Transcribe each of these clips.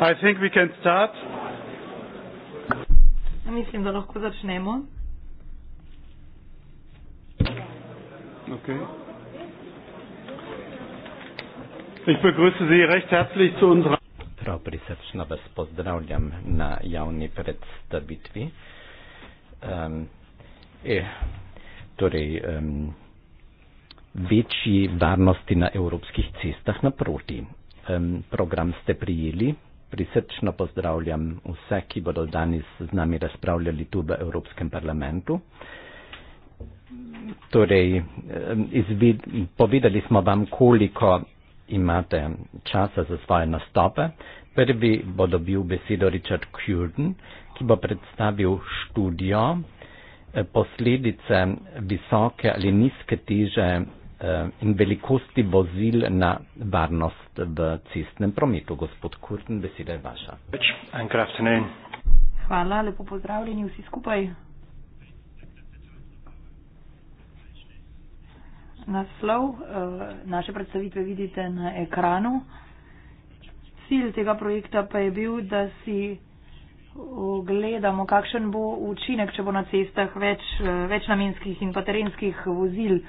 I think we can start. Mislim, da lahko začnemo. Okay. Ich begrüße Sie recht herzlich zu unserer. Frau Prisetschna, was pozdrawiam na jauni predstavitvi. Um, e, torej, um, večji varnosti na evropskih cestah naproti. Um, program ste prijeli, prisrčno pozdravljam vse, ki bodo danes z nami razpravljali tu v Evropskem parlamentu. Torej, izvid, povedali smo vam, koliko imate časa za svoje nastope. Prvi bo dobil besedo Richard Curden, ki bo predstavil študijo eh, posledice visoke ali nizke teže eh, in velikosti vozil na varnost v cestnem prometu. Gospod Kurten, beseda je vaša. Hvala, lepo pozdravljeni vsi skupaj. Naslov eh, naše predstavitve vidite na ekranu. Cilj tega projekta pa je bil, da si ogledamo, kakšen bo učinek, če bo na cestah več, eh, več namenskih in pa terenskih vozil. Eh,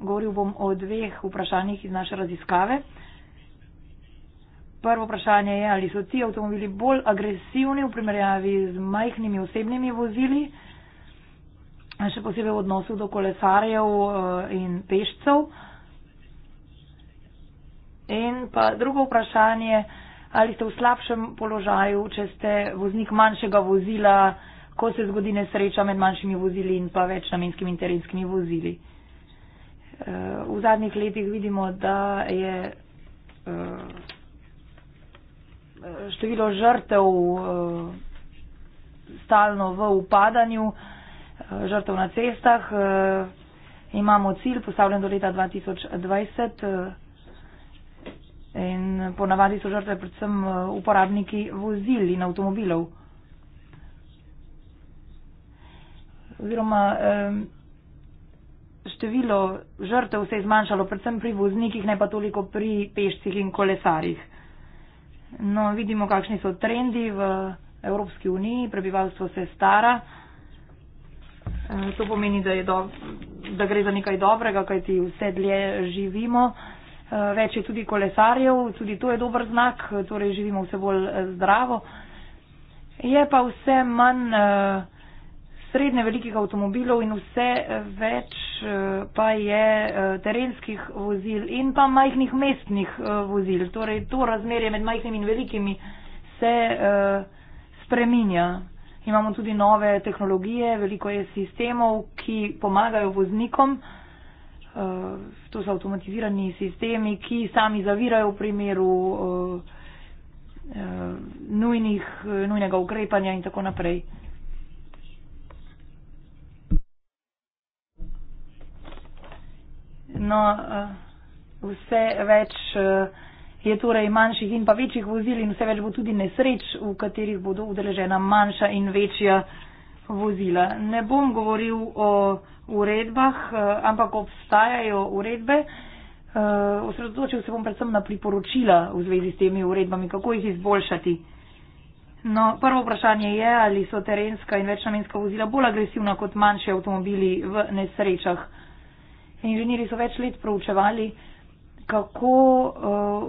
govoril bom o dveh vprašanjih iz naše raziskave. Prvo vprašanje je, ali so ti avtomobili bolj agresivni v primerjavi z majhnimi osebnimi vozili, še posebej v odnosu do kolesarjev eh, in pešcev. In pa drugo vprašanje, ali ste v slabšem položaju, če ste voznik manjšega vozila, ko se zgodi nesreča med manjšimi vozili in pa večnamenskimi in terenskimi vozili. Eh, v zadnjih letih vidimo, da je eh, število žrtev eh, stalno v upadanju, žrtev na cestah. Imamo cilj postavljen do leta 2020 in ponavadi so žrtve predvsem uporabniki vozil in avtomobilov. Oziroma, eh, število žrtev se je zmanjšalo, predvsem pri voznikih, ne pa toliko pri pešcih in kolesarjih. No, vidimo, kakšni so trendi v Evropski uniji, prebivalstvo se stara. E, to pomeni, da, do, da gre za nekaj dobrega, kajti vse dlje živimo. E, več je tudi kolesarjev, tudi to je dober znak, torej živimo vse bolj e, zdravo. Je pa vse manj srednje velikih avtomobilov in vse več Eh, pa je eh, terenskih vozil in pa majhnih mestnih eh, vozil. Torej, to razmerje med majhnimi in velikimi se spreminja. Imamo tudi nove tehnologije, veliko je sistemov, ki pomagajo voznikom. To so avtomatizirani sistemi, ki sami zavirajo v primeru nujnih, nujnega ukrepanja in tako naprej. No, eh, vse več eh, je torej manjših in pa večjih vozil in vse več bo tudi nesreč, v katerih bodo udeležena manjša in večja vozila. Ne bom govoril o uredbah, eh, ampak obstajajo uredbe. Osredotočil se bom predvsem na priporočila v zvezi s temi uredbami, kako jih izboljšati. No, prvo vprašanje je, ali so terenska in večnamenska vozila bolj agresivna kot manjši avtomobili v nesrečah. Inženirji so več let proučevali, kako uh,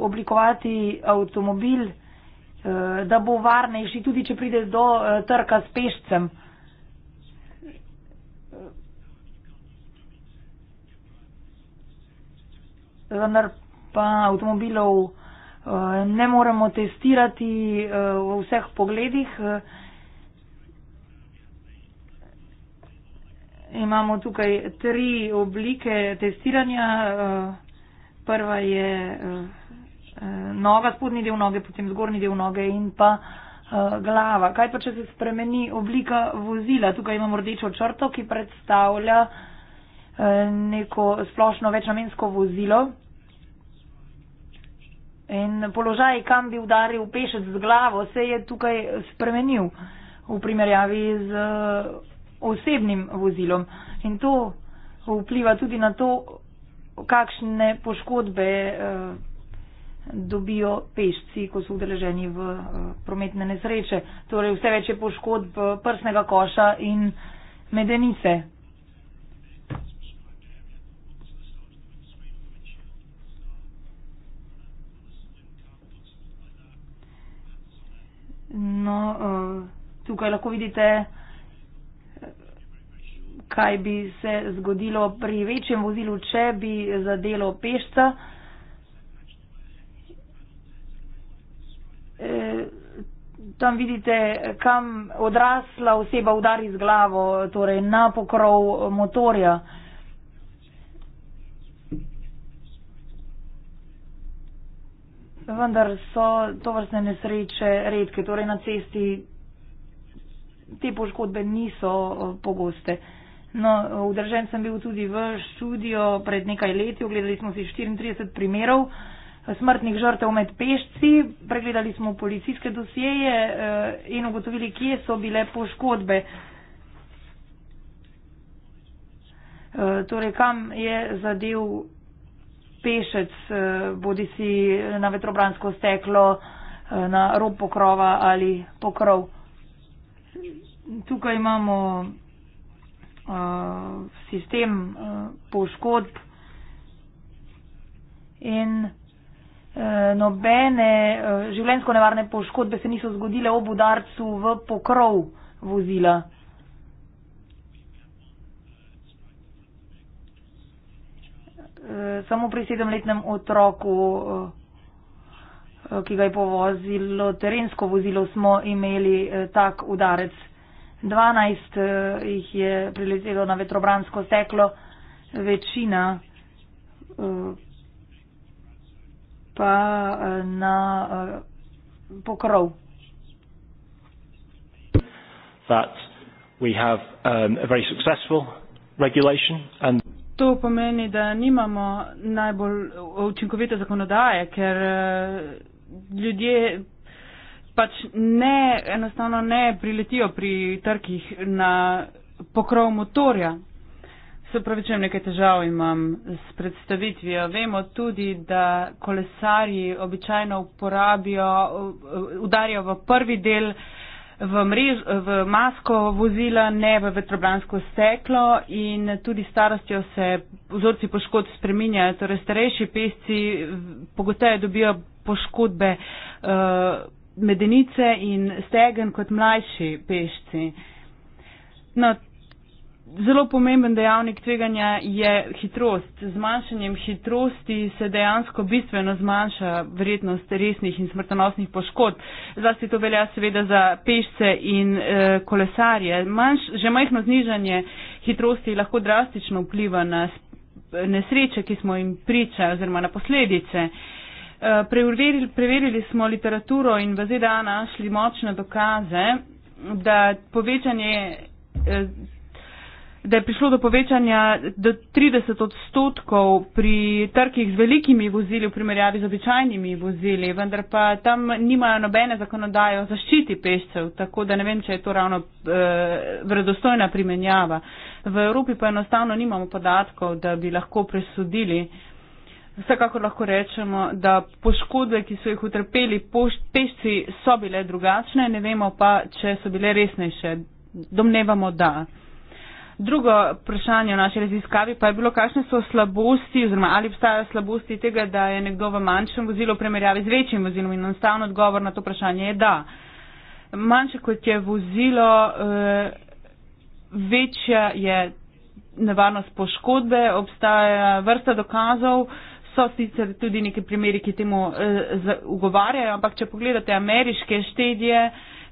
oblikovati avtomobil, uh, da bo varnejši, tudi če pride do uh, trka s pešcem. Vendar pa avtomobilov uh, ne moremo testirati uh, v vseh pogledih. Uh, imamo tukaj tri oblike testiranja. Eh, prva je eh, eh, noga, spodnji del noge, potem zgornji del noge in pa glava. Kaj pa, če se spremeni oblika vozila? Tukaj imamo rdečo črto, ki predstavlja neko splošno večnamensko vozilo. In položaj, kam bi udaril pešec z glavo, se je tukaj spremenil v primerjavi z osebnim vozilom. In to vpliva tudi na to, kakšne poškodbe eh, dobijo pešci, ko so udeleženi v eh, prometne nesreče. Torej vse več je poškodb eh, prsnega koša in medenice. No, tukaj lahko vidite kaj bi se zgodilo pri večjem vozilu, če bi zadelo pešca. E, tam vidite, kam odrasla oseba udari z glavo, torej na pokrov motorja. Vendar so to vrstne nesreče redke, torej na cesti te poškodbe niso pogoste. No, vdržen sem bil tudi v študijo pred nekaj leti, ogledali smo si 34 primerov eh, smrtnih žrtev med pešci, pregledali smo policijske dosjeje eh, in ugotovili, kje so bile poškodbe. Eh, torej, kam je zadev pešec, bodi si na vetrobransko steklo, na rob pokrova ali pokrov. Tukaj imamo Eh, sistem eh, poškodb in eh, nobene življensko nevarne poškodbe se niso zgodile ob udarcu v pokrov vozila. Samo pri sedemletnem otroku, ki ga je povozilo terensko vozilo, smo imeli tak udarec. 12 eh, jih je priletelo na vetrobransko steklo, večina eh, pa eh, na pokrov. Um, to pomeni, da nimamo najbolj učinkovite zakonodaje, ker ljudje pač ne, enostavno ne priletijo pri trkih na pokrov motorja. Se pravi, če nekaj težav imam s predstavitvijo. Vemo tudi, da kolesarji običajno uporabijo, udarijo v prvi del v, mrež, v masko vozila, ne v vetrobransko steklo in tudi starostjo se vzorci poškodb spreminjajo. Torej, starejši pesci pogotovo dobijo poškodbe. Uh, medenice in stegen kot mlajši pešci. No, zelo pomemben dejavnik tveganja je hitrost. Z zmanjšanjem hitrosti se dejansko bistveno zmanjša vrednost resnih in smrtonosnih poškodb. Zlasti to velja seveda za pešce in e, kolesarje. Manjš, že majhno znižanje hitrosti lahko drastično vpliva na nesreče, ki smo jim priča oziroma na posledice. Eh, preverili, preverili smo literaturo in v ZDA našli močne dokaze, da, povečanje, eh, da je prišlo do povečanja do 30 odstotkov pri trkih z velikimi vozili v primerjavi z običajnimi vozili, vendar pa tam nimajo nobene zakonodaje o zaščiti pešcev, tako da ne vem, če je to ravno eh, vredostojna primenjava. V Evropi pa enostavno nimamo podatkov, da bi lahko presudili. Eh, Vsekakor lahko rečemo, da poškodbe, ki so jih utrpeli pešci, so bile drugačne, ne vemo pa, če so bile resnejše. Domnevamo, da. Drugo vprašanje v naši raziskavi pa je bilo, kakšne so slabosti oziroma ali obstajajo slabosti tega, da je nekdo v manjšem vozilu v primerjavi z večjim vozilom in enostavno odgovor na to vprašanje je da. Manjše kot je vozilo, eh, večja je nevarnost poškodbe, obstaja vrsta dokazov, so sicer tudi neki primeri, ki temu eh, ugovarjajo, ampak če pogledate ameriške štedje,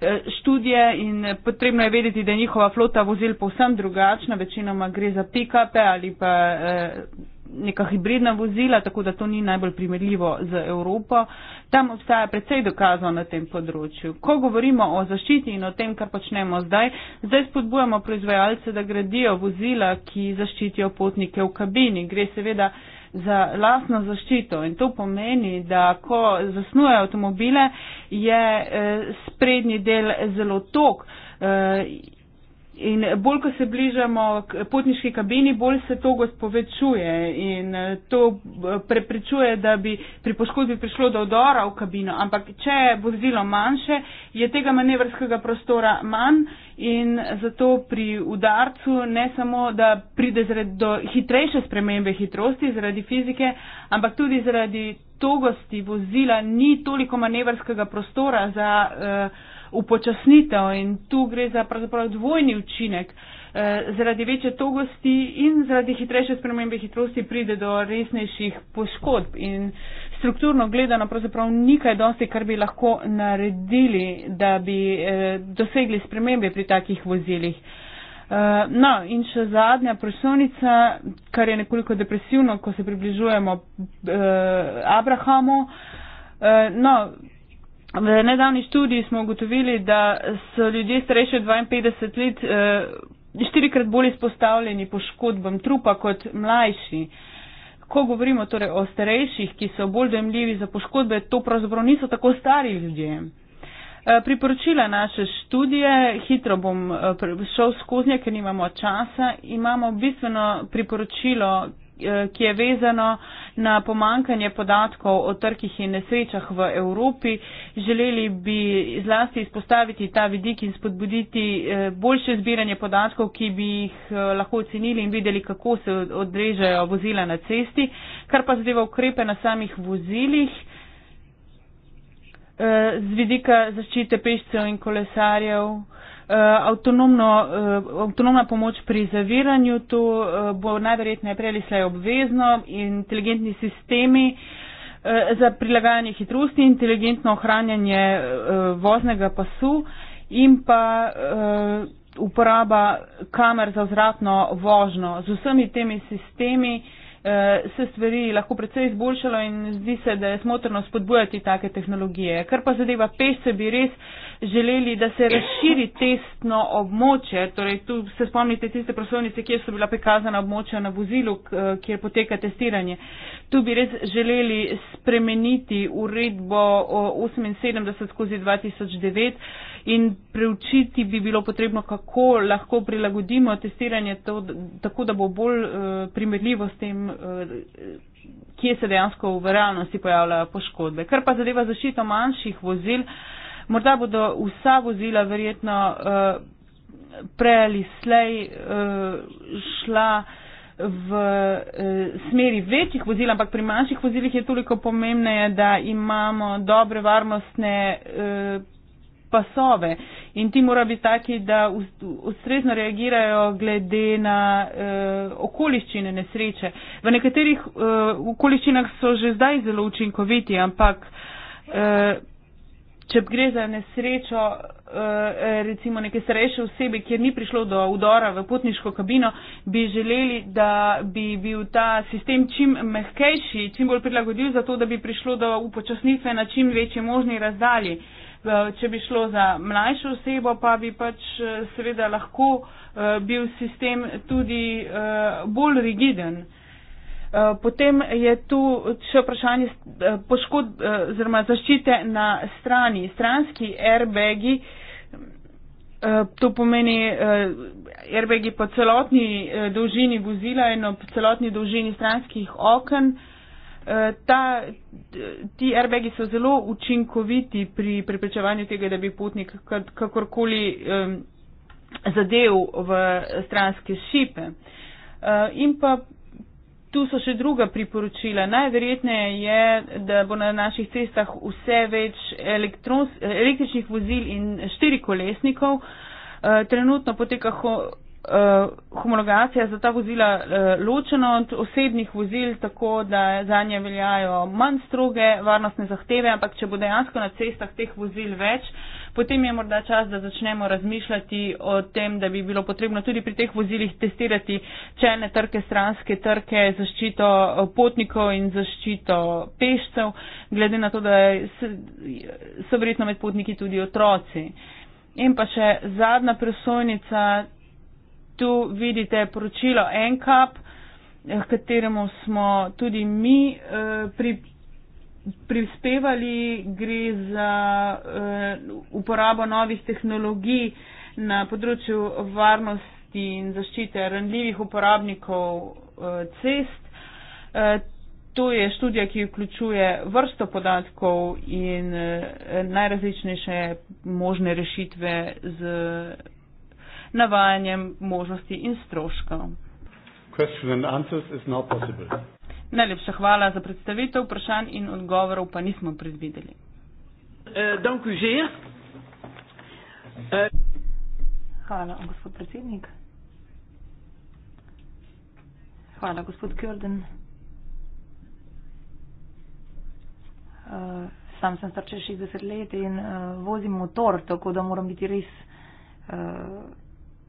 eh, študije in eh, potrebno je vedeti, da je njihova flota vozil povsem drugačna, večinoma gre za pikape ali pa. Eh, neka hibridna vozila, tako da to ni najbolj primerljivo z Evropo. Tam obstaja predvsej dokazov na tem področju. Ko govorimo o zaščiti in o tem, kar počnemo zdaj, zdaj spodbujamo proizvajalce, da gradijo vozila, ki zaščitijo potnike v kabini. Gre seveda za lasno zaščito in to pomeni, da ko zasnujejo avtomobile, je eh, sprednji del zelo tok. Eh, In bolj, ko se bližamo k potniški kabini, bolj se togost povečuje in eh, to eh, preprečuje, da bi pri poškodbi prišlo do odora v kabino. Ampak, če je vozilo manjše, je tega manevrskega prostora manj in zato pri udarcu ne samo, da pride do hitrejše spremembe hitrosti zaradi fizike, ampak tudi zaradi togosti vozila ni toliko manevrskega prostora za. Uh, upočasnitev in tu gre za pravzaprav dvojni učinek. Eh, zaradi večje togosti in zaradi hitrejše spremembe hitrosti pride do resnejših poškodb in strukturno gledano pravzaprav ni kaj dosti, kar bi lahko naredili, da bi eh, dosegli spremembe pri takih vozilih. Eh, no, in še zadnja prosovnica, kar je nekoliko depresivno, ko se približujemo eh, Abrahamu. Eh, no, V nedavni študiji smo ugotovili, da so ljudje starejši od 52 let eh, štirikrat bolj izpostavljeni poškodbam trupa kot mlajši. Ko govorimo torej o starejših, ki so bolj dojemljivi za poškodbe, to pravzaprav niso tako stari ljudje. Eh, priporočila naše študije, hitro bom eh, šel skoznje, ker nimamo časa, imamo bistveno priporočilo, Eh, ki je vezano na pomankanje podatkov o trkih in nesrečah v Evropi. Želeli bi zlasti izpostaviti ta vidik in spodbuditi eh, boljše zbiranje podatkov, ki bi jih eh, lahko ocenili in videli, kako se odrežajo vozila na cesti, kar pa zadeva ukrepe na samih vozilih. Z vidika zaščite pešcev in kolesarjev, Eh, avtonomno, eh, avtonomna pomoč pri zaviranju, to eh, bo najverjetneje prej ali slej obvezno, inteligentni sistemi za prilagajanje hitrosti, inteligentno ohranjanje voznega pasu in pa uporaba kamer za vzratno vožno. Z vsemi temi sistemi se stvari lahko predvsej izboljšalo in zdi se, da je smotrno spodbujati take tehnologije. Kar pa zadeva pešce, bi res želeli, da se razširi testno območje. Torej, tu se spomnite tiste prosovnice, kjer so bila prikazana območja na vozilu, eh, kjer poteka testiranje. Tu bi res želeli spremeniti uredbo 78 skozi 2009. In preučiti bi bilo potrebno, kako lahko prilagodimo testiranje to, tako, da bo bolj uh, primerljivo s tem, uh, kje se dejansko v realnosti pojavljajo poškodbe. Kar pa zadeva zaščito manjših vozil. Uh, morda bodo vsa vozila verjetno eh, prej ali slej eh, šla v eh, smeri večjih vozil, ampak pri manjših vozilih je toliko pomembneje, da imamo dobre varnostne pasove in ti mora biti taki, da ustrezno reagirajo glede na okoliščine nesreče. V nekaterih okoliščinah so že zdaj zelo učinkoviti, ampak če gre za nesrečo, eh, recimo neke starejše osebe, kjer ni prišlo do udora v potniško kabino, bi želeli, da bi bil ta sistem čim mehkejši, čim bolj prilagodil za to, da bi prišlo do upočasnitve na čim večji možni razdalji. Eh, če bi šlo za mlajšo osebo, pa bi pač eh, seveda lahko bil sistem tudi bolj rigiden. Eh, potem je tu še vprašanje eh, poškod eh, oziroma zaščite na strani. Stranski airbagi, to pomeni airbagi po celotni dolžini vozila in po celotni dolžini stranskih okn, Ta, ti airbagi so zelo učinkoviti pri preprečevanju tega, da bi potnik kakorkoli zadev v stranske šipe. In pa tu so še druga priporočila. Najverjetneje je, da bo na naših cestah vse več električnih vozil in štirikolesnikov. Eh, trenutno poteka uh, homologacija za ta vozila uh, ločena od osebnih vozil, tako da za nje veljajo manj stroge varnostne zahteve, ampak če bo dejansko na cestah teh vozil več, potem je morda čas, da začnemo razmišljati o tem, da bi bilo potrebno tudi pri teh vozilih testirati čelne trke, stranske trke, zaščito eh, potnikov in zaščito pešcev, glede na to, da so verjetno med potniki tudi otroci. In pa še zadnja presojnica, tu vidite poročilo Enkap, eh, kateremu smo tudi mi eh, pri, prispevali, gre za eh, uporabo novih tehnologij na področju varnosti in zaščite ranljivih uporabnikov cest. To je študija, ki vključuje vrsto podatkov in najrazličnejše možne rešitve z navajanjem možnosti in stroškov. Najlepša hvala za predstavitev vprašanj in odgovorov, pa nismo predvideli. Uh, Hvala, gospod predsednik. Hvala, gospod Kjörden. Uh, sam sem star 60 let in uh, vozim motor, tako da moram biti res uh,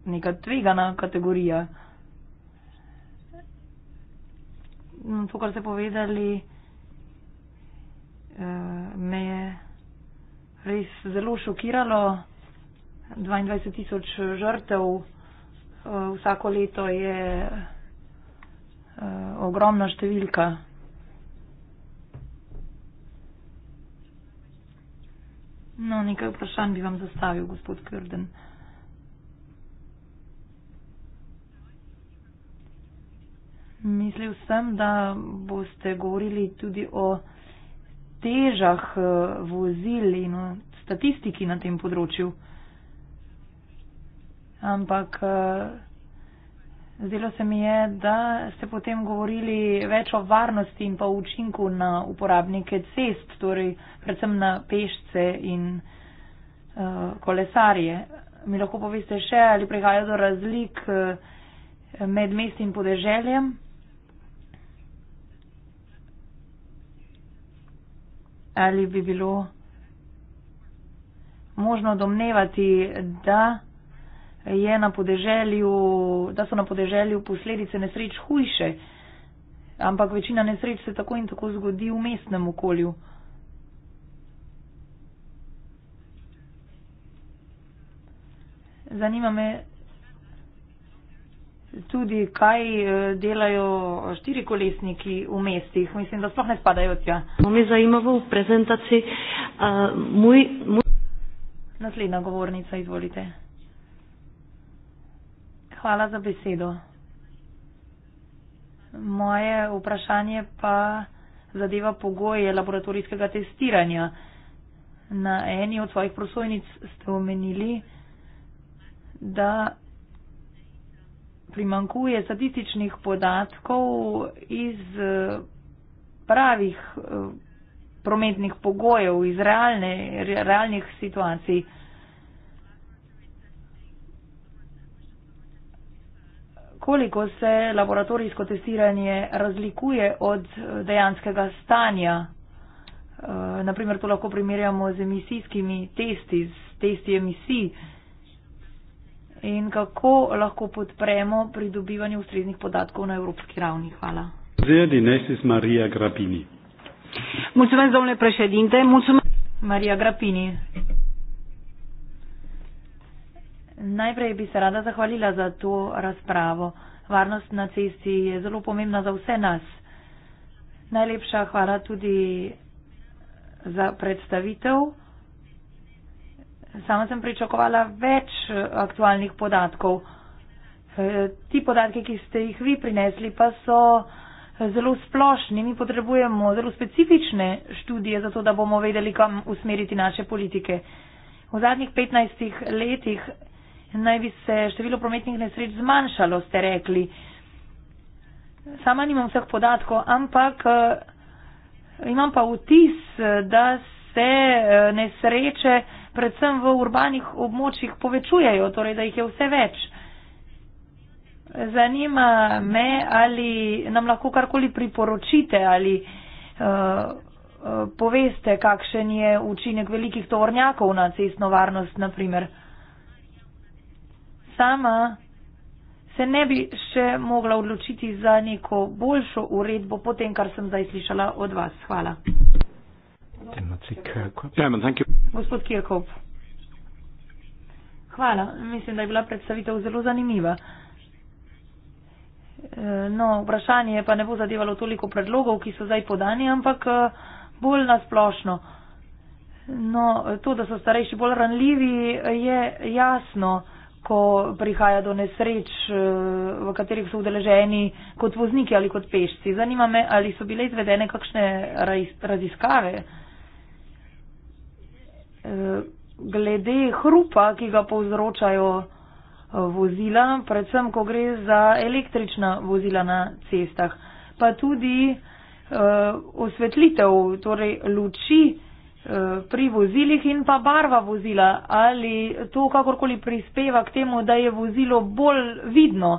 neka tvegana kategorija. Mm, to, kar ste povedali, eh, me je res zelo šokiralo. 22 tisoč žrtev eh, vsako leto je eh, ogromna številka. No, nekaj vprašanj bi vam zastavil, gospod Krden. Mislil sem, da boste govorili tudi o težah eh, vozil in o statistiki na tem področju. Ampak eh, zdelo se mi je, da ste potem govorili več o varnosti in pa učinku na uporabnike cest, torej predvsem na pešce in eh, kolesarje. Mi lahko poveste še, ali prihaja do razlik med mest in podeželjem? ali bi bilo možno domnevati, da, na da so na podeželju posledice nesreč hujše, ampak večina nesreč se tako in tako zgodi v mestnem okolju. Zanima me, tudi, kaj eh, delajo štiri kolesniki v mestih. Mislim, da sploh ne spadajo tja. Mi zanimamo v prezentaciji. Uh, muj, muj... Naslednja govornica, izvolite. Hvala za besedo. Moje vprašanje pa zadeva pogoje laboratorijskega testiranja. Na eni od svojih prosojnic ste omenili, da primankuje statističnih podatkov iz eh, pravih eh, prometnih pogojev, iz realne, realnih situacij. Koliko se laboratorijsko testiranje razlikuje od eh, dejanskega stanja? Naprimer, to lahko primerjamo z emisijskimi testi, s testi emisij in kako lahko podpremo pridobivanje ustreznih podatkov na evropski ravni. Hvala. Marija Grapini. Najprej bi se rada zahvalila za to razpravo. Varnost na cesti je zelo pomembna za vse nas. Najlepša hvala tudi za predstavitev. Sama sem pričakovala več eh, aktualnih podatkov. Eh, ti podatki, ki ste jih vi prinesli, pa so eh, zelo splošni. Mi potrebujemo zelo specifične študije, zato da bomo vedeli, kam usmeriti naše politike. V zadnjih 15 letih naj bi se število prometnih nesreč zmanjšalo, ste rekli. Sama nimam vseh podatkov, ampak imam pa vtis, da se nesreče predvsem v urbanih območjih povečujejo, torej da jih je vse več. Zanima me, ali nam lahko karkoli priporočite ali uh, poveste, kakšen je učinek velikih tovornjakov na cestno varnost, naprimer. Sama se ne bi še mogla odločiti za neko boljšo uredbo, potem, kar sem zdaj slišala od vas. Hvala. Eh, Amen, Gospod Kirkov, hvala. Mislim, da je bila predstavitev zelo zanimiva. Eh, no, vprašanje pa ne bo zadevalo toliko predlogov, ki so zdaj podani, ampak eh, bolj nasplošno. No, to, da so starejši bolj ranljivi, je jasno, ko prihaja do nesreč, v katerih so udeleženi kot vozniki ali kot pešci. Zanima me, ali so bile izvedene kakšne raziskave glede hrupa, ki ga povzročajo eh, vozila, predvsem, ko gre za električna vozila na cestah, pa tudi eh, osvetlitev, torej luči eh, pri vozilih in pa barva vozila, ali to kakorkoli prispeva k temu, da je vozilo bolj vidno.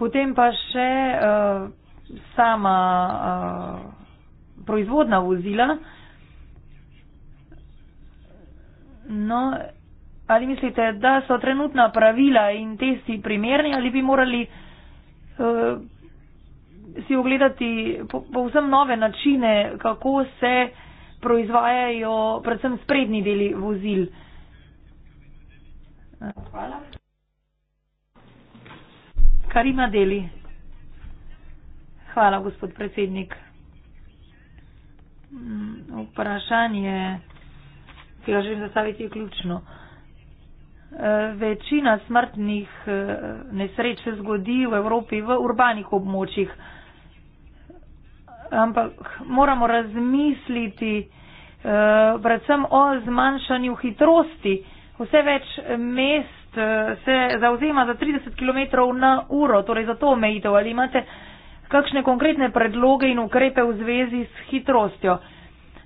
Potem pa še uh, sama uh, proizvodna vozila, uh, No, ali mislite, da so trenutna pravila in testi primerni ali bi morali uh, si ogledati povsem po nove načine, kako se proizvajajo predvsem sprednji deli vozil? Hvala. Karima deli. Hvala, gospod predsednik. Vprašanje je ki ga želim zastaviti, je ključno. Eh, večina smrtnih eh, nesreč se zgodi v Evropi v urbanih območjih. Ampak moramo razmisliti eh, predvsem o zmanjšanju hitrosti. Vse več mest se zauzema za 30 km na uro, torej za to omejitev. Ali imate kakšne konkretne predloge in ukrepe v zvezi s hitrostjo?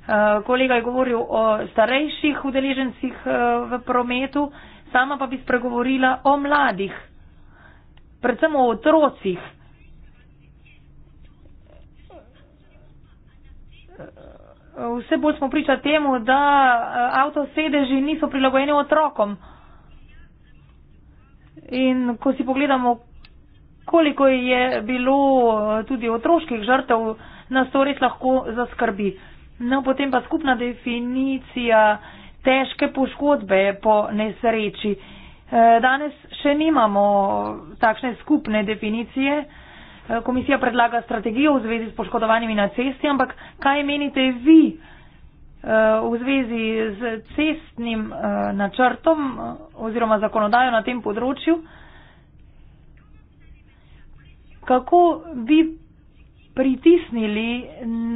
Eh, kolega je govoril o starejših udeležencih eh, v prometu, sama pa bi spregovorila o mladih, predvsem o otrocih. Eh, vse bolj smo priča temu, da avtosedeži niso prilagojeni otrokom. In ko si pogledamo, koliko je bilo tudi otroških žrtev, nas to res lahko zaskrbi. No, potem pa skupna definicija težke poškodbe po nesreči. E, danes še nimamo takšne skupne definicije. E, komisija predlaga strategijo v zvezi s poškodovanimi na cesti, ampak kaj menite vi e, v zvezi z cestnim načrtom oziroma zakonodajo na tem področju? Kako bi pritisnili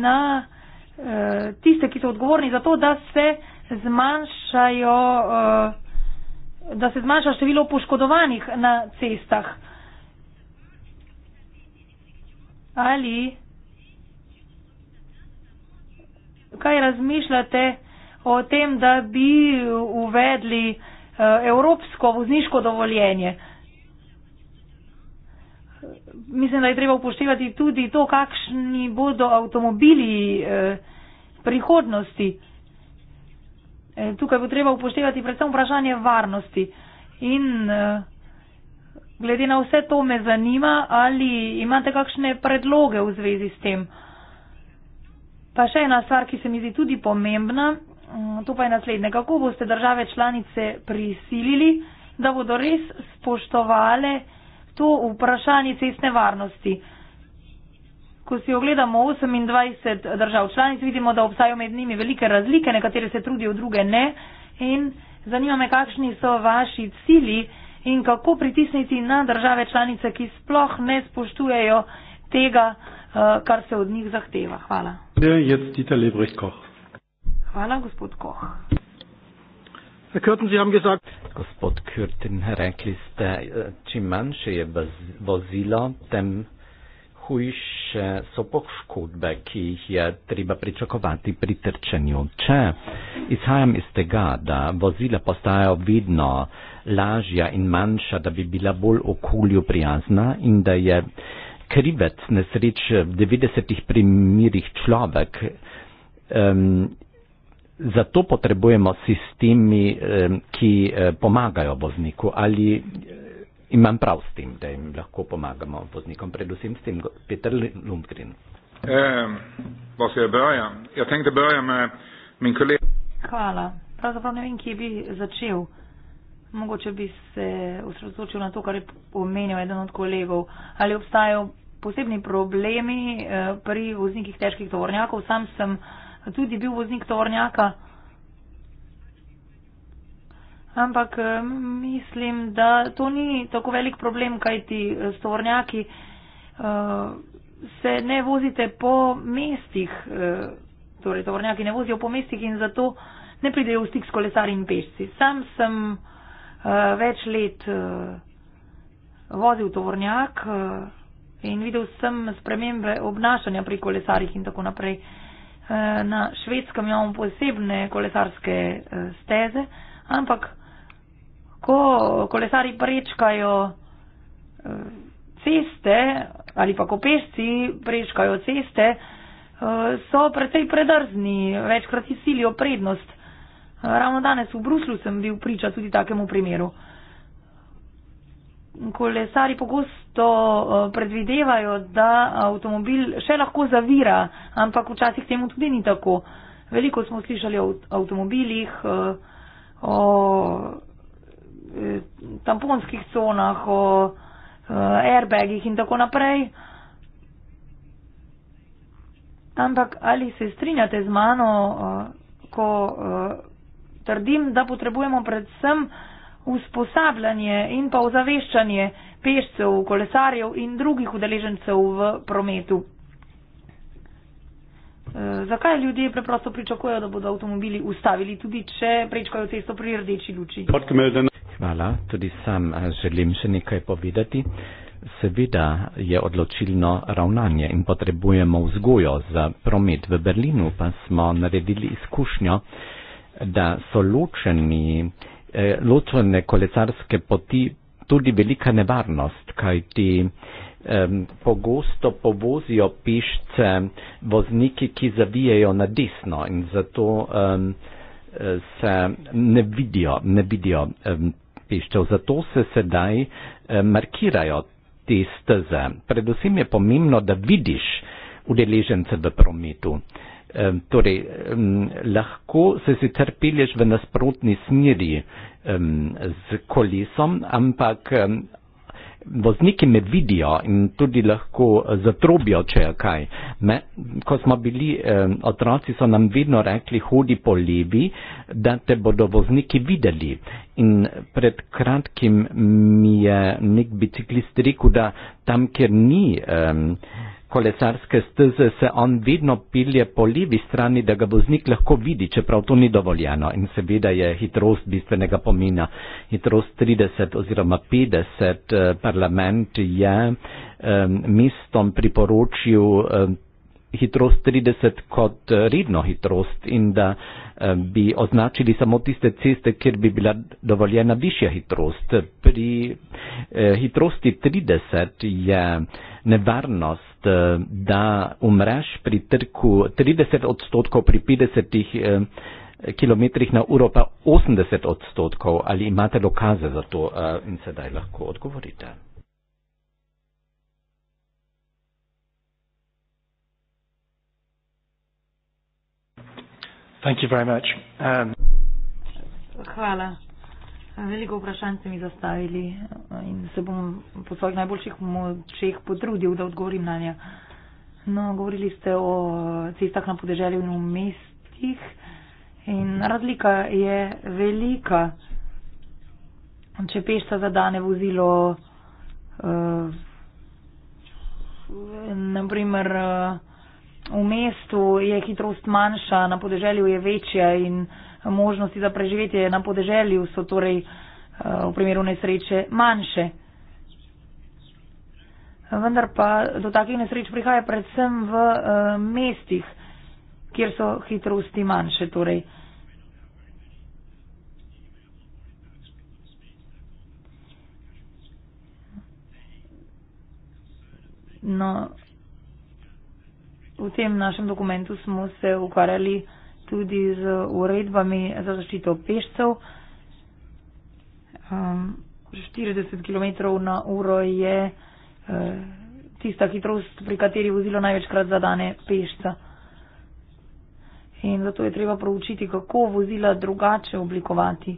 na. Eh, tiste, ki so odgovorni za to, da se zmanjšajo, eh, da se zmanjša število poškodovanih na cestah. Ali kaj razmišljate o tem, da bi uvedli eh, evropsko vozniško dovoljenje? mislim, da je treba upoštevati tudi to, kakšni bodo avtomobili eh, prihodnosti. Eh, tukaj bo treba upoštevati predvsem vprašanje varnosti. In eh, glede na vse to me zanima, ali imate kakšne predloge v zvezi s tem. Pa še ena stvar, ki se mi zdi tudi pomembna, mm, to pa je naslednje. Kako boste države članice prisilili, da bodo res spoštovale to vprašanje cestne varnosti. Ko si ogledamo 28 držav članic, vidimo, da obstajajo med njimi velike razlike, nekatere se trudijo, druge ne. In zanima me, kakšni so vaši cili in kako pritisniti na države članice, ki sploh ne spoštujejo tega, eh, kar se od njih zahteva. Hvala. Hvala, gospod Koh. Herr Kürten, Sie haben gesagt, Gospod Kürten, Herr Enkel, eh, ist der Chiman, der ist Vozila, dem Huish Sopok Škodbe, ki jih je treba pričakovati pri trčenju. Če izhajam iz tega, da vozila postajajo vidno lažja in manjša, da bi bila bolj okolju prijazna in da je krivec nesreč v 90 primirih človek, Zato potrebujemo sistemi, ki eh, pomagajo vozniku ali eh, imam prav s tem, da jim lahko pomagamo voznikom, predvsem s tem Peter Lundgren. Ja, eh, Hvala. Pravzaprav ne vem, kje bi začel. Mogoče bi se osredotočil na to, kar je omenil eden od kolegov. Ali obstajajo posebni problemi pri voznikih težkih tovornjakov? Sam sem uh, tudi bil voznik tornjaka. Ampak eh, mislim, da to ni tako velik problem, kajti eh, s tornjaki eh, se ne vozite po mestih, torej tovornjaki ne vozijo po mestih in zato ne pridejo v stik s kolesarji in pešci. Sam sem več let vozil tovornjak in videl sem spremembe obnašanja pri kolesarjih in tako naprej. Eh, na švedskem imamo posebne kolesarske eh, steze, ampak ko kolesari prečkajo eh, ceste ali pa ko pešci prečkajo ceste, so precej predrzni, večkrat izsilijo prednost. Ravno danes v Bruslu sem bil priča tudi takemu primeru kolesari pogosto eh, predvidevajo, da avtomobil še lahko zavira, ampak včasih temu tudi ni tako. Veliko smo slišali o avtomobilih, eh, o eh, tamponskih conah, o airbagih in tako naprej. Ampak ali se strinjate z mano, ko trdim, da potrebujemo predvsem usposabljanje in pa ozaveščanje pešcev, kolesarjev in drugih udeležencev v prometu. E, zakaj ljudje preprosto pričakujejo, da bodo avtomobili ustavili, tudi če prečkajo cesto pri rdeči luči? Hvala, tudi sam e, želim še nekaj povedati. Seveda je odločilno ravnanje in potrebujemo vzgojo za promet. V Berlinu pa smo naredili izkušnjo, da so ločeni eh, ločene kolesarske poti tudi velika nevarnost, kajti eh, pogosto povozijo pišce vozniki, ki zavijajo na desno in zato eh, se ne vidijo, ne vidijo eh, piščev. Zato se sedaj eh, markirajo te steze. Predvsem je pomembno, da vidiš udeležence v prometu. Eh, eh, torej, eh, lahko se sicer pilješ v nasprotni smeri eh, z kolesom, ampak eh, vozniki me vidijo in tudi lahko zatrobijo, če je kaj. Me, ko smo bili eh, otroci, so nam vedno rekli, hodi po levi, da te bodo vozniki videli. In pred kratkim mi je nek biciklist rekel, da tam, kjer ni. Eh, kolesarske steze se on vedno pilje po levi strani, da ga voznik lahko vidi, čeprav to ni dovoljeno. In seveda je hitrost bistvenega pomena. Hitrost 30 oziroma 50 eh, parlament je mestom priporočil hitrost 30 kot eh, redno hitrost in da Eh, bi označili samo tiste ceste, kjer bi bila dovoljena višja hitrost. Pri eh, hitrosti 30 je nevarnost, eh, da umreš pri trku 30 odstotkov, pri 50 km na uro pa 80 odstotkov. Ali imate dokaze za to in sedaj lahko odgovorite? Thank you very much. Um, Hvala. Veliko vprašanj ste mi zastavili eh, in se bom po svojih najboljših močeh potrudil, da odgovorim na nje. No, govorili ste o cestah na podeželju in v mestih in razlika je velika. Če pešca zadane vozilo, uh, eh, naprimer, uh, eh, v mestu je hitrost manjša, na podeželju je večja in možnosti za preživetje na podeželju so torej eh, v primeru nesreče manjše. Vendar pa do takih nesreč prihaja predvsem v eh, mestih, kjer so hitrosti manjše. Torej. No, V tem našem dokumentu smo se ukvarjali tudi z uredbami za zaščito pešcev. 40 ehm, km na uro je eh, tista hitrost, pri kateri vozilo največkrat zadane pešca. In zato je treba proučiti, kako vozila drugače oblikovati.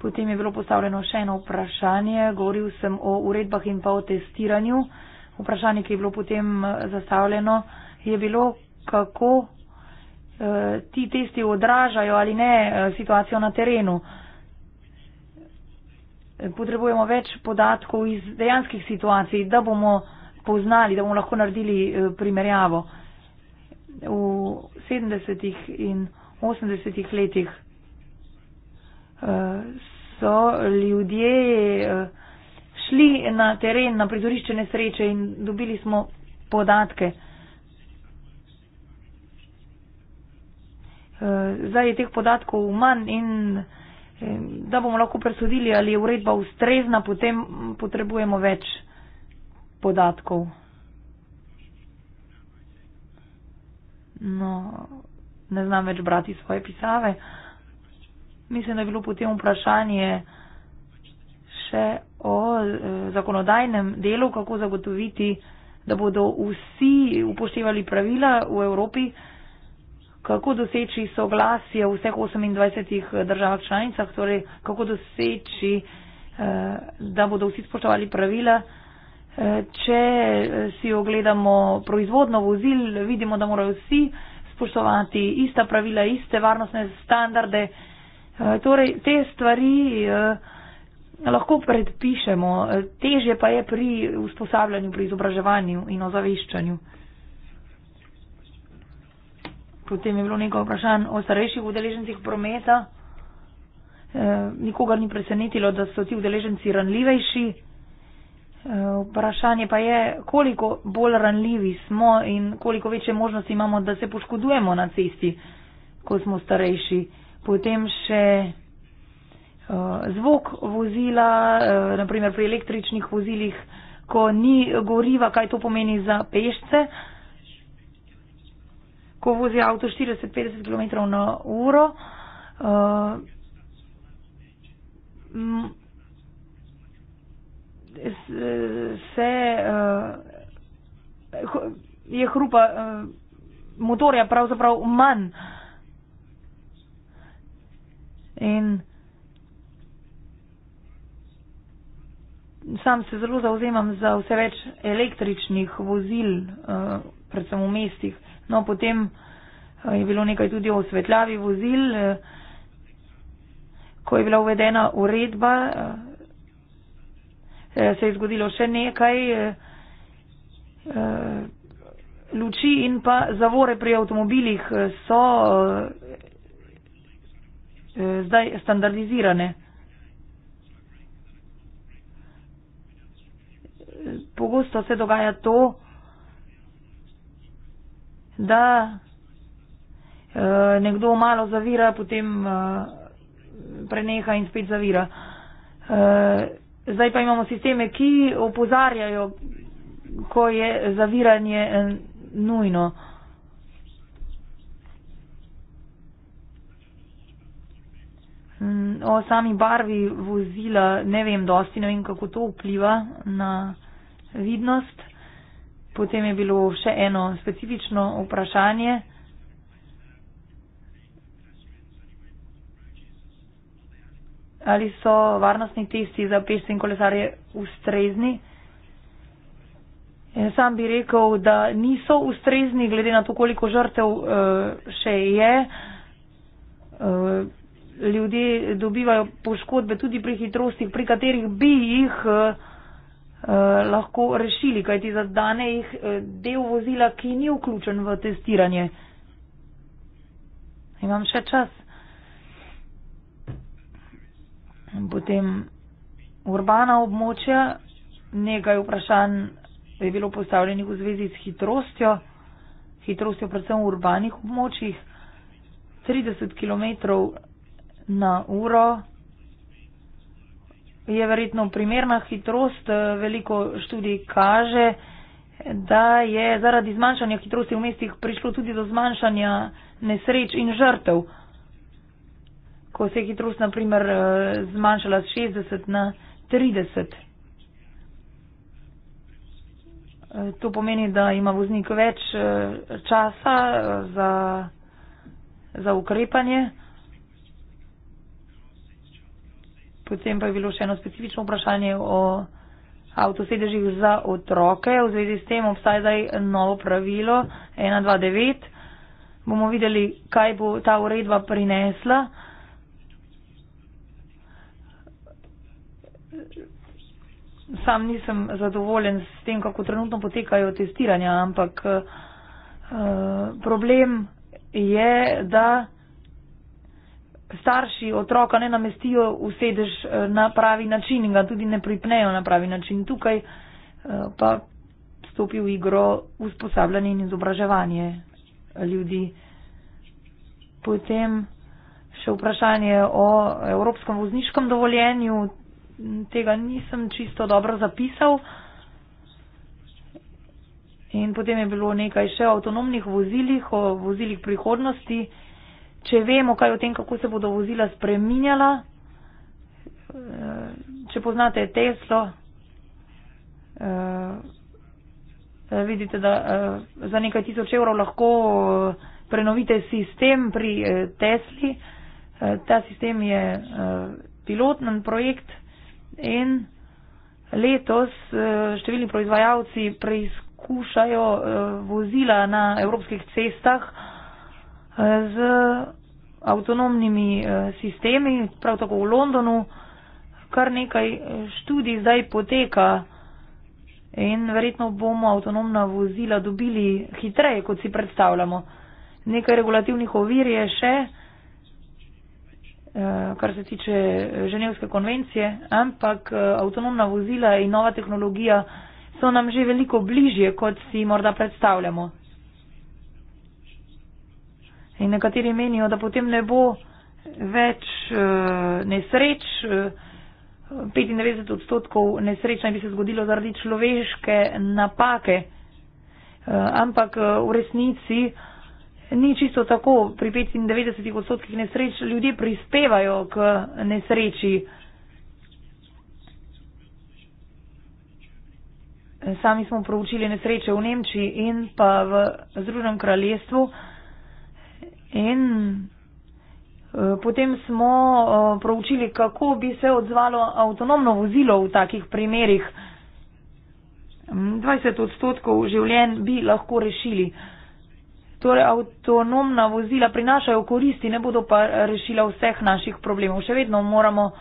Potem je bilo postavljeno še eno vprašanje, govoril sem o uredbah in pa o testiranju vprašanje, ki je bilo potem eh, zastavljeno, je bilo, kako eh, ti testi odražajo ali ne eh, situacijo na terenu. Potrebujemo več podatkov iz dejanskih situacij, da bomo poznali, da bomo lahko naredili primerjavo. V 70. in 80. letih so ljudje šli na teren, na prizorišče nesreče in dobili smo podatke. Eh, zdaj je teh podatkov manj in eh, da bomo lahko presodili, ali je uredba ustrezna, potem potrebujemo več podatkov. No, ne znam več brati svoje pisave. Mislim, da je bilo potem vprašanje še o eh, zakonodajnem delu, kako zagotoviti, da bodo vsi upoštevali pravila v Evropi, kako doseči soglasje v vseh 28 eh, državah članicah, torej kako doseči, eh, da bodo vsi spoštovali pravila. Če si ogledamo proizvodno vozil, vidimo, da morajo vsi spoštovati ista pravila, iste varnostne standarde. Torej, te stvari lahko predpišemo, težje pa je pri usposabljanju, pri izobraževanju in ozaveščanju. Potem je bilo nekaj vprašanj o starejših udeležencih prometa. Eh, nikogar ni presenetilo, da so ti udeleženci ranljivejši. Eh, vprašanje pa je, koliko bolj ranljivi smo in koliko večje možnosti imamo, da se poškodujemo na cesti, ko smo starejši. Potem še. Eh, zvok vozila, eh, naprimer pri električnih vozilih, ko ni goriva, kaj to pomeni za pešce. Ko vozi avto 40-50 km na uro, eh, se je hrupa motorja pravzaprav manj. In sam se zelo zauzemam za vse več električnih vozil, eh, predvsem v mestih. No, potem eh, je bilo nekaj tudi o svetljavi vozil, eh, ko je bila uvedena uredba, se je zgodilo še nekaj luči in pa zavore pri avtomobilih so zdaj standardizirane. pogosto se dogaja to, da e, nekdo malo zavira, potem e, preneha in spet zavira. E, zdaj pa imamo sisteme, ki opozarjajo, ko je zaviranje nujno. Mm, o sami barvi vozila ne vem dosti, ne vem kako to vpliva na vidnost. Potem je bilo še eno specifično vprašanje. Ali so varnostni testi za pešce in kolesarje ustrezni? Ja, sam bi rekel, da niso ustrezni, glede na to, koliko žrtev eh, še je. Eh, ljudje dobivajo poškodbe tudi pri hitrostih, pri katerih bi jih. Eh, Eh, lahko rešili, kajti za dane jih eh, del vozila, ki ni vključen v testiranje. Imam še čas. Potem urbana območja, nekaj vprašanj je bilo postavljenih v zvezi s hitrostjo, hitrostjo predvsem v urbanih območjih, 30 km na uro je verjetno primerna hitrost, eh, veliko študij kaže, da je zaradi zmanjšanja hitrosti v mestih prišlo tudi do zmanjšanja nesreč in žrtev. Ko se je hitrost naprimer eh, zmanjšala z 60 na 30. Eh, to pomeni, da ima voznik več časa za, za ukrepanje. Potem pa je bilo še eno specifično vprašanje o avtosedežih za otroke. V zvezi s tem obstaja zdaj novo pravilo 129. Bomo videli, kaj bo ta uredba prinesla. Sam nisem zadovoljen s tem, kako trenutno potekajo testiranja, ampak uh, problem je, da starši otroka ne namestijo v sedež eh, na pravi način in ga tudi ne pripnejo na pravi način. Tukaj eh, pa stopi v igro usposabljanje in izobraževanje ljudi. Potem še vprašanje o evropskem vozniškem dovoljenju. Tega nisem čisto dobro zapisal. In potem je bilo nekaj še o avtonomnih vozilih, o vozilih prihodnosti če vemo kaj o tem, kako se bodo vozila spreminjala, eh, če poznate Teslo, eh, eh, vidite, da za nekaj tisoč evrov lahko prenovite sistem pri Tesli. Ta sistem je pilotnen projekt in letos številni proizvajalci preizkušajo vozila na evropskih cestah z avtonomnimi eh, sistemi, prav tako v Londonu. Kar nekaj eh, študij zdaj poteka in verjetno bomo avtonomna vozila dobili hitreje, kot si predstavljamo. Nekaj regulativnih ovir je še, eh, kar se tiče Ženevske konvencije, ampak avtonomna vozila in nova tehnologija so nam že veliko bližje, kot si morda predstavljamo. In nekateri menijo, da potem ne bo več eh, nesreč, 95 eh, odstotkov nesreč naj bi se zgodilo zaradi človeške napake. Eh, ampak v resnici ni čisto tako. Pri 95 odstotkih nesreč ljudje prispevajo k nesreči. Sami smo proučili nesreče v Nemčiji in pa v Združenem kraljestvu. In eh, potem smo eh, proučili, kako bi se odzvalo avtonomno vozilo v takih primerih. 20 odstotkov življenj bi lahko rešili. Torej, avtonomna vozila prinašajo koristi, ne bodo pa rešila vseh naših problemov. Še vedno moramo uh,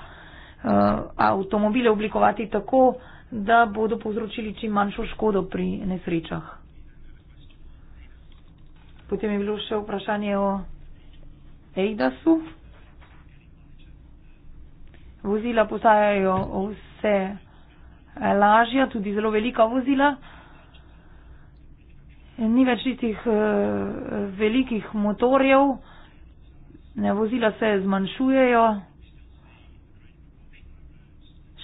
avtomobile oblikovati tako, da bodo povzročili čim manjšo škodo pri nesrečah. Potem je bilo še vprašanje o EIDASu. Vozila postajajo vse lažja, tudi zelo velika vozila. Ni več tistih e, velikih motorjev, ne, vozila se zmanjšujejo.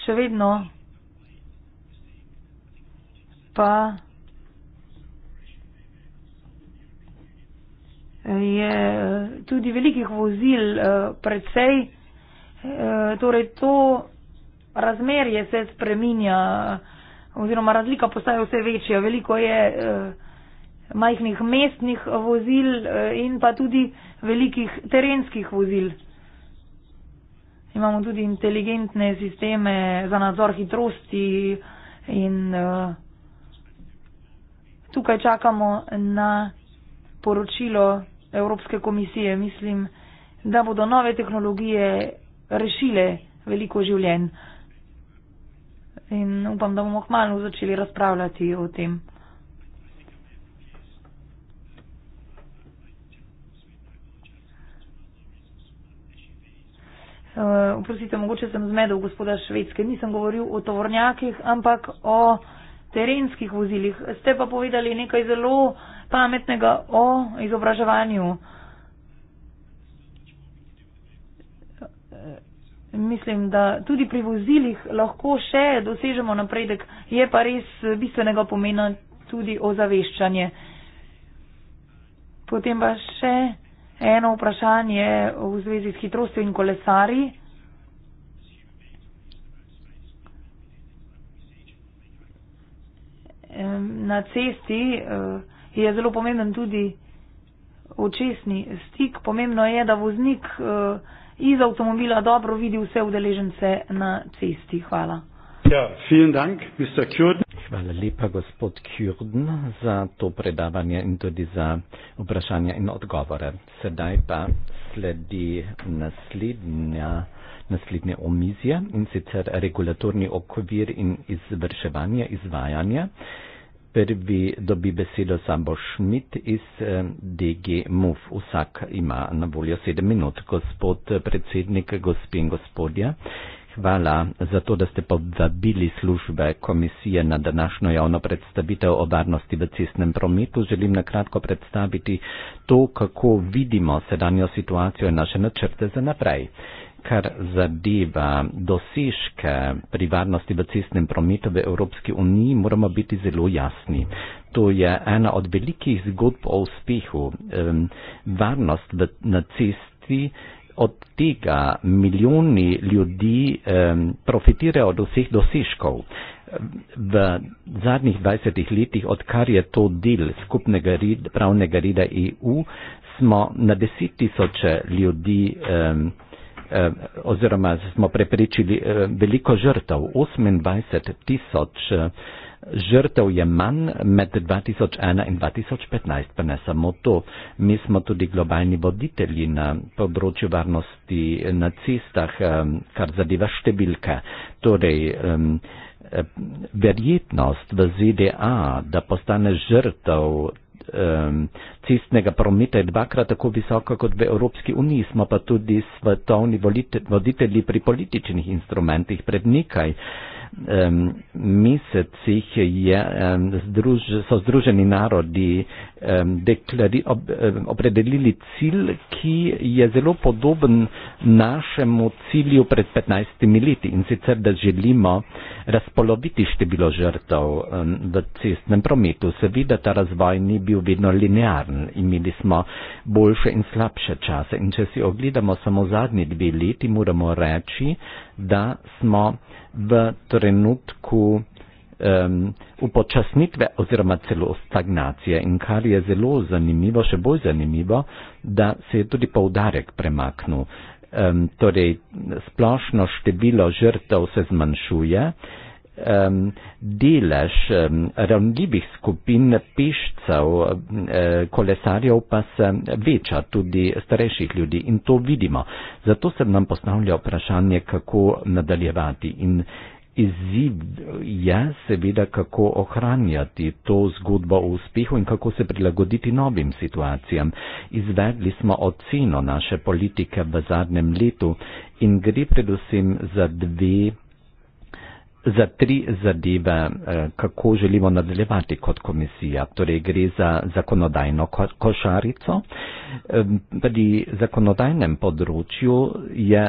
Še vedno pa je eh, tudi velikih vozil eh, precej. Eh, torej, to razmerje se spreminja, oziroma razlika postaja vse večja. Veliko je majhnih mestnih vozil in pa tudi velikih terenskih vozil. Imamo tudi inteligentne sisteme za nadzor hitrosti in uh, tukaj čakamo na poročilo Evropske komisije. Mislim, da bodo nove tehnologije rešile veliko življenj. In upam, da bomo kmalo začeli razpravljati o tem. Vprosite, eh, uh, mogoče sem zmedel gospoda Švedske. Nisem govoril o tovornjakih, ampak o terenskih vozilih. Ste pa povedali nekaj zelo uh, pametnega o izobraževanju. Mislim, da tudi pri vozilih lahko še dosežemo napredek, je pa res bistvenega pomena tudi ozaveščanje. Potem pa še eno vprašanje v zvezi s hitrostjo in kolesari. Na cesti eh, je zelo pomemben tudi očesni stik. Pomembno je, da voznik uh, iz avtomobila dobro vidi vse udeležence na cesti. Hvala. Ja, dank, Hvala lepa, gospod Kjurden, za to predavanje in tudi za vprašanja in odgovore. Sedaj pa sledi naslednja naslednje omizje in sicer regulatorni okvir in izvrševanje, izvajanje. Prvi dobi besedo Sambo Šmit iz eh, DG MUF. Vsak ima na voljo sedem minut. Gospod predsednik, gospin gospodja, hvala za to, da ste povabili službe komisije na današnjo javno predstavitev o varnosti v cestnem prometu. Želim na kratko predstaviti to, kako vidimo sedanjo situacijo in naše načrte za naprej kar zadeva dosežke pri varnosti v cestnem prometu v Evropski uniji, moramo biti zelo jasni. To je ena od velikih zgodb o uspehu. Varnost na cesti. Od tega milijoni ljudi eh, profitirajo od vseh dosežkov. V zadnjih 20 letih, odkar je to del skupnega red, pravnega reda EU, smo na desettisoče ljudi eh, Eh, oziroma smo prepričili eh, veliko žrtev, 28 tisoč eh, žrtev je manj med 2001 in 2015, pa ne samo to. Mi smo tudi globalni voditelji na področju varnosti na cestah, kar zadeva številke. Torej, verjetnost v ZDA, da postane žrtev um, cestnega prometa je dvakrat tako visoka kot v Evropski uniji, smo pa tudi svetovni voditelji pri političnih instrumentih pred nekaj. Uh, um, mesecih je, um, združ, so Združeni narodi um, deklari, ob, um, opredelili cilj, ki je zelo podoben našemu cilju pred 15 leti in sicer, da želimo razpoloviti število žrtev um, v cestnem prometu. Seveda ta razvoj ni bil vedno linearen, imeli smo boljše in slabše čase in če si ogledamo samo zadnji dve leti, moramo reči, da smo v trenutku um, upočasnitve oziroma celo stagnacije. In kar je zelo zanimivo, še bolj zanimivo, da se je tudi poudarek premaknil. Um, torej, splošno število žrtev se zmanjšuje um, delež um, ranljivih skupin pešcev, uh, kolesarjev pa se veča, tudi starejših ljudi in to vidimo. Zato se nam postavlja vprašanje, kako nadaljevati in izziv je seveda, kako ohranjati to zgodbo o uspehu in kako se prilagoditi novim situacijam. Izvedli smo oceno naše politike v zadnjem letu in gre predvsem za dve za tri zadeve, eh, kako želimo nadaljevati kot komisija. Torej gre za zakonodajno košarico, tudi zakonodajnem področju je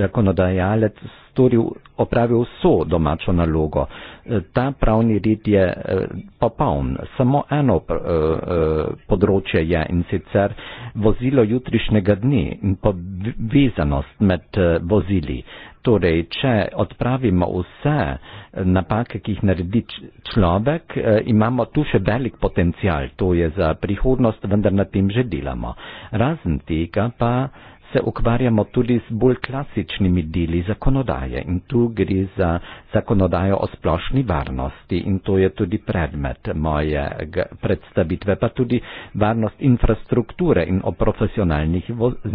zakonodajalec storil, opravil vso domačo nalogo. E, ta pravni red je e, popoln. Samo eno e, področje je in sicer vozilo jutrišnjega dne in povezanost med vozili. Torej, če odpravimo vse napake, ki jih naredi človek, imamo tu še velik potencial. To je za prihodnost, vendar na tem že delamo. Razen tega pa se ukvarjamo tudi z bolj klasičnimi deli zakonodaje in tu gre za zakonodajo o splošni varnosti in to je tudi predmet moje predstavitve, pa tudi varnost infrastrukture in o profesionalnih,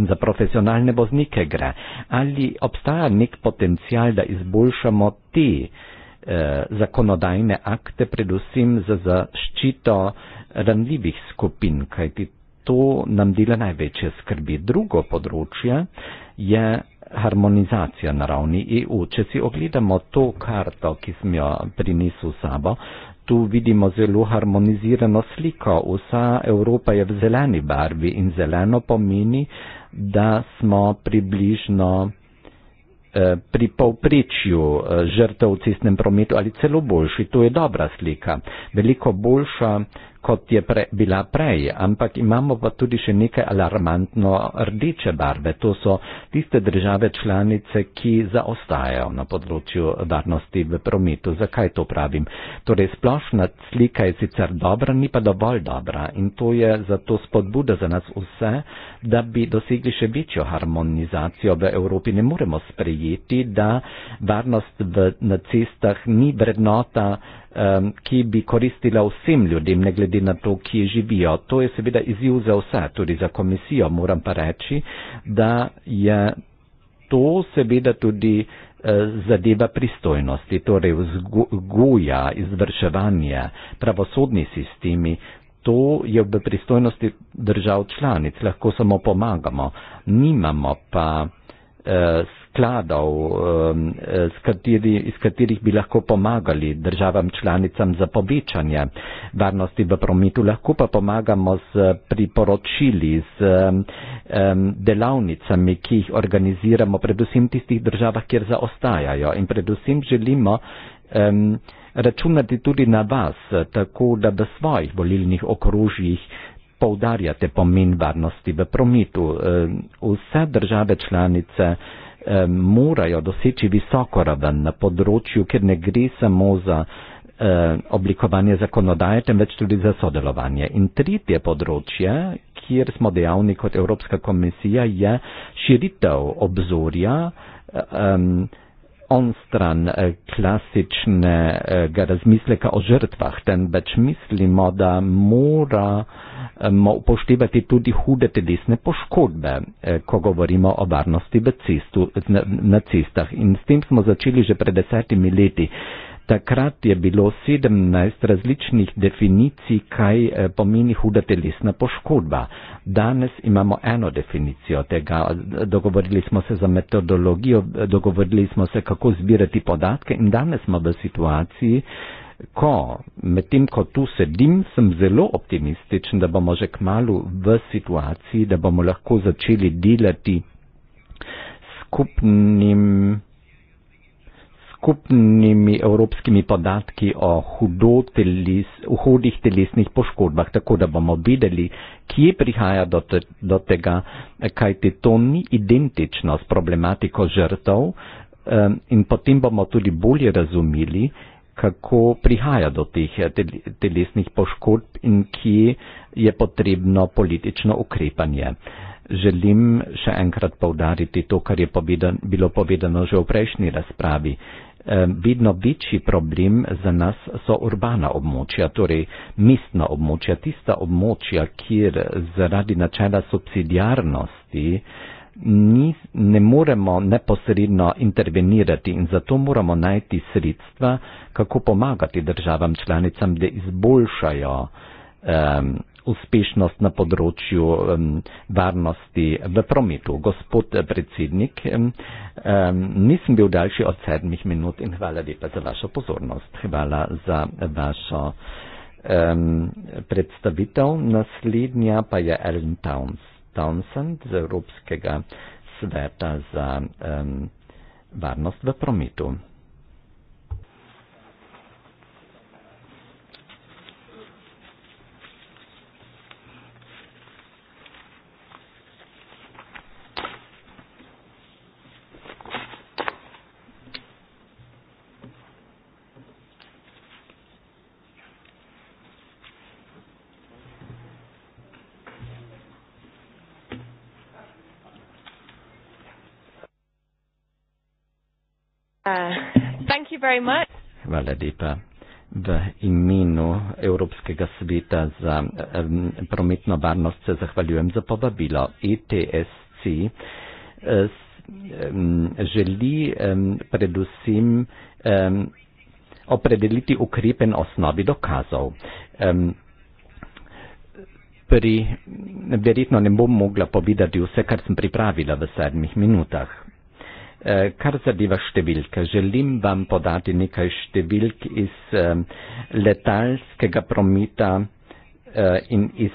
za profesionalne voznike gre. Ali obstaja nek potencial, da izboljšamo te eh, zakonodajne akte, predvsem za zaščito ranljivih skupin, kajti to nam dela največje skrbi. Drugo področje je harmonizacija na ravni EU. Če si ogledamo to karto, ki sem jo prinesel sabo, tu vidimo zelo harmonizirano sliko. Vsa Evropa je v zeleni barvi in zeleno pomeni, da smo približno eh, pri povprečju eh, žrtev v cestnem prometu ali celo boljši. To je dobra slika. Veliko boljša, kot je pre, bila prej, ampak imamo pa tudi še nekaj alarmantno rdeče barve. To so tiste države članice, ki zaostajajo na področju varnosti v prometu. Zakaj to pravim? Torej, splošna slika je sicer dobra, ni pa dovolj dobra in to je zato spodbuda za nas vse, da bi dosegli še večjo harmonizacijo v Evropi. Ne moremo sprejeti, da varnost v, na cestah ni vrednota, um, ki bi koristila vsem ljudem, ne glede na to, kje živijo. To je seveda izjiv za vse, tudi za komisijo. Moram pa reči, da je to seveda tudi uh, zadeva pristojnosti, torej vzgoja, izvrševanje, pravosodni sistemi. To je v pristojnosti držav članic, lahko samo pomagamo, nimamo pa eh, skladov, um, s kateri, iz katerih bi lahko pomagali državam članicam za povečanje varnosti v prometu, lahko pa pomagamo s priporočili, s um, um, delavnicami, ki jih organiziramo, predvsem v tistih državah, kjer zaostajajo. In predvsem želimo računati tudi na vas, tako da v svojih volilnih okrožjih poudarjate pomen varnosti v prometu. Vse države članice eh, morajo doseči visoko raven na področju, kjer ne gre samo za eh, oblikovanje zakonodaje, temveč tudi za sodelovanje. In tretje področje, kjer smo dejavni kot Evropska komisija, je širitev obzorja. Eh, eh, on stran e, klasičnega e, razmisleka o žrtvah, temveč mislimo, da moramo upoštevati tudi hude telesne poškodbe, e, ko govorimo o varnosti cestu, na, na cestah. In s tem smo začeli že pred desetimi leti. Takrat je bilo 17 različnih definicij, kaj eh, pomeni huda telesna poškodba. Danes imamo eno definicijo tega. Dogovorili smo se za metodologijo, dogovorili smo se, kako zbirati podatke in danes smo v situaciji, ko medtem, ko tu sedim, sem zelo optimističen, da bomo že kmalo v situaciji, da bomo lahko začeli delati skupnim skupnimi evropskimi podatki o teles, hudih telesnih poškodbah, tako da bomo videli, kje prihaja do, te, do tega, kajti to ni identično s problematiko žrtov um, in potem bomo tudi bolje razumeli, kako prihaja do teh telesnih poškodb in kje je potrebno politično ukrepanje želim še enkrat povdariti to, kar je povedan, bilo povedano že v prejšnji razpravi. E, vidno večji problem za nas so urbana območja, torej mestna območja, tista območja, kjer zaradi načela subsidijarnosti ni, ne moremo neposredno intervenirati in zato moramo najti sredstva, kako pomagati državam članicam, da izboljšajo um, uspešnost na področju um, varnosti v prometu. Gospod eh, predsednik, um, nisem bil daljši od sedmih minut in hvala lepa za vašo pozornost. Hvala za vašo um, predstavitev. Naslednja pa je Ellen Towns, Townsend z Evropskega sveta za um, varnost v prometu. Predipa v imenu Evropskega sveta za prometno varnost se zahvaljujem za povabilo. ETSC želi predvsem opredeliti ukrepen osnovi dokazov. Pri, verjetno ne bom mogla povedati vse, kar sem pripravila v sedmih minutah. Eh, kar zadeva številke. Želim vam podati nekaj številk iz eh, letalskega prometa eh, in iz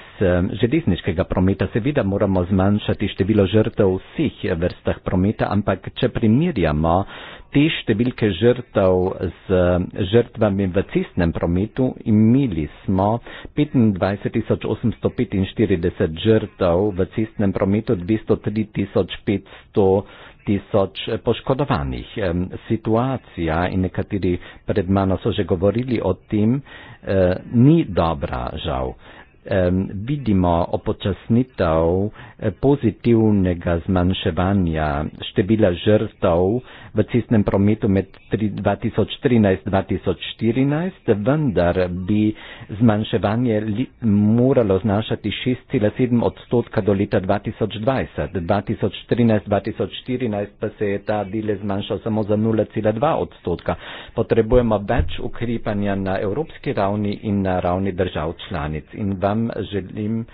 železniškega prometa. Seveda moramo zmanjšati število žrtev v vseh vrstah prometa, ampak če primerjamo te številke žrtev z žrtvami v cestnem prometu, imeli smo 25.845 žrtev v cestnem prometu, 203.500 tisoč poškodovanih. Situacija in nekateri pred mano so že govorili o tem, eh, ni dobra žal vidimo opočasnitev eh, pozitivnega zmanjševanja števila žrtev v cestnem prometu med 2013-2014, vendar bi zmanjševanje moralo znašati 6,7 odstotka do leta 2020. 2013-2014 pa se je ta delež zmanjšal samo za 0,2 odstotka. Potrebujemo več ukrepanja na evropski ravni in na ravni držav članic. In vam vam želim,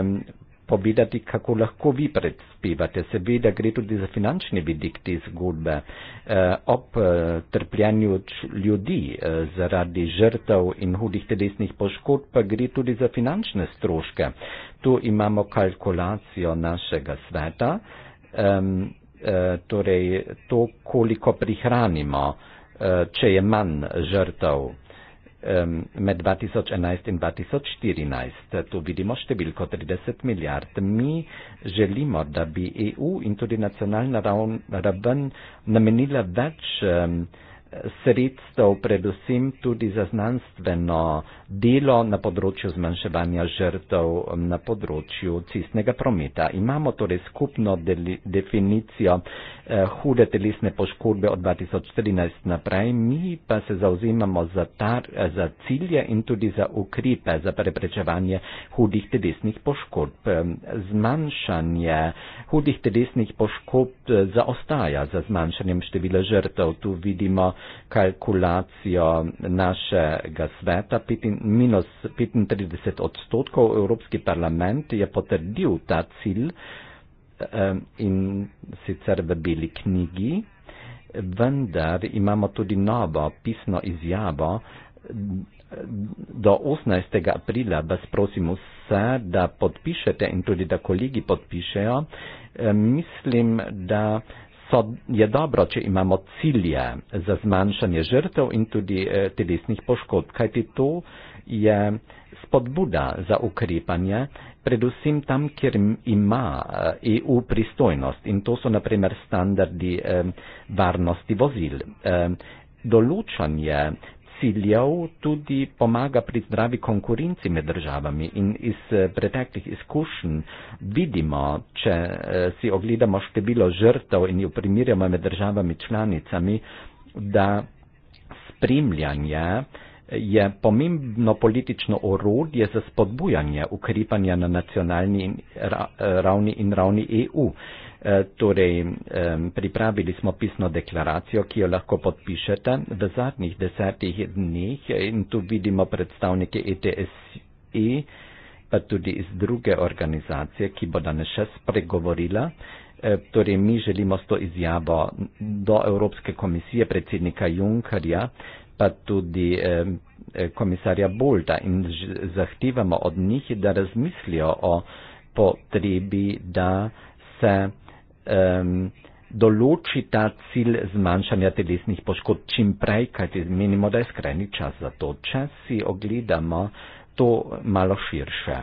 um, povedati, kako lahko vi predspevate. Seveda gre tudi za finančni vidik te zgodbe. Uh, ob uh, e, trpljenju ljudi uh, zaradi žrtev in hudih telesnih poškodb pa gre tudi za finančne stroške. Tu imamo kalkulacijo našega sveta. Um, Torej, to, koliko prihranimo, če je manj žrtev, med 2011 in 2014. Tu vidimo številko 30 milijard. Mi želimo, da bi EU in tudi nacionalna raven namenila več. Um, sredstev, predvsem tudi za znanstveno delo na področju zmanjševanja žrtev na področju cistnega prometa. Imamo torej skupno deli, definicijo eh, hude telesne poškodbe od 2014 naprej, mi pa se zauzemamo za, tar, za cilje in tudi za ukrepe za preprečevanje hudih telesnih poškodb. Zmanjšanje hudih telesnih poškodb eh, zaostaja za zmanjšanjem števila žrtev. Tu vidimo, kalkulacijo našega sveta, minus 35 odstotkov, Evropski parlament je potrdil ta cilj in sicer v beli knjigi, vendar imamo tudi novo pisno izjavo. Do 18. aprila vas prosim vse, da podpišete in tudi da kolegi podpišejo. Mislim, da so je dobro, če imamo cilje za zmanjšanje žrtev in tudi eh, telesnih poškodb, kajti to je spodbuda za ukrepanje, predvsem tam, kjer ima eh, EU pristojnost in to so naprimer standardi eh, varnosti vozil. Eh, določanje ciljev tudi pomaga pri zdravi konkurenci med državami in iz eh, preteklih izkušenj vidimo, če eh, si ogledamo število žrtev in jo primerjamo med državami članicami, da spremljanje eh, je pomembno politično orodje za spodbujanje ukrepanja na nacionalni ravni in ravni EU. Eh, torej, pripravili smo pisno deklaracijo, ki jo lahko podpišete v zadnjih desetih dneh in tu vidimo predstavnike ETSI, pa tudi iz druge organizacije, ki bo danes še spregovorila. Eh, torej, mi želimo s to izjavo do Evropske komisije predsednika Junkarja, pa tudi eh, komisarja Bulda in zahtevamo od njih, da razmislijo o potrebi, da se um, določi ta cilj zmanjšanja telesnih poškodb čim prej, kajti menimo, da je skrajni čas za to. Če si ogledamo to malo širše.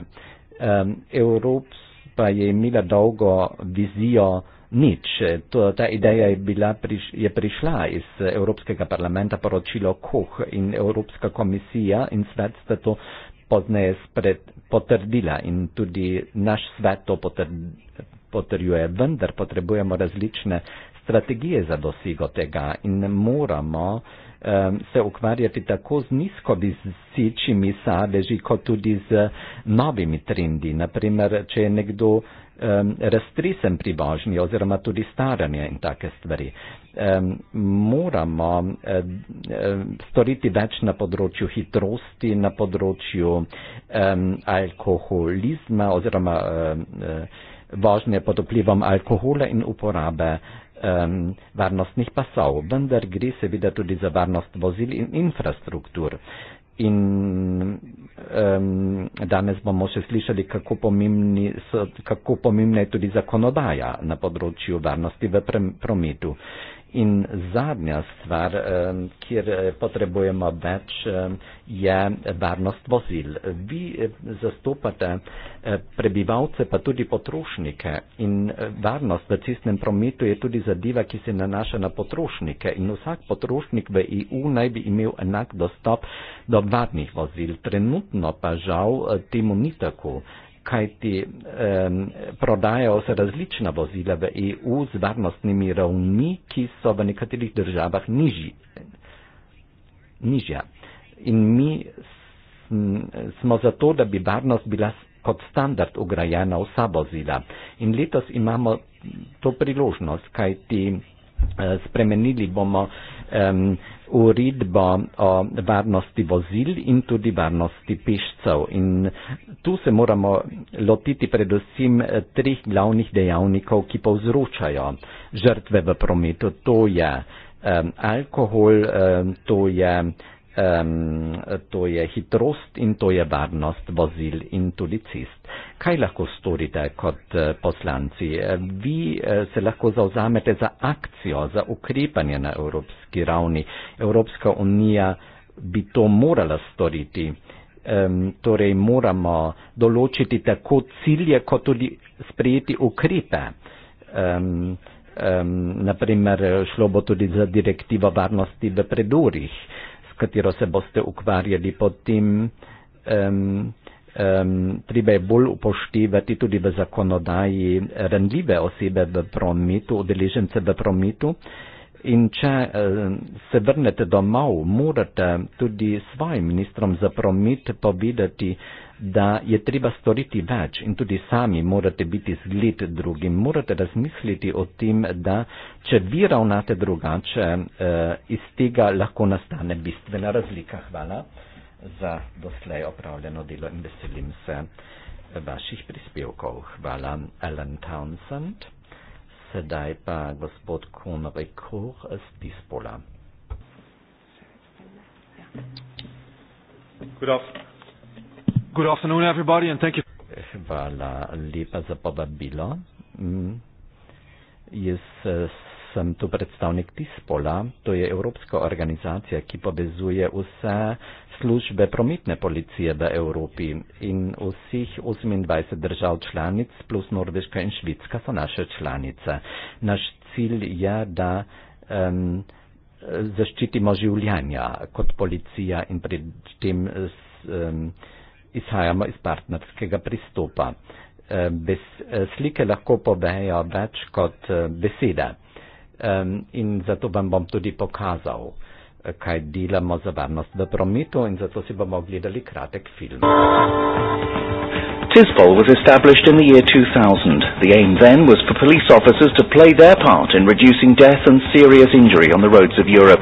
Um, Evropa je imela dolgo vizijo nič. To, ta ideja je, bila, priš, je prišla iz Evropskega parlamenta, poročilo Koh in Evropska komisija in svet sta to pozneje spred, potrdila in tudi naš svet to potrdila potrjuje, vendar potrebujemo različne strategije za dosego tega in moramo um, se ukvarjati tako z nizkovisičimi sadeži, kot tudi z novimi trendi. Naprimer, če je nekdo um, raztrisen pri božnji oziroma tudi staranje in take stvari. Um, moramo um, storiti več na področju hitrosti, na področju um, alkoholizma oziroma um, vožnje pod vplivom alkohola in uporabe um, varnostnih pasov. Vendar gre seveda tudi za varnost vozil in infrastruktur. In um, danes bomo še slišali, kako, so, kako pomembna je tudi zakonodaja na področju varnosti v prometu. In zadnja stvar, kjer eh, potrebujemo več, je varnost vozil. Vi eh, zastopate eh, prebivalce, pa tudi potrošnike. In varnost v cestnem prometu je tudi zadeva, ki se nanaša na potrošnike. In vsak potrošnik v EU naj bi imel enak dostop do varnih vozil. Trenutno pa žal temu ni tako kajti um, prodajajo se različna vozila v EU z varnostnimi ravni, ki so v nekaterih državah nižji, nižja. In mi smo zato, da bi varnost bila kot standard ugrajena v vsa vozila. In letos imamo to priložnost, kajti Eh, spremenili bomo um, uredbo o varnosti vozil in tudi varnosti pešcev. In tu se moramo lotiti predvsem eh, treh glavnih dejavnikov, ki povzročajo žrtve v prometu. To je um, alkohol, um, to je um, to je hitrost in to je varnost vozil in tudi cest. Kaj lahko storite kot eh, poslanci? Eh, vi eh, se lahko zauzamete za akcijo, za ukrepanje na evropski ravni. Evropska unija bi to morala storiti. Um, torej moramo določiti tako cilje, kot tudi sprejeti ukrepe. Um, ehm, um, naprimer, šlo bo tudi za direktivo varnosti v predorih. Uh, katero se boste ukvarjali potem, um, um, treba je bolj upoštevati tudi v zakonodaji randljive osebe v prometu, udeležence v prometu. In če uh, se vrnete domov, morate tudi svojim ministrom za promet povedati, da je treba storiti več in tudi sami morate biti zgled drugim. Morate razmisliti o tem, da če vi ravnate drugače, eh, iz tega lahko nastane bistvena razlika. Hvala za doslej opravljeno delo in veselim se eh, vaših prispevkov. Hvala, Alan Townsend. Sedaj pa gospod Konrej Kur z Dispola. Good afternoon. Good afternoon, everybody, and thank you. Hvala lepa za povabilo. Mm. Jaz eh, sem tu predstavnik TISPOLA, to je Evropska organizacija, ki povezuje vse službe prometne policije v Evropi in vseh 28 držav članic plus Norveška in Švedska so naše članice. Naš cilj je, da um, zaščitimo življenja kot policija in pred tem. Um, izhajamo iz partnerskega pristopa. Eh, bes, eh, slike lahko povejo več kot eh, besede in zato vam bom tudi pokazal, kaj delamo za varnost v prometu in zato si bomo ogledali kratek film. Tispol was established in the year 2000. The aim then was for police officers to play their part in reducing death and serious injury on the roads of Europe.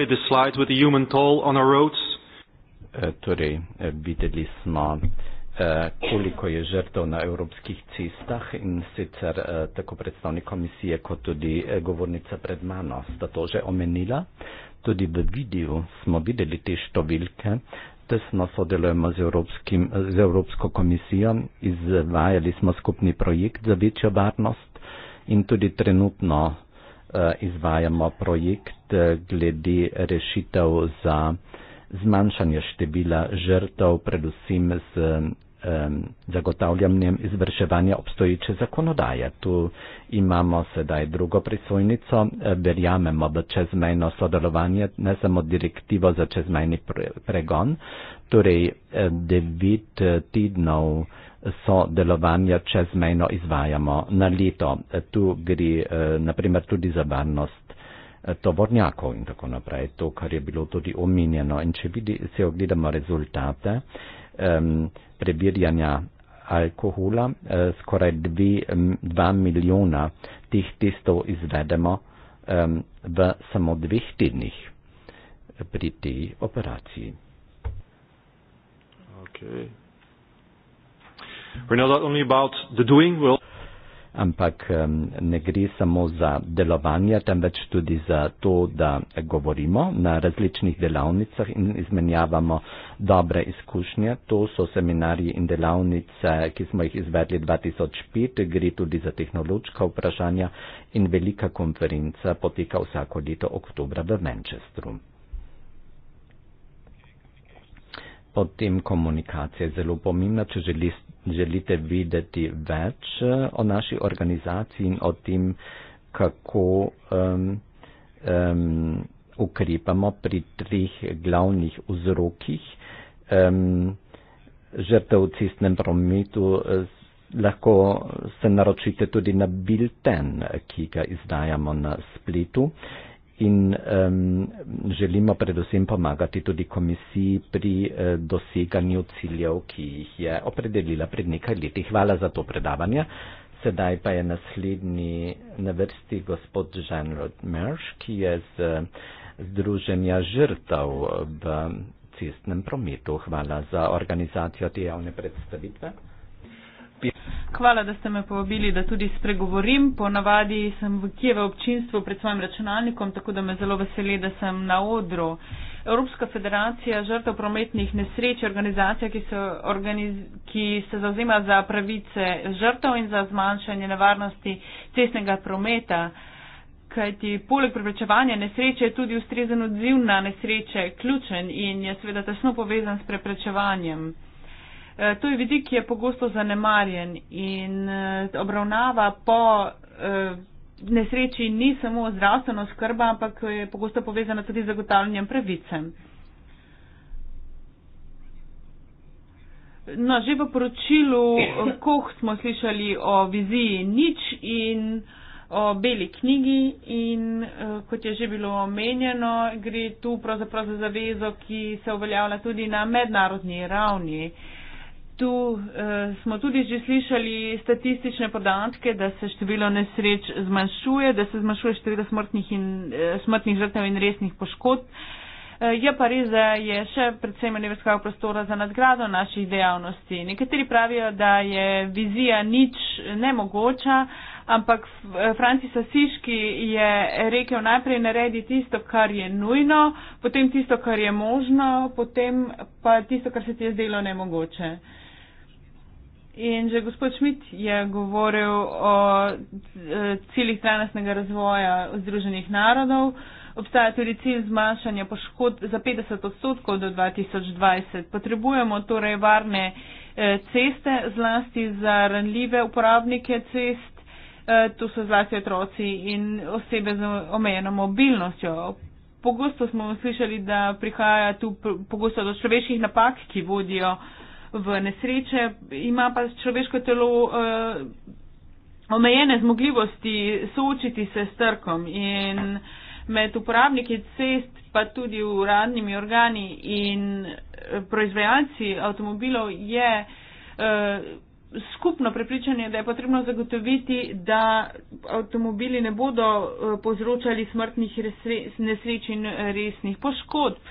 ready to slide with the human toll on our roads. E, torej, e, videli smo, e, koliko je žrtev na evropskih cestah in sicer tako predstavnik komisije kot tudi govornica pred mano sta to že omenila. Tudi v videu smo videli te številke, tesno sodelujemo z, evropskim, z Evropsko komisijo, izvajali smo skupni projekt za večjo varnost in tudi trenutno Eh, izvajamo projekt eh, glede rešitev za zmanjšanje števila žrtev, predvsem z zagotavljanjem izvrševanja obstoječe zakonodaje. Tu imamo sedaj drugo prisojnico, eh, verjamemo v čezmejno sodelovanje, ne samo direktivo za čezmejni pregon, torej devet tednov sodelovanja čezmejno izvajamo na leto. Tu gre eh, naprimer tudi za varnost eh, tovornjakov in tako naprej, to, kar je bilo tudi omenjeno. In če vidi, se ogledamo rezultate um, prebirjanja alkohola, uh, skoraj 2 milijona teh testov izvedemo um, v samo dveh tednih pri tej operaciji. Okay. Ampak ne gre samo za delovanje, temveč tudi za to, da govorimo na različnih delavnicah in izmenjavamo dobre izkušnje. To so seminarji in delavnice, ki smo jih izvedli 2005, gre tudi za tehnološka vprašanja in velika konferenca poteka vsako leto oktobra v Manchesteru. Potem komunikacija je zelo pomembna, če želiš želite videti več eh, o naši organizaciji in o tem, kako um, um, ukrepamo pri treh glavnih vzrokih um, žrtev v cestnem prometu, eh, lahko se naročite tudi na bilten, ki ga izdajamo na spletu. Uh, in um, želimo predvsem pomagati tudi komisiji pri uh, doseganju ciljev, ki jih je opredelila pred nekaj leti. Hvala za to predavanje. Sedaj pa je naslednji na vrsti gospod Jean Rodmerš, ki je z Združenja žrtav v cestnem prometu. Hvala za organizacijo te javne predstavitve. Hvala, da ste me povabili, da tudi spregovorim. Ponavadi sem v Kijeve občinstvu pred svojim računalnikom, tako da me zelo veseli, da sem na odru. Evropska federacija žrtev prometnih nesreč je organizacija, ki se, organiz, ki se zauzema za pravice žrtev in za zmanjšanje nevarnosti cestnega prometa. Kajti poleg preprečevanja nesreče je tudi ustrezen odziv na nesreče ključen in je seveda tesno povezan s preprečevanjem. Eh, to je vidik, ki je pogosto zanemarjen in eh, obravnava po eh, nesreči ni samo zdravstveno skrba, ampak je pogosto povezana tudi z zagotavljanjem pravice. No, že v poročilu Koh smo slišali o viziji nič in o beli knjigi in kot je že bilo omenjeno, gre tu pravzaprav za zavezo, ki se uveljavlja tudi na mednarodni ravni tu eh, smo tudi že slišali statistične podatke, da se število nesreč zmanjšuje, da se zmanjšuje število smrtnih, in, eh, smrtnih žrtev in resnih poškodb. Eh, je pa res, da je še predvsem univerzitetskega prostora za nadgrado naših dejavnosti. Nekateri pravijo, da je vizija nič nemogoča, ampak eh, Francis Asiški je rekel najprej naredi tisto, kar je nujno, potem tisto, kar je možno, potem pa tisto, kar se ti je zdelo nemogoče. Uh, In že gospod Šmit je govoril o eh, ciljih trajnostnega razvoja Združenih narodov. Obstaja tudi cilj zmanjšanja poškod za 50 odstotkov do 2020. Potrebujemo torej varne eh, ceste, zlasti za ranljive uporabnike cest, eh, tu so zlasti otroci in osebe z omejeno mobilnostjo. Pogosto smo slišali, da prihaja tu pogosto do človeških napak, ki vodijo v nesreče, ima pa človeško telo uh, omejene zmogljivosti soočiti se s trkom in med uporabniki cest, pa tudi uradnimi organi in eh, proizvajalci avtomobilov je uh, skupno prepričanje, da je potrebno zagotoviti, da avtomobili ne bodo uh, povzročali smrtnih nesreč in resnih poškodb. Uh,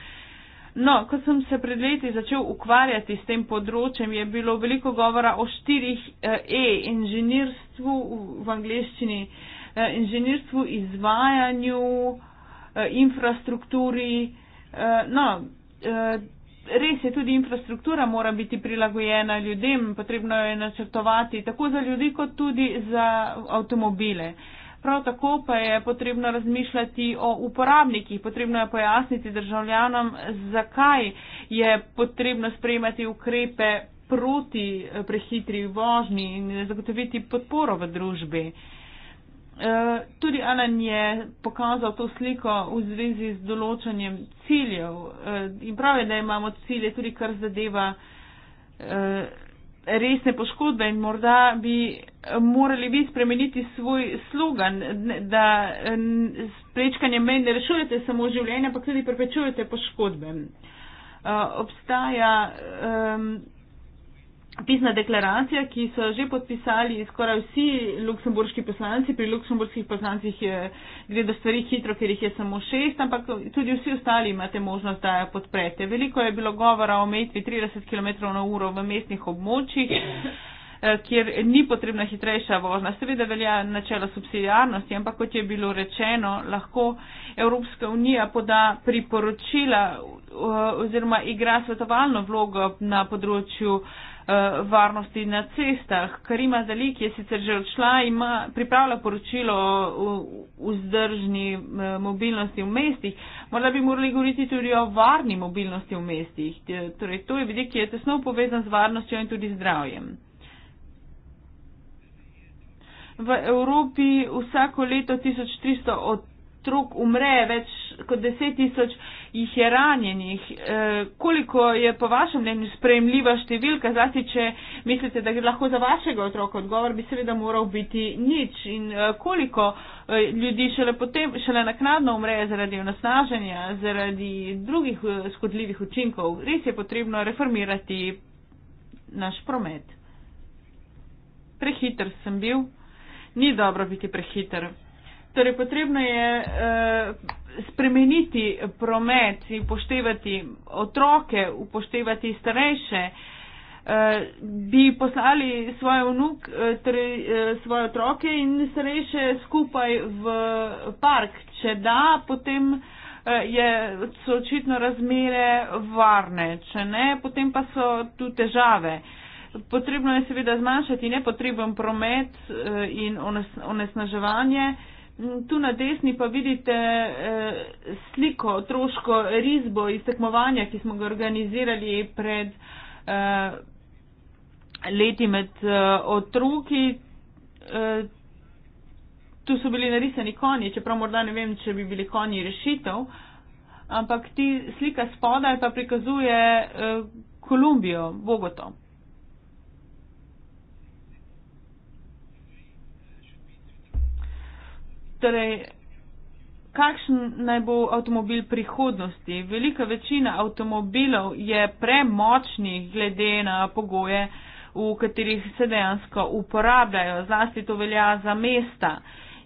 No, ko sem se pred leti začel ukvarjati s tem področjem, je bilo veliko govora o štirih eh, E, inženirstvu v angleščini, eh, inženirstvu, izvajanju, eh, infrastrukturi. No, res je tudi infrastruktura mora biti prilagojena ljudem, potrebno je načrtovati tako za ljudi, kot tudi za avtomobile. Prav tako pa je potrebno razmišljati o uporabnikih, potrebno je pojasniti državljanom, zakaj je potrebno sprejemati ukrepe proti eh, prehitri vožnji in zagotoviti podporo v družbi. Eh, tudi Alan je pokazal to sliko v zvezi z določanjem ciljev eh, in pravi, da imamo cilje tudi kar zadeva resne poškodbe in morda bi morali vi spremeniti svoj slogan, da s prečkanjem mej ne rešujete samo življenja, ampak tudi prepečujete poškodbe. Uh, obstaja um, pisna deklaracija, ki so jo že podpisali skoraj vsi luksemburški poslanci. Pri luksemburških poslancih je, gre do stvari hitro, ker jih je samo šest, ampak tudi vsi ostali imate možnost, da jo podprete. Veliko je bilo govora o metvi 30 km na uro v mestnih območjih, eh, kjer ni potrebna hitrejša vožnja. Seveda velja načelo subsidijarnosti, ampak kot je bilo rečeno, lahko Evropska unija poda priporočila eh, oziroma igra svetovalno vlogo na področju uh, varnosti na cestah. Karima Zalik je sicer že odšla in pripravlja poročilo o vzdržni uh, mobilnosti v mestih. Morda bi morali govoriti tudi o varni mobilnosti v mestih. Torej, to je vidik, ki je tesno povezan z varnostjo in tudi zdravjem. V Evropi vsako leto 1300 od otrok umre, več kot deset tisoč jih je ranjenih. E, koliko je po vašem mnenju sprejemljiva številka, zlasti če mislite, da je lahko za vašega otroka odgovor, bi seveda moral biti nič. In e, koliko e, ljudi šele, potem, šele naknadno umre zaradi onosnaženja, zaradi drugih e, škodljivih učinkov, res je potrebno reformirati naš promet. Prehiter sem bil. Ni dobro biti prehiter. Torej, potrebno je uh, spremeniti promet in poštevati otroke, upoštevati starejše. Uh, bi poslali svoje vnuk, uh, torej uh, svoje otroke in starejše skupaj v park. Če da, potem uh, je, so očitno razmere varne, če ne, potem pa so tu težave. Potrebno je seveda zmanjšati nepotreben promet uh, in onesnaževanje. Uh, Mm, tu na desni pa vidite eh, sliko, otroško risbo iz tekmovanja, ki smo ga organizirali pred eh, leti med eh, otroki. Tu so bili narisani konji, čeprav morda ne vem, če bi bili konji rešitev, ampak ti slika spodaj pa prikazuje Kolumbijo, Bogoto. Torej, kakšen naj bo avtomobil prihodnosti? Velika večina avtomobilov je premočnih glede na pogoje, v katerih se dejansko uporabljajo. Zlasti to velja za mesta.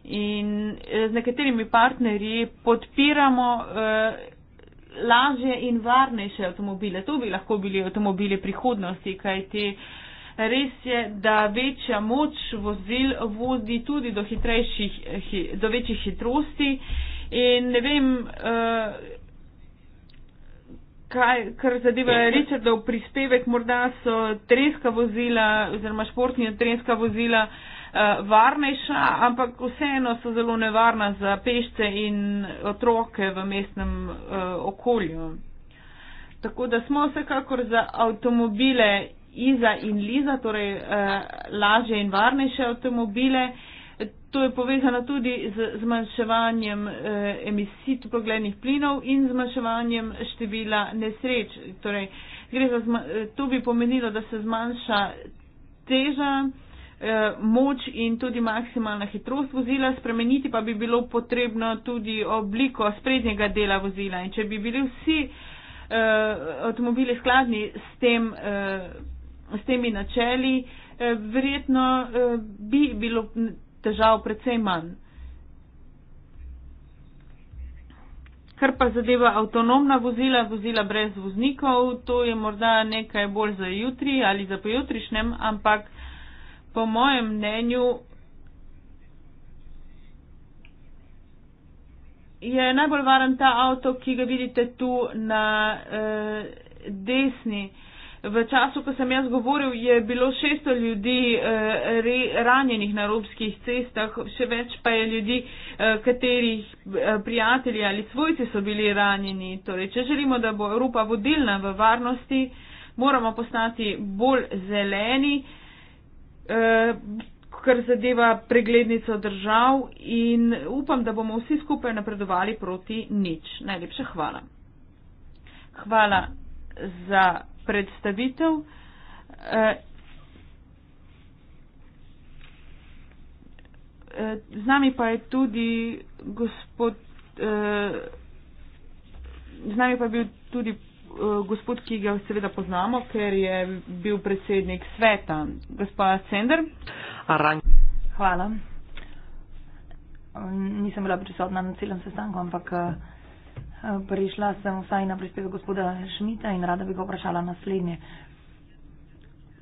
In eh, z nekaterimi partnerji podpiramo eh, lažje in varnejše avtomobile. To bi lahko bili avtomobile prihodnosti, kajti eh, Res je, da večja moč vozil vodi tudi do, hitrejših, do večjih hitrosti in ne vem, eh, kaj, kar zadeva Richardov prispevek, morda so trenska vozila oziroma športni trenska vozila eh, varnejša, ampak vseeno so zelo nevarna za pešce in otroke v mestnem eh, okolju. Tako da smo vsekakor za avtomobile Iza in Liza, torej eh, lažje in varnejše avtomobile. To je povezano tudi z zmanjševanjem eh, emisij toplogrednih plinov in zmanjševanjem števila nesreč. Torej, zma eh, to bi pomenilo, da se zmanjša teža, eh, moč in tudi maksimalna hitrost vozila, spremeniti pa bi bilo potrebno tudi obliko sprednjega dela vozila. In če bi bili vsi eh, avtomobili skladni s tem. Eh, s temi načeli, eh, verjetno eh, bi bilo težav precej manj. Kar pa zadeva avtonomna vozila, vozila brez voznikov, to je morda nekaj bolj za jutri ali za pojutrišnjem, ampak po mojem mnenju je najbolj varen ta avto, ki ga vidite tu na eh, desni. Eh, V času, ko sem jaz govoril, je bilo 600 ljudi eh, ranjenih na robskih cestah, še več pa je ljudi, eh, katerih eh, prijatelji ali svojci so bili ranjeni. Torej, če želimo, da bo Evropa vodilna v varnosti, moramo postati bolj zeleni, kar zadeva preglednico držav in upam, da bomo vsi skupaj napredovali proti nič. Najlepša hvala. Hvala za predstavitev. Eh, z nami pa je tudi gospod, eh, z nami pa je bil tudi eh, gospod, ki ga seveda poznamo, ker je bil predsednik sveta, gospod Sender. Hvala. Nisem bila prisotna na celem sestanku, ampak. Ja. Prišla sem vsaj na prispevek gospoda Šmita in rada bi ga vprašala naslednje.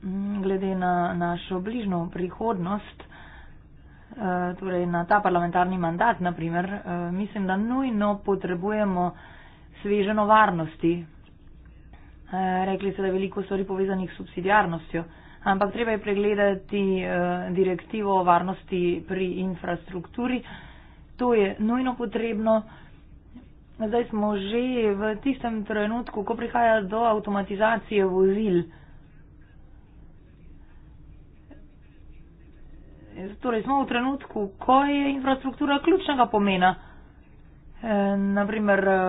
Mm, glede na našo bližnjo prihodnost, eh, torej na ta parlamentarni mandat, naprimer, eh, mislim, da nujno potrebujemo sveženo varnosti. Eh, rekli ste, da je veliko stvari povezanih s subsidijarnostjo, ampak treba je pregledati direktivo o varnosti pri infrastrukturi. To je nujno potrebno. Zdaj smo že v tistem trenutku, ko prihaja do avtomatizacije vozil. Torej smo v trenutku, ko je infrastruktura ključnega pomena. E, naprimer, e,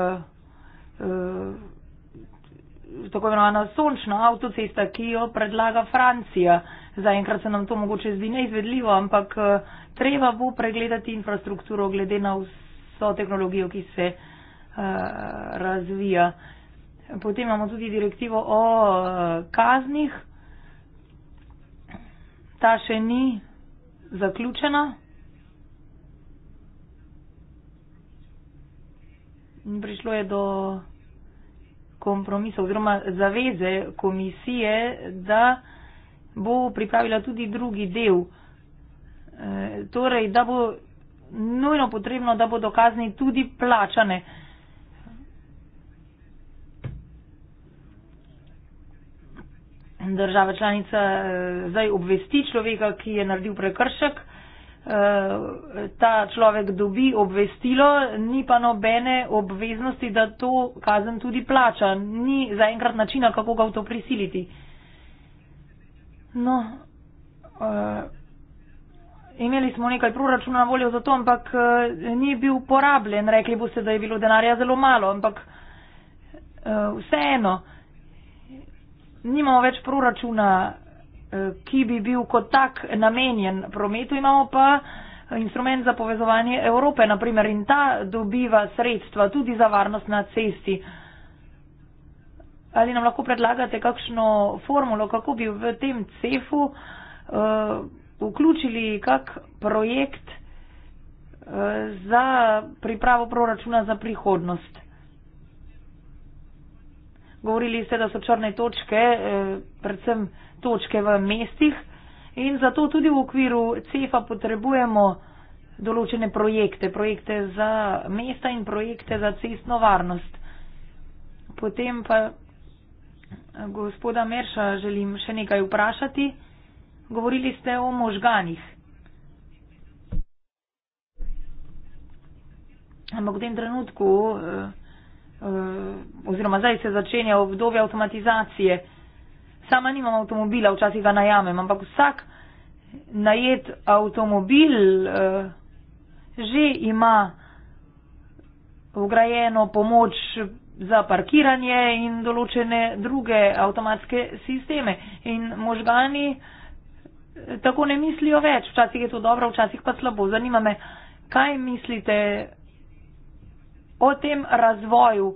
e, tako imenovana sončna avtocesta, ki jo predlaga Francija. Zaenkrat se nam to mogoče zdi neizvedljivo, ampak e, treba bo pregledati infrastrukturo glede na vso tehnologijo, ki se. Eh, razvija. Potem imamo tudi direktivo o eh, kaznih. Ta še ni zaključena. Prišlo je do kompromisa oziroma zaveze komisije, da bo pripravila tudi drugi del. E, torej, da bo nujno potrebno, da bodo kazni tudi plačane. E, država članica eh, zdaj obvesti človeka, ki je naredil prekršek. Eh, ta človek dobi obvestilo, ni pa nobene obveznosti, da to kazen tudi plača. Ni zaenkrat načina, kako ga v to prisiliti. No, eh, imeli smo nekaj proračuna na voljo za to, ampak ni bil porabljen. Rekli boste, da je bilo denarja zelo malo, ampak vseeno nimamo več proračuna, eh, ki bi bil kot tak namenjen prometu, imamo pa instrument za povezovanje Evrope, naprimer, in ta dobiva sredstva tudi za varnost na cesti. Ali nam lahko predlagate kakšno formulo, kako bi v tem cefu uh, vključili kak projekt uh, za pripravo proračuna za prihodnost? Govorili ste, da so črne točke, eh, predvsem točke v mestih in zato tudi v okviru CEFA potrebujemo določene projekte, projekte za mesta in projekte za cestno varnost. Potem pa eh, gospoda Merša želim še nekaj vprašati. Govorili ste o možganih. Ampak v tem trenutku. Eh, Eh, oziroma zdaj se začenja obdobje avtomatizacije. Sama nimam avtomobila, včasih ga najamem, ampak vsak najet avtomobil uh, že ima vgrajeno pomoč za parkiranje in določene druge avtomatske sisteme. In možgani eh, tako ne mislijo več. Včasih je to dobro, včasih pa slabo. Zanima me, kaj mislite o tem razvoju,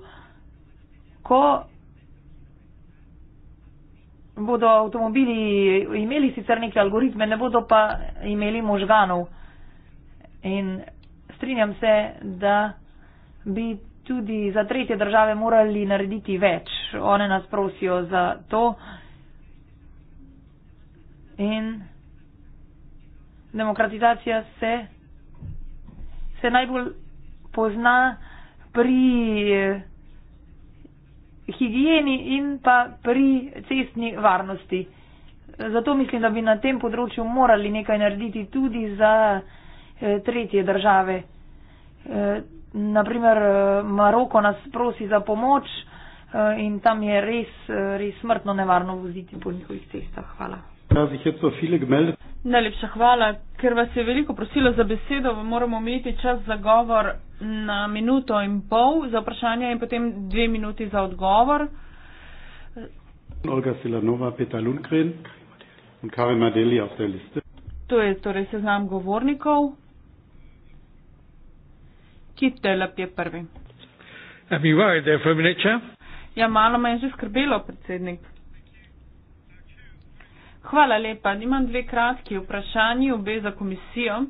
ko bodo avtomobili imeli sicer neke algoritme, ne bodo pa imeli možganov. In strinjam se, da bi tudi za tretje države morali narediti več. One nas prosijo za to. In demokratizacija se, se najbolj pozna pri eh, higieni in pa pri cestni varnosti. Zato mislim, da bi na tem področju morali nekaj narediti tudi za eh, tretje države. Eh, Naprimer, Maroko nas prosi za pomoč in tam je res, res smrtno nevarno voziti po njihovih cestah. Hvala. Pravi, ja, je to file gmelj. Najlepša hvala, ker vas je veliko prosilo za besedo. Moramo imeti čas za govor na minuto in pol za vprašanje in potem dve minuti za odgovor. Olga Silanova, Petar Lundgren in Karim Adeli iz te liste. To je torej seznam govornikov. Kit Telep je prvi. Ja, malo me je že skrbelo, predsednik. Hvala lepa. Imam dve kratki vprašanji, obe za komisijo.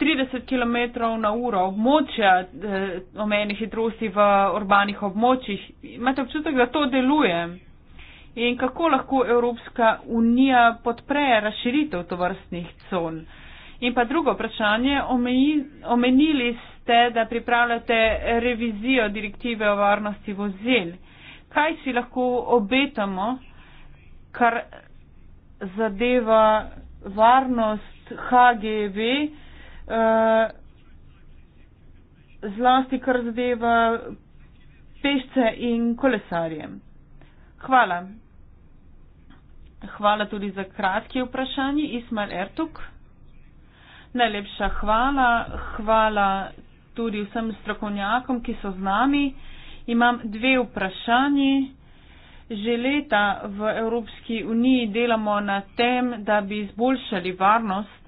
30 km na uro območja eh, omenjenih hitrosti v urbanih območjih. Imate občutek, da to deluje? In kako lahko Evropska unija podpre razširitev tovrstnih con? In pa drugo vprašanje, omeni, omenili ste, da pripravljate revizijo direktive o varnosti vozil. Kaj si lahko obetamo kar zadeva varnost HGV, eh, zlasti kar zadeva pešce in kolesarje. Hvala. Hvala tudi za kratki vprašanje. Ismail Ertuk. Najlepša hvala. Hvala tudi vsem strokovnjakom, ki so z nami. Imam dve vprašanje že leta v Evropski uniji delamo na tem, da bi izboljšali varnost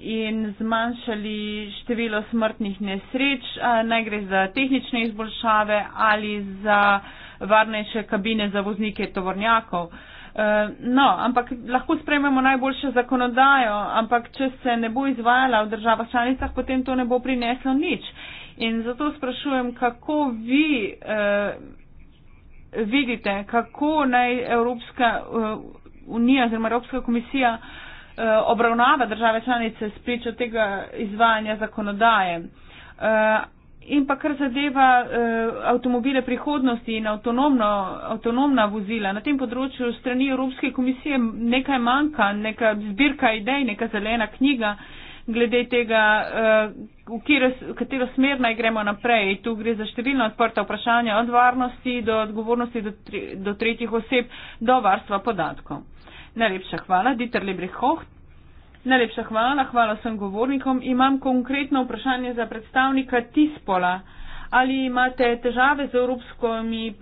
in zmanjšali število smrtnih nesreč, naj gre za tehnične izboljšave ali za varnejše kabine za voznike tovornjakov. E, no, ampak lahko sprememo najboljše zakonodajo, ampak če se ne bo izvajala v državah članicah, potem to ne bo prineslo nič. In zato sprašujem, kako vi e, vidite, kako naj Evropska eh, unija oziroma Evropska komisija eh, obravnava države članice spričo tega izvajanja zakonodaje. Eh, in pa kar zadeva avtomobile prihodnosti in avtonomna vozila, na tem področju strani Evropske komisije nekaj manjka, neka zbirka idej, neka zelena knjiga, glede tega, eh, v, kire, v katero smer naj gremo naprej. Tu gre za številna odprta vprašanja od varnosti do odgovornosti do, tri, do tretjih oseb do varstva podatkov. Najlepša hvala, Dieter Lebrehoht. Najlepša hvala, hvala vsem govornikom. Imam konkretno vprašanje za predstavnika Tispola ali imate težave z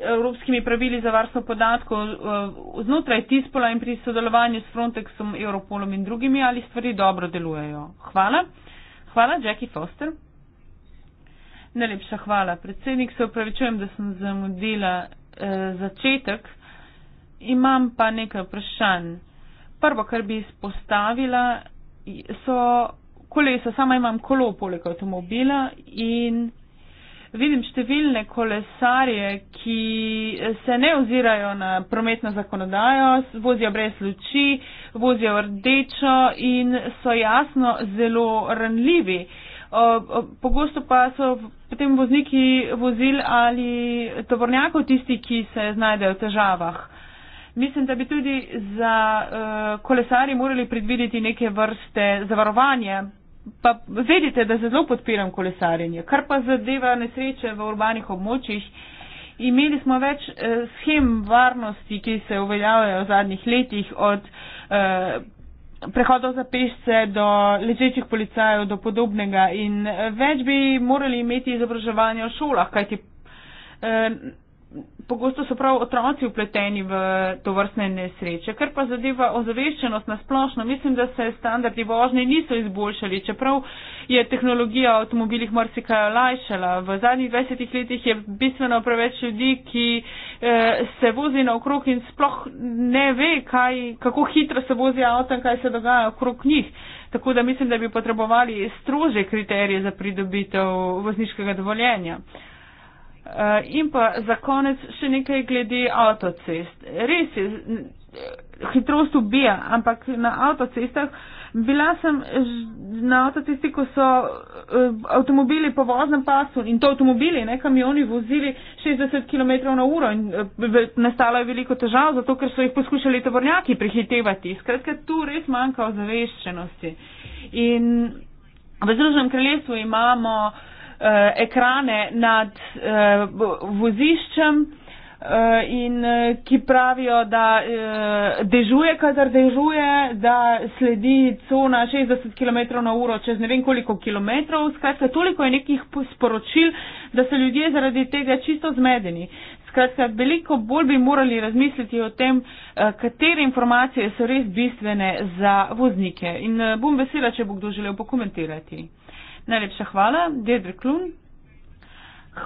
evropskimi pravili za varstvo podatkov eh, znotraj TISPOLA in pri sodelovanju s Frontexom, Europolom in drugimi, ali stvari dobro delujejo. Hvala. Hvala, Jackie Foster. Najlepša hvala, predsednik. Se upravičujem, da sem zamudila eh, začetek. Imam pa nekaj vprašanj. Prvo, kar bi izpostavila, so kolesa. Sama imam kolo poleg avtomobila in vidim številne kolesarje, ki se ne ozirajo na prometno zakonodajo, vozijo brez luči, vozijo rdečo in so jasno zelo ranljivi. Pogosto pa so potem vozniki vozil ali tovornjakov tisti, ki se znajdejo v težavah. Mislim, da bi tudi za uh, eh, kolesari morali predvideti neke vrste zavarovanja, pa vedite, da zelo podpiram kolesarjenje. Kar pa zadeva nesreče v urbanih območjih, imeli smo več eh, schem varnosti, ki se uveljavljajo v zadnjih letih, od eh, prehodov za pešce do ležečih policajev, do podobnega. In eh, več bi morali imeti izobraževanje v šolah, kajti. Eh, pogosto so prav otroci upleteni v to vrstne nesreče. Ker pa zadeva ozaveščenost na splošno, mislim, da se standardi vožnje niso izboljšali, čeprav je tehnologija avtomobilih marsikaj olajšala. V zadnjih 20 letih je bistveno preveč ljudi, ki eh, se vozi na okrog in sploh ne ve, kaj, kako hitro se vozi avto in kaj se dogaja okrog njih. Tako da mislim, da bi potrebovali strože kriterije za pridobitev vozniškega dovoljenja. Eh, Eh, in pa za konec še nekaj glede avtocest. Res je, eh, hitrost ubija, ampak na avtocestah, bila sem na avtocesti, ko so eh, avtomobili po voznem pasu in to avtomobili, ne kamioni, vozili 60 km na uro in nastala je veliko težav, zato ker so jih poskušali tovornjaki prehitevati. Skratka, tu res manjka ozaveščenosti. In v Združenem kraljestvu imamo uh, ekrane nad uh, voziščem uh, in uh, ki pravijo, da uh, dežuje, kadar dežuje, da sledi cona 60 km na uro čez ne vem koliko kilometrov. Skratka, toliko je nekih sporočil, da so ljudje zaradi tega čisto zmedeni. Skratka, veliko bolj bi morali razmisliti o tem, katere informacije so res bistvene za voznike. In bom vesela, če bo kdo želel pokomentirati. Najlepša hvala, Dedr Klun.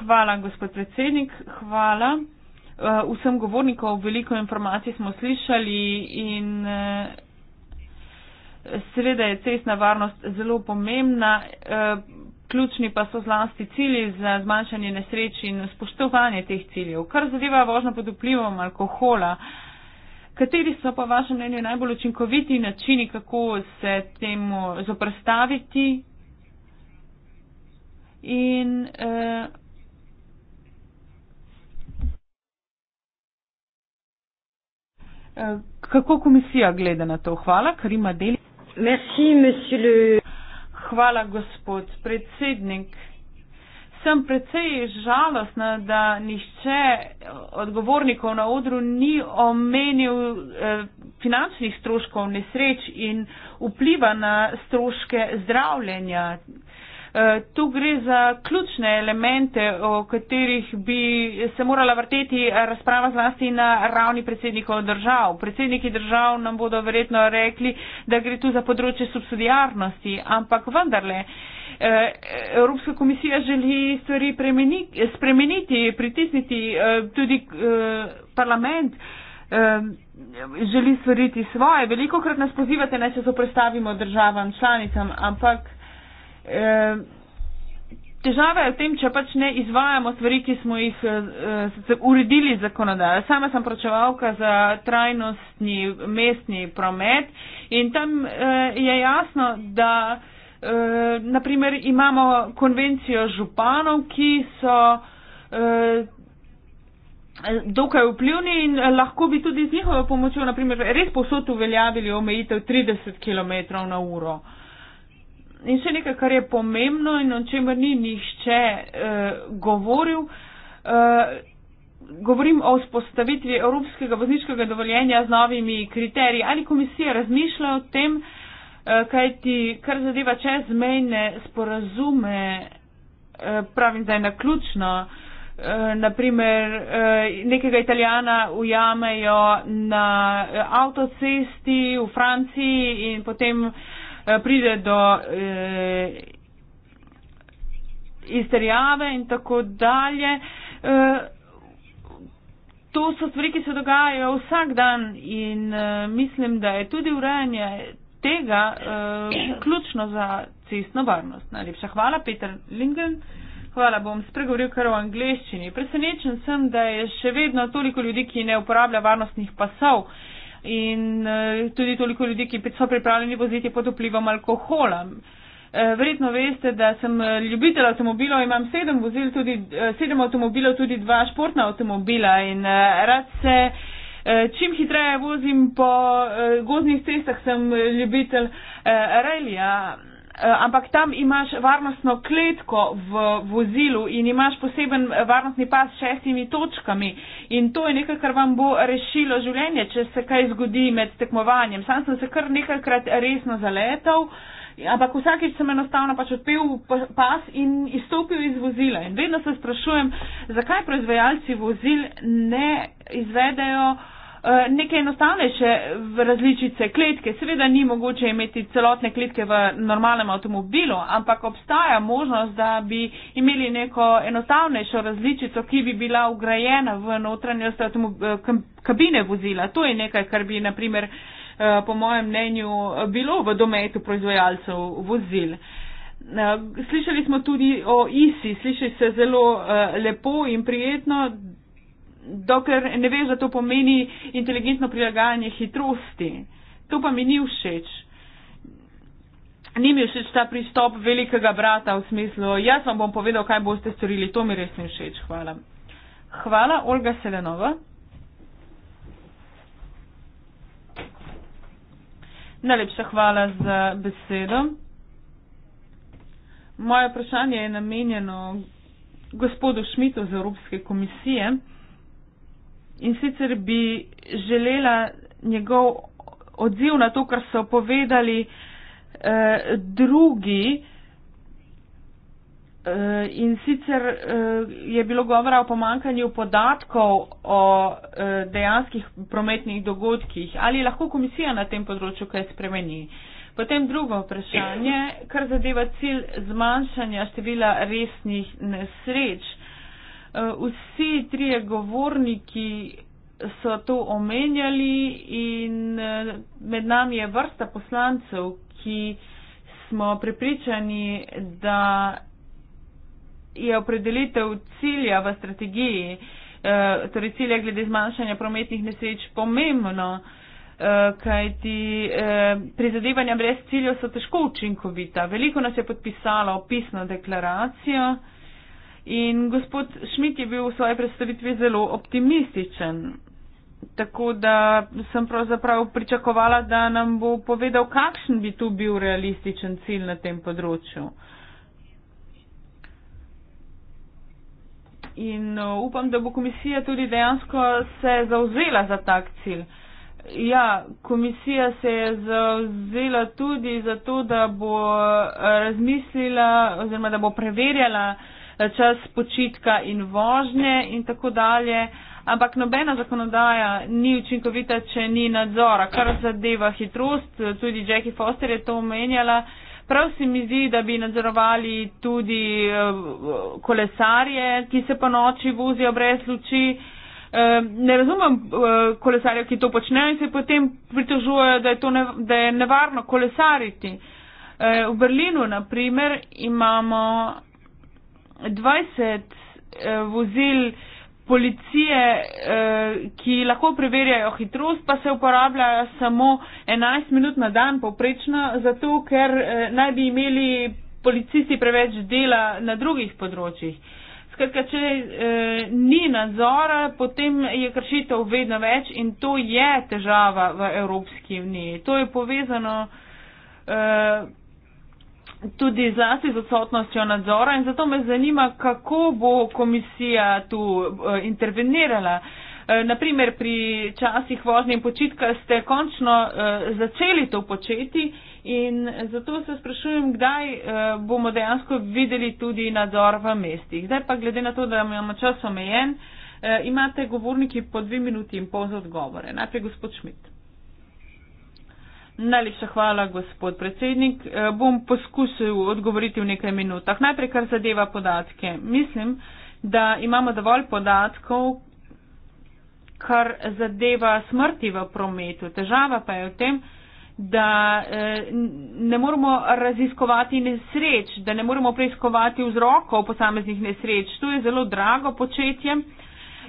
Hvala, gospod predsednik, hvala. Eh, vsem govornikom veliko informacij smo slišali in eh, seveda je cestna varnost zelo pomembna. Eh, ključni pa so zlasti cilji za zmanjšanje nesreč in spoštovanje teh ciljev. Kar zadeva vožnjo pod vplivom alkohola, kateri so po vašem mnenju najbolj učinkoviti načini, kako se temu zoprstaviti in uh, Kako komisija glede na to? Hvala, ker ima del. Merci, le... Hvala, gospod predsednik. Sem precej žalostna, da nišče odgovornikov na odru ni omenil eh, finančnih stroškov nesreč in vpliva na stroške zdravljenja. Eh, tu gre za ključne elemente, o katerih bi se morala vrteti razprava zlasti na ravni predsednikov držav. Predsedniki držav nam bodo verjetno rekli, da gre tu za področje subsidijarnosti, ampak vendarle. Eh, Evropska komisija želi stvari spremeniti, pritisniti eh, tudi parlament. Želi stvariti svoje. Veliko krat nas pozivate, naj se zoprestavimo državam članicam, ampak Eh, težava je v tem, če pač ne izvajamo stvari, ki smo jih e, uredili zakonodajo. Sama sem pročevalka za trajnostni mestni promet in tam e, je jasno, da e, naprimer imamo konvencijo županov, ki so e, dokaj vplivni in lahko bi tudi z njihovo pomočjo, naprimer, res posod uveljavili omejitev 30 km na uro. E, in še nekaj, kar je pomembno in o čemer ni nihče uh, govoril. Uh, govorim o vzpostavitvi evropskega vozniškega dovoljenja z novimi kriteriji. Ali komisija razmišlja o tem, uh, eh, kaj ti, kar zadeva čezmejne sporazume, uh, pravim zdaj naključno, Naprimer, nekega italijana ujamejo na avtocesti v Franciji in potem uh, Eh, pride do eh, izterjave in tako dalje. Eh, to so stvari, ki se dogajajo vsak dan in eh, mislim, da je tudi urejanje tega eh, ključno za cestno varnost. Najlepša hvala, Peter Lingen. Hvala, bom spregovoril kar o angleščini. Presenečen sem, da je še vedno toliko ljudi, ki ne uporablja varnostnih pasov. Eh, in e, tudi toliko ljudi, ki so pripravljeni voziti pod vplivom alkohola. E, verjetno veste, da sem ljubitelj avtomobilov, imam sedem, vozil, tudi, e, sedem avtomobilov, tudi dva športna avtomobila in rad se čim hitreje vozim po gozdnih cestah, sem ljubitelj relija. Eh, ampak tam imaš varnostno kletko v vozilu in imaš poseben eh, varnostni pas s šestimi točkami in to je nekaj, kar vam bo rešilo življenje, če se kaj zgodi med tekmovanjem. Sam sem se kar nekajkrat resno zaletel. Ampak vsakeč sem enostavno pač odpel pas in izstopil iz vozila. In vedno se sprašujem, zakaj proizvajalci vozil ne izvedejo uh, Eh, neke enostavnejše različice kletke. Seveda ni mogoče imeti celotne kletke v normalnem avtomobilu, ampak obstaja možnost, da bi imeli neko enostavnejšo različico, ki bi bila ugrajena v notranjost eh, kabine vozila. To je nekaj, kar bi, naprimer, eh, po mojem mnenju, bilo v dometu proizvajalcev vozil. Slišali smo tudi o ISI, sliši se zelo lepo in prijetno dokler ne veš, da to pomeni inteligentno prilagajanje hitrosti. To pa mi ni všeč. Ni mi všeč ta pristop velikega brata v smislu, jaz vam bom povedal, kaj boste storili, to mi res ni všeč. Hvala. Hvala, Olga Selenova. Najlepša hvala za besedo. Moje vprašanje je namenjeno gospodu Šmitu z Evropske komisije in sicer bi želela njegov odziv na to, kar so povedali eh, drugi. Eh, in sicer eh, je bilo govora o pomankanju podatkov o eh, dejanskih prometnih dogodkih. Ali lahko komisija na tem področju kaj spremeni? Potem drugo vprašanje, kar zadeva cilj zmanjšanja števila resnih nesreč. Eh, vsi trije govorniki so to omenjali in eh, med nami je vrsta poslancev, ki smo prepričani, da je opredelitev cilja v strategiji, eh, torej cilja glede zmanjšanja prometnih nesreč pomembno, kajti prizadevanja brez ciljev so težko učinkovita. Veliko nas je podpisalo opisno deklaracijo. In gospod Šmit je bil v svoji predstavitvi zelo optimističen. Tako da sem pravzaprav pričakovala, da nam bo povedal, kakšen bi tu bil realističen cilj na tem področju. In uh, upam, da bo komisija tudi dejansko se zauzela za tak cilj. Ja, komisija se je zauzela tudi za to, da bo uh, razmislila oziroma da bo preverjala, čas počitka in vožnje in tako dalje. Ampak nobena zakonodaja ni učinkovita, če ni nadzora, kar zadeva hitrost. Tudi Jackie Foster je to omenjala. Prav se mi zdi, da bi nadzorovali tudi eh, kolesarje, ki se po noči vozijo brez luči. Eh, ne razumem eh, kolesarjev, ki to počnejo in se potem pritožujejo, da je, to ne, da je nevarno kolesariti. V Berlinu, na primer, imamo 20 eh, vozil policije, eh, ki lahko preverjajo hitrost, pa se uporabljajo samo 11 minut na dan poprečno, zato ker eh, naj bi imeli policisti preveč dela na drugih področjih. Skratka, če ni nadzora, potem je kršitev vedno več in to je težava v Evropski uniji. To je povezano tudi zlasti z odsotnostjo nadzora in zato me zanima, kako bo komisija tu eh, intervenirala. Eh, Naprimer, pri časih vožnje in počitka ste končno eh, začeli to početi in zato se sprašujem, kdaj bomo dejansko videli tudi nadzor v mestih. Zdaj pa glede na to, da imamo čas omejen, imate govorniki po dve minuti in pol za odgovore. Najprej gospod Šmit. Najlepša hvala, gospod predsednik. Eh, bom poskusil odgovoriti v nekaj minutah. Najprej, kar zadeva podatke. Mislim, da imamo dovolj podatkov, kar zadeva smrti v prometu. Težava pa je v tem, da eh, ne moramo raziskovati nesreč, da ne moramo preiskovati vzrokov posameznih nesreč. To je zelo drago početje.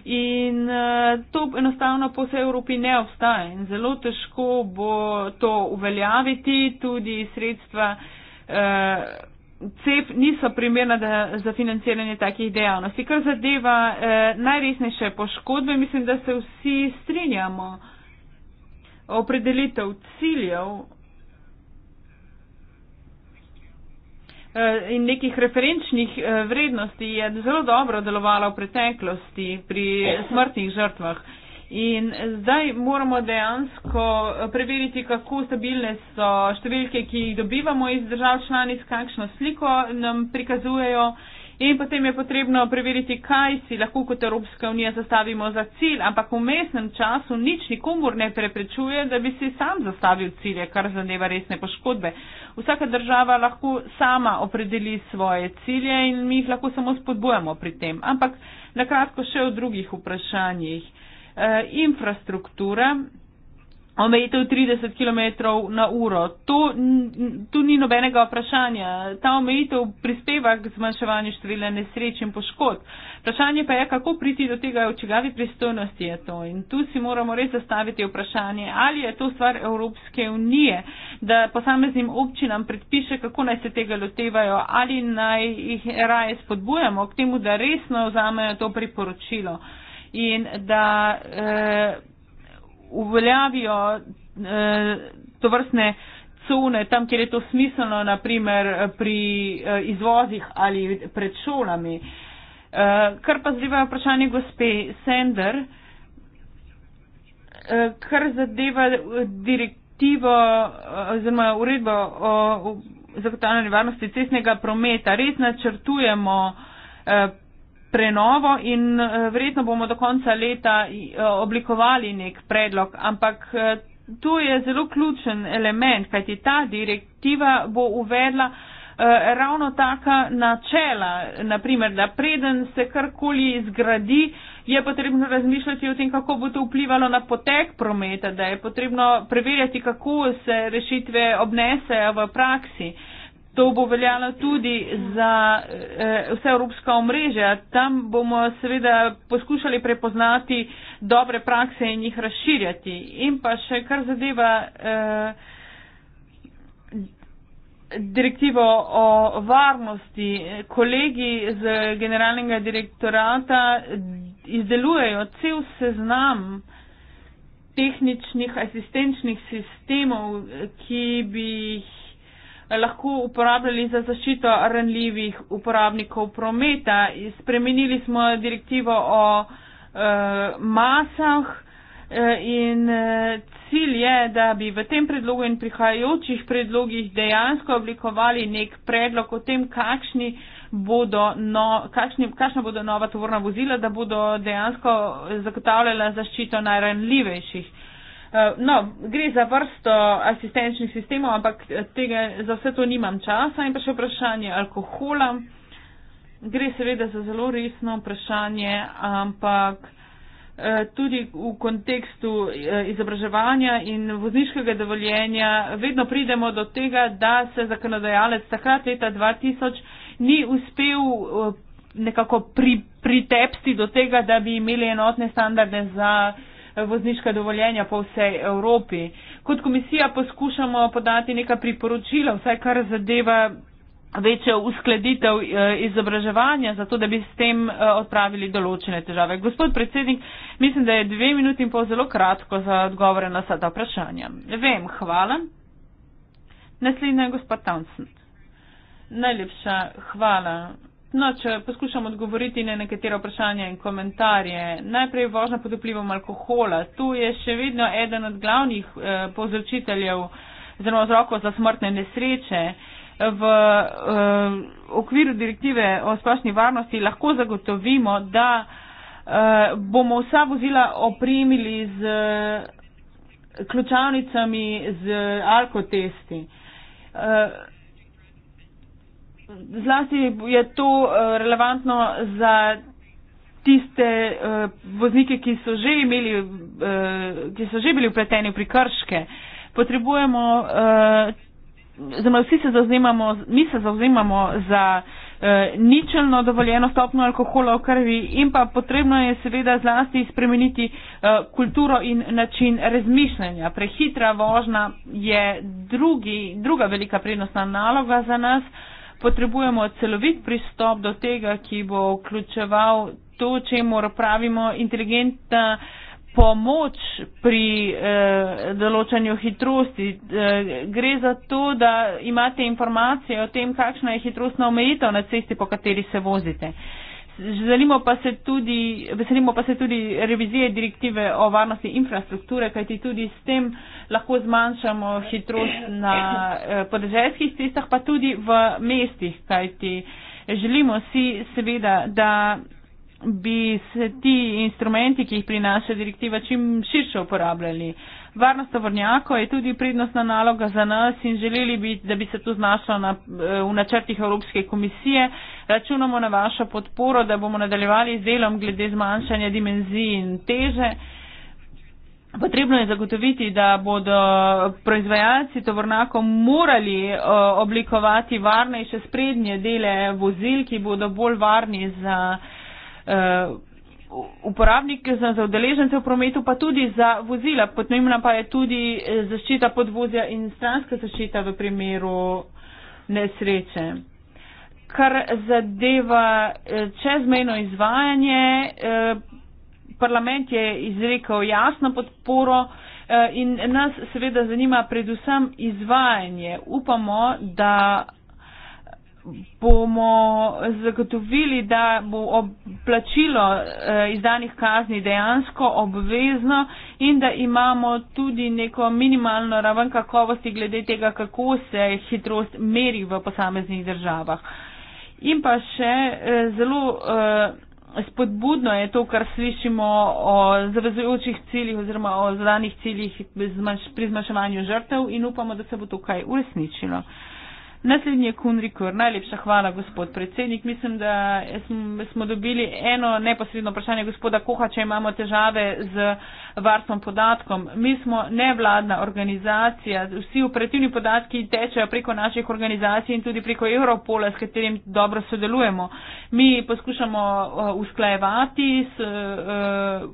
In eh, to enostavno po vsej Evropi ne obstaja in zelo težko bo to uveljaviti, tudi sredstva eh, CEP niso primerna da, za financiranje takih dejavnosti. Kar zadeva eh, najresnejše poškodbe, mislim, da se vsi strinjamo. Opredelitev ciljev Eh, in nekih referenčnih eh, vrednosti je zelo dobro delovala v preteklosti pri smrtnih žrtvah. In zdaj moramo dejansko eh, preveriti, kako stabilne so številke, ki jih dobivamo iz držav članic, kakšno sliko nam prikazujejo in potem je potrebno preveriti, kaj si lahko kot Evropska unija zastavimo za cilj, ampak v mestnem času nič nikomur ne preprečuje, da bi si sam zastavil cilje, kar zadeva resne poškodbe. Vsaka država lahko sama opredeli svoje cilje in mi jih lahko samo spodbujamo pri tem. Ampak nakratko še o drugih vprašanjih. E, infrastruktura omejitev 30 km na uro. To, to ni nobenega vprašanja. Ta omejitev prispeva k zmanjševanju števila nesreč in poškod. Vprašanje pa je, kako priti do tega, v čigavi pristojnosti je to. In tu si moramo res zastaviti vprašanje, ali je to stvar Evropske unije, da posameznim občinam predpiše, kako naj se tega lotevajo, ali naj jih raje spodbujamo k temu, da resno vzamejo to priporočilo. In da eh, uveljavijo eh, to vrstne cune tam, kjer je to smiselno, naprimer eh, pri eh, izvozih ali pred šolami. Kar pa zadeva vprašanje gospe Sender, kar zadeva direktivo oziroma uredbo o zagotavljanju varnosti cestnega prometa, res načrtujemo prenovo in eh, verjetno bomo do konca leta eh, oblikovali nek predlog, ampak eh, tu je zelo ključen element, kajti ta direktiva bo uvedla ravno taka načela, naprimer, da preden se karkoli zgradi, je potrebno razmišljati o tem, kako bo to vplivalo na potek prometa, da je potrebno preverjati, kako se rešitve obnesejo v praksi. Uh, To bo veljalo tudi za eh, vse evropska omrežja. Tam bomo seveda poskušali prepoznati dobre prakse in jih razširjati. In pa še kar zadeva eh, direktivo o varnosti. Kolegi z generalnega direktorata izdelujejo cel seznam tehničnih asistenčnih sistemov, ki bi jih lahko uporabljali za zaščito ranljivih uporabnikov prometa. Spremenili smo direktivo o e, masah e, in eh, cilj je, da bi v tem predlogu in prihajajočih predlogih dejansko oblikovali nek predlog o tem, kakšni bodo no, kakšni, kakšna bodo nova tovorna vozila, da bodo dejansko zagotavljala zaščito najranljivejših. Eh, no, gre za vrsto asistenčnih sistemov, ampak eh, tega, za vse to nimam časa in pa še vprašanje alkohola. Gre seveda za zelo resno vprašanje, ampak eh, tudi v kontekstu izobraževanja in vozniškega dovoljenja vedno pridemo do tega, da se zakonodajalec takrat leta 2000 ni uspel nekako pri, pritepsti do tega, da bi imeli enotne standarde za vozniška dovoljenja po vsej Evropi. Kot komisija poskušamo podati neka priporočila, vsaj kar zadeva večjo uskladitev eh, izobraževanja, zato da bi s tem eh, odpravili določene težave. Gospod predsednik, mislim, da je dve minuti in pol zelo kratko za odgovore na sada vprašanja. Vem, hvala. Naslednja je gospod Townsend. Najlepša hvala. No, če poskušam odgovoriti na nekatera vprašanja in komentarje. Najprej vožnja pod vplivom alkohola. Tu je še vedno eden od glavnih eh, povzročiteljev oziroma vzrokov za smrtne nesreče. V eh, okviru direktive o splošni varnosti lahko zagotovimo, da eh, bomo vsa vozila opremili z eh, ključavnicami, z alkotesti. Eh, Zlasti je to eh, relevantno za tiste eh, voznike, ki so že, imeli, eh, ki so že bili upleteni v prekrške. Potrebujemo, vsi se zauzemamo, mi se zauzemamo za ničelno dovoljeno stopno alkohola v krvi in pa potrebno je seveda zlasti spremeniti kulturo in način razmišljanja. Prehitra vožna je drugi, druga velika prednostna naloga za nas potrebujemo celovit pristop do tega, ki bo vključeval to, če mora pravimo inteligentna pomoč pri eh, določanju hitrosti. Eh, gre za to, da imate informacije o tem, kakšna je hitrostna omejitev na cesti, po kateri se vozite. Eh, Želimo pa se tudi, veselimo pa se tudi revizije direktive o varnosti infrastrukture, kajti tudi s tem lahko zmanjšamo hitrost na eh, podeželskih cestah, pa tudi v mestih, kajti želimo si seveda, da bi se ti instrumenti, ki jih prinaša direktiva, čim širše uporabljali. Varnost tovornjakov je tudi prednostna naloga za nas in želeli bi, da bi se to znašlo na, eh, v načrtih Evropske komisije. Računamo na vašo podporo, da bomo nadaljevali z delom glede zmanjšanja dimenzij in teže. Potrebno je zagotoviti, da bodo proizvajalci tovornjakov morali eh, oblikovati varnejše sprednje dele vozil, ki bodo bolj varni za. Eh, uporabnike, za, za udeležence v prometu, pa tudi za vozila. Potnojimna pa je tudi eh, zaščita podvozja in stranska zaščita v primeru nesreče. Kar zadeva eh, čezmejno izvajanje, parlament je izrekel jasno podporo in nas seveda zanima predvsem izvajanje. Upamo, da bomo zagotovili, da bo plačilo eh, izdanih kazni dejansko obvezno in da imamo tudi neko minimalno raven kakovosti glede tega, kako se hitrost meri v posameznih državah. In pa še eh, zelo eh, spodbudno je to, kar slišimo o zavezujočih ciljih oziroma o zadanih ciljih pri zmanjševanju žrtev in upamo, da se bo to kaj uresničilo. Naslednji je Kunrikur. Najlepša hvala, gospod predsednik. Mislim, da smo dobili eno neposredno vprašanje gospoda Koha, če imamo težave z varstvom podatkom. Mi smo nevladna organizacija, vsi operativni podatki tečejo preko naših organizacij in tudi preko Europola, s katerim dobro sodelujemo. Mi poskušamo uh, usklajevati uh,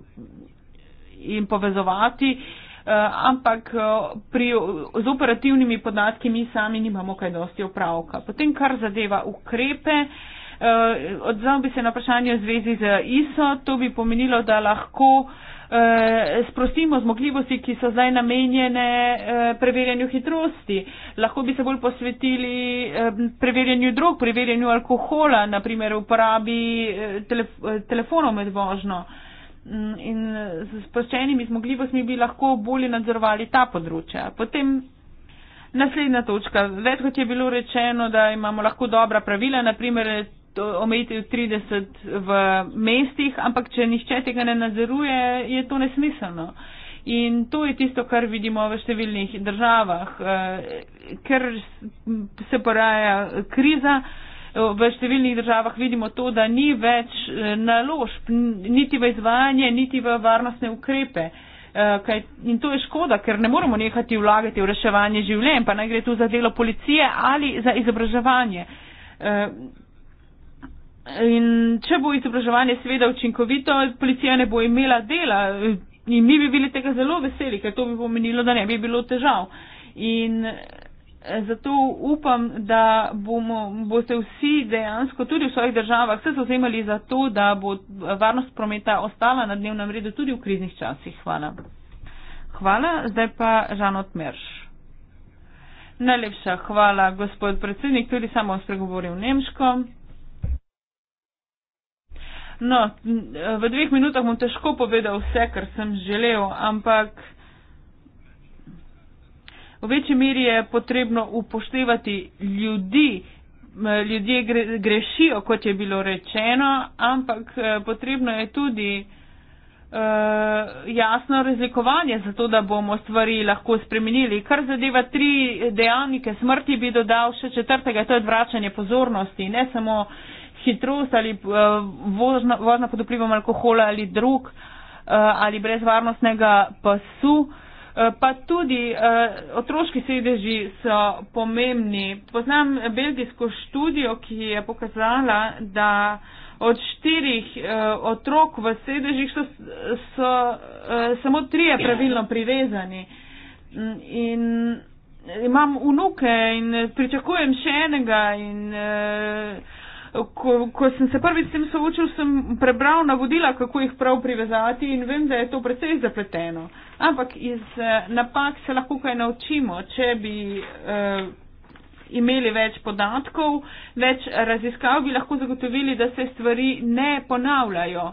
in povezovati. Eh, ampak eh, pri, z operativnimi podatki mi sami nimamo kaj dosti opravka. Potem, kar zadeva ukrepe, eh, odzval bi se na vprašanje v zvezi z ISO, to bi pomenilo, da lahko sprostimo zmogljivosti, ki so zdaj namenjene preverjanju hitrosti. Lahko bi se bolj posvetili preverjanju drog, preverjanju alkohola, naprimer uporabi telefonov med vožnjo in z sproščenimi zmogljivostmi bi lahko bolje nadzorovali ta področja. Potem naslednja točka. Več kot je bilo rečeno, da imamo lahko dobra pravila, naprimer omejitev 30 v mestih, ampak če nišče tega ne nadzoruje, je to nesmiselno. In to je tisto, kar vidimo v številnih državah, eh, ker se poraja kriza v številnih državah vidimo to, da ni več eh, naložb, niti v izvajanje, niti v varnostne ukrepe. Eh, in to je škoda, ker ne moramo nehati vlagati v reševanje življenj, pa naj gre tu za delo policije ali za izobraževanje. Eh, in če bo izobraževanje seveda učinkovito, policija ne bo imela dela in mi bi bili tega zelo veseli, ker to bi pomenilo, da ne bi bilo težav. In Zato upam, da bomo, boste vsi dejansko tudi v svojih državah se zauzemali za to, da bo varnost prometa ostala na dnevnem redu tudi v kriznih časih. Hvala. Hvala, zdaj pa Žanot Merš. Najlepša hvala, gospod predsednik, tudi samo spregovoril nemško. No, v dveh minutah bom težko povedal vse, kar sem želel, ampak. V večji meri je potrebno upoštevati ljudi. Ljudje grešijo, kot je bilo rečeno, ampak e, potrebno je tudi uh, jasno razlikovanje, zato da bomo stvari lahko spremenili. Kar zadeva tri dejavnike smrti, bi dodal še četrtega, to je vračanje pozornosti, ne samo hitrost ali uh, vožnja pod vplivom alkohola ali drug uh, ali brezvarnostnega pasu. Uh, Eh, pa tudi eh, otroški sedeži so pomembni. Poznam belgijsko študijo, ki je pokazala, da od štirih eh, otrok v sedežih so, so samo trije pravilno privezani. Mm, in imam unuke in pričakujem še enega. In, uh, ko, ko sem se prvič s tem soočil, sem prebral navodila, kako jih prav privezati in vem, da je to precej zapleteno. Ampak iz eh, napak se lahko kaj naučimo, če bi eh, imeli več podatkov, več raziskav, bi lahko zagotovili, da se stvari ne ponavljajo.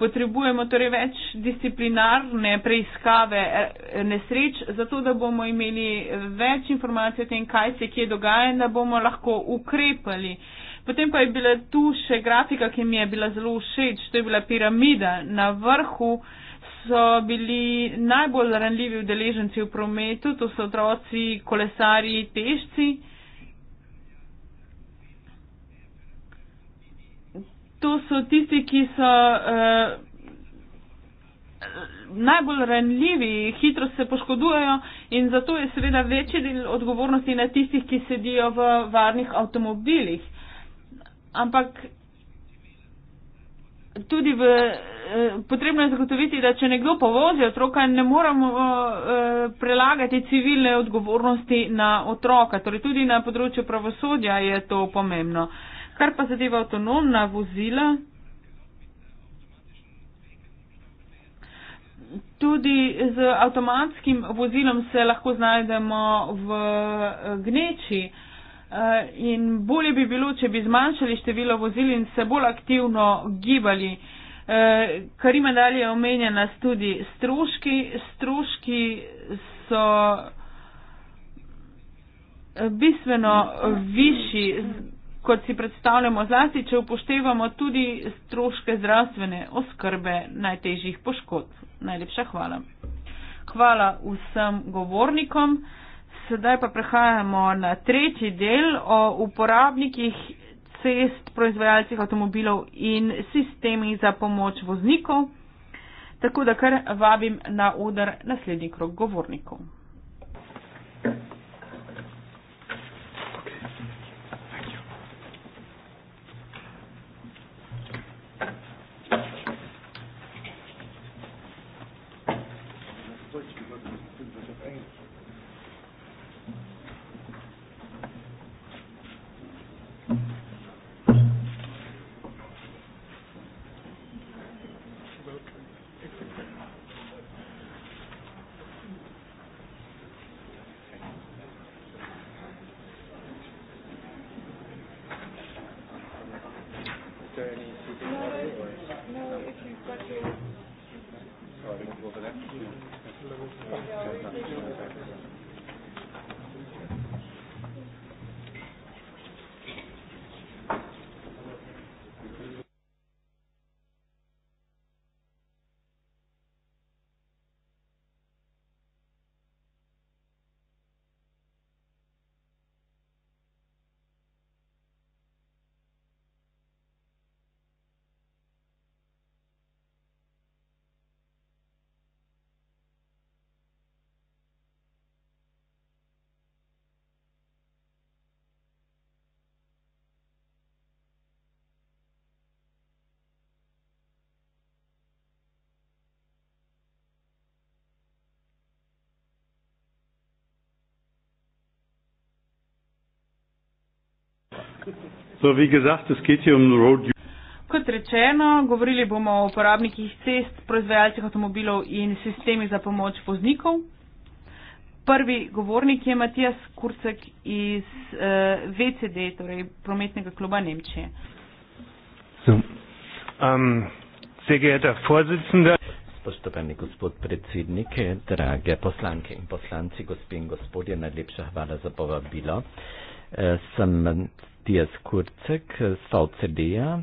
Potrebujemo torej več disciplinarne preiskave eh, nesreč, zato da bomo imeli eh, več informacij o tem, kaj se kje dogaja in da bomo lahko ukrepali. Eh, Potem pa je bila tu še grafika, ki mi je bila zelo všeč, to je bila piramida. Na vrhu so bili najbolj ranljivi udeleženci v prometu, to so otroci, kolesarji, težci. To so tisti, ki so. Uh, Najbolj ranljivi, hitro se poškodujejo, in zato je seveda večji del odgovornosti na tistih, ki sedijo v varnih avtomobilih ampak tudi v, eh, potrebno je zagotoviti, da če nekdo povozi otroka, ne moramo eh, prelagati civilne odgovornosti na otroka. Torej tudi na področju pravosodja je to pomembno. Kar pa zadeva avtonomna vozila, tudi z avtomatskim vozilom se lahko znajdemo v eh, gneči. Eh, Eh, in bolje bi bilo, če bi zmanjšali število vozil in se bolj aktivno gibali. Eh, Kar ima dalje omenjena tudi stroški. Stroški so eh, bistveno višji, kot si predstavljamo, zlasti, če upoštevamo tudi stroške zdravstvene oskrbe najtežjih poškodb. Najlepša hvala. Hvala vsem govornikom sedaj pa prehajamo na tretji del o uporabnikih cest, proizvajalcih avtomobilov in sistemih za pomoč voznikov. Tako da kar vabim na udar naslednji krok govornikov. So, wie gesagt, es geht hier um road Kot rečeno, govorili bomo o uporabnikih cest, proizvajalcih avtomobilov in sistemih za pomoč voznikov. Prvi govornik je Matijas Kurcek iz uh, eh, VCD, torej prometnega kluba Nemčije. So. Um, Spoštovani gospod predsednik, drage poslanke in poslanci, gospe in gospodje, najlepša hvala za povabilo. Uh, sem Matthias Kurzek, Salcedija,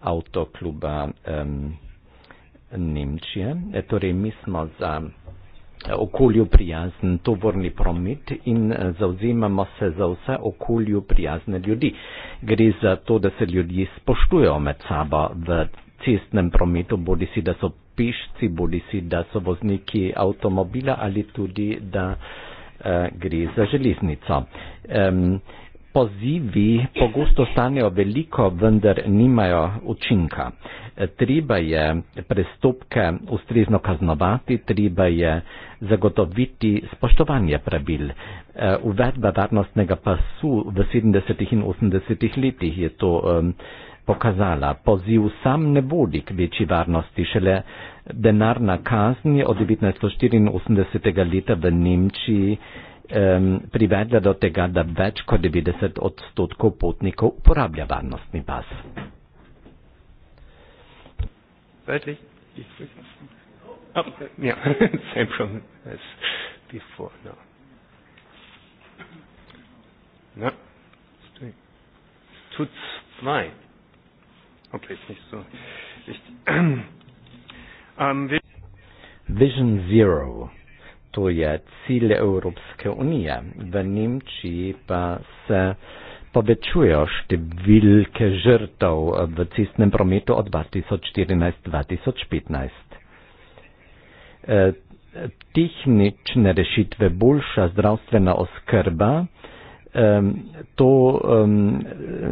avtokluba um, Nemčije. E, torej, mi smo za e, okolju prijazen tovorni promet in e, zauzemamo se za vse okolju prijazne ljudi. Gre za to, da se ljudje spoštujejo med sabo v cestnem prometu, bodi si, da so pešci, bodi si, da so vozniki avtomobila ali tudi, da uh, gre za železnico. Um, Pozivi pogosto stanejo veliko, vendar nimajo učinka. Treba je prestopke ustrezno kaznovati, treba je zagotoviti spoštovanje pravil. Eh, uvedba varnostnega pasu v 70. in 80. letih je to um, pokazala. Poziv sam ne vodi k večji varnosti, šele denarna kazni od 1984. leta v Nemčiji um, ehm, privedle do tega, da več kot 90 odstotkov potnikov uporablja varnostni pas. Vision Zero to je cilj Evropske unije. V Nemčiji pa se povečujejo številke žrtev v cestnem prometu od 2014-2015. E, tehnične rešitve, boljša zdravstvena oskrba, to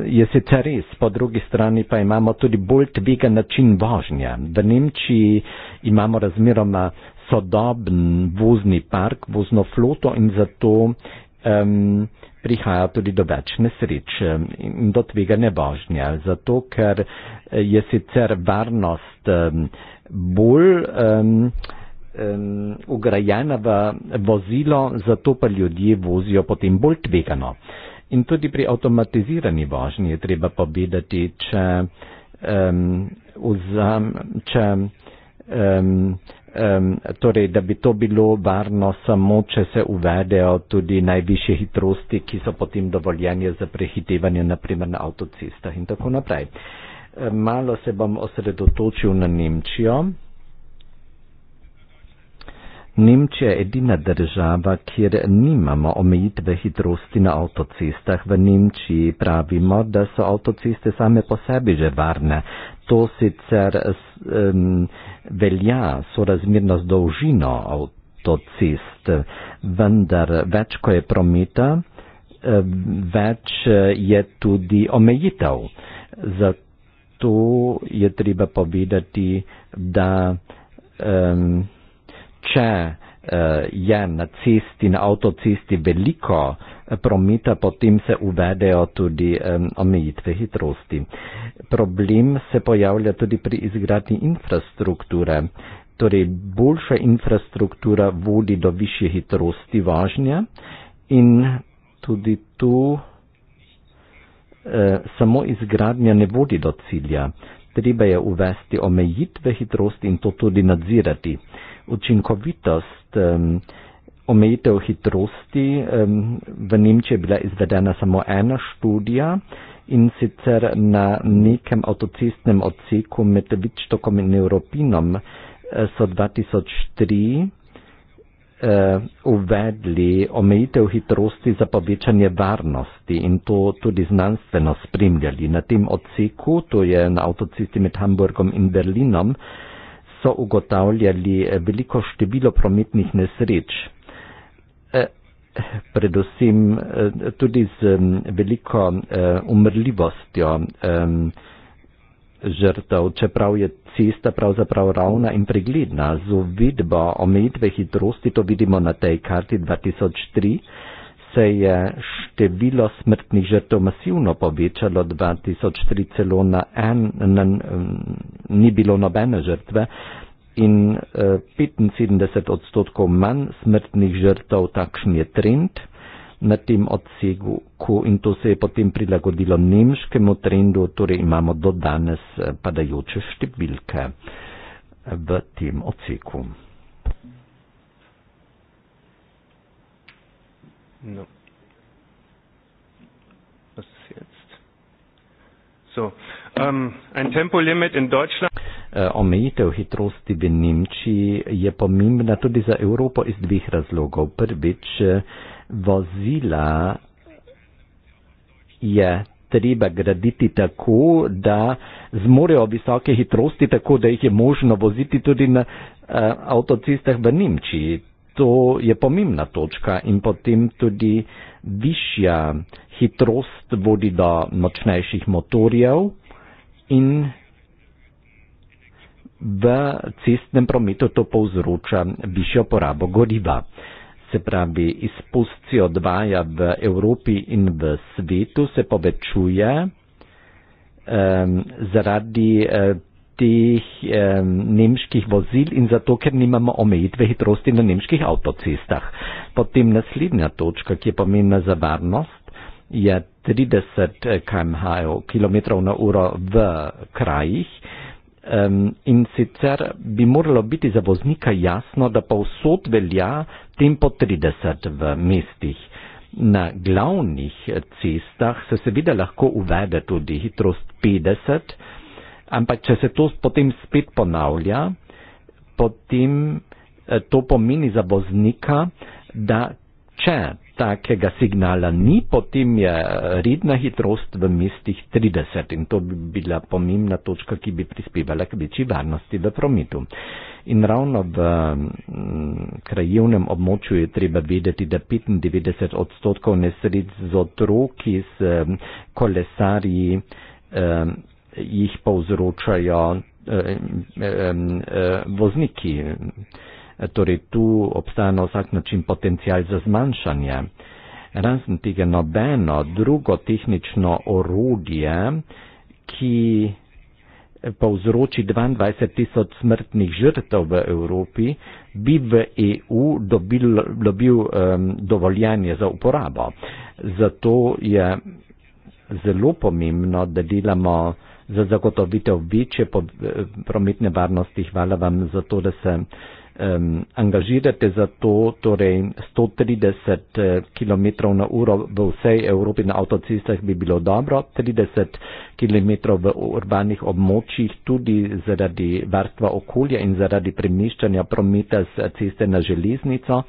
je sicer res, po drugi strani pa imamo tudi bolj tvega način vožnja. V Nemčiji imamo razmeroma sodoben vozni park, vozno floto in zato um, prihaja tudi do več nesreč in do tvega nebožnja. Zato, ker je sicer varnost um, bolj um, um, ugrajena v vozilo, zato pa ljudje vozijo potem bolj tvegano. In tudi pri avtomatizirani vožnji je treba povedati, če, um, vzam, če um, um, torej, da bi to bilo varno samo, če se uvedejo tudi najvišje hitrosti, ki so potem dovoljenje za prehitevanje, naprimer na avtocestah in tako naprej. Malo se bom osredotočil na Nemčijo. Nemčija je edina država, kjer nimamo omejitve hitrosti na avtocestah. V Nemčiji pravimo, da so avtoceste same po sebi že varne. To sicer um, velja sorazmerno z dolžino avtocest, vendar več, ko je prometa, več je tudi omejitev. Zato je treba povedati, da. Um, če eh, je na cesti, na avtocesti veliko eh, prometa, potem se uvedejo tudi eh, omejitve hitrosti. Problem se pojavlja tudi pri izgradnji infrastrukture. Torej, boljša infrastruktura vodi do višje hitrosti važnja in tudi tu eh, samo izgradnja ne vodi do cilja. Treba je uvesti omejitve hitrosti in to tudi nadzirati. Eh, učinkovitost um, omejitev hitrosti. Um, v Nemčiji je bila izvedena samo ena študija in sicer na nekem avtocestnem odseku med Vičtokom in Evropinom eh, so 2003 eh, uvedli omejitev hitrosti za povečanje varnosti in to tudi znanstveno spremljali. Na tem odseku, to je na avtocesti med Hamburgom in Berlinom, so ugotavljali eh, veliko število prometnih nesreč, eh, predvsem eh, tudi z mm, veliko umrljivostjo žrtev, čeprav je cesta pravzaprav ravna in pregledna. Z uvidbo omejitve hitrosti to vidimo na tej karti 2003 se je število smrtnih žrtev masivno povečalo, 2003 celo na en, na, ni bilo nobene žrtve in 75 e, odstotkov manj smrtnih žrtev, takšen je trend na tem odsegu in to se je potem prilagodilo nemškemu trendu, torej imamo do danes e, padajoče številke e, v tem odseku. No. Was ist jetzt? So. Ähm, ein Tempolimit in Deutschland. Äh, omejitev hitrosti v Nemčiji je pomembna tudi za Evropo iz dveh razlogov. Prvič, eh, vozila je treba graditi tako, da zmorejo visoke hitrosti, tako da jih je možno voziti tudi na uh, avtocestah v Nemčiji to je pomembna točka in potem tudi višja hitrost vodi do močnejših motorjev in v cestnem prometu to povzroča višjo porabo goriva. Se pravi, izpust CO2 ja v Evropi in v svetu se povečuje eh, zaradi eh, tih um, nemških vozil in zato, ker nimamo omejitve hitrosti na nemških avtocestah. Potem naslednja točka, ki je pomembna za varnost, je 30 km/h km v krajih. Um, in sicer bi moralo biti za voznika jasno, da pa vsot velja tempo 30 v mestih. Na glavnih cestah se seveda lahko uvede tudi hitrost 50 km. Ampak, če se to potem spet ponavlja, potem eh, to pomeni za voznika, da če takega signala ni, potem je eh, redna hitrost v mestih 30 in to bi bila pomembna točka, ki bi prispevala k večji varnosti v prometu. In ravno v mm, krajevnem območju je treba vedeti, da 95 odstotkov nesreč z otroki, s mm, kolesarji, eh, jih povzročajo eh, eh, vozniki. Torej tu obstaja na vsak način potencial za zmanjšanje. Razen tega nobeno drugo tehnično orodje, ki povzroči 22 tisoč smrtnih žrtev v Evropi, bi v EU dobil, dobil um, dovoljanje za uporabo. Zato je zelo pomembno, da delamo za zagotovitev večje eh, prometne varnosti. Hvala vam za to, da se um, angažirate za to, torej 130 eh, km na uro v vsej Evropi na avtocestah bi bilo dobro, 30 km v urbanih območjih tudi zaradi varstva okolja in zaradi premeščanja prometa z eh, ceste na železnico.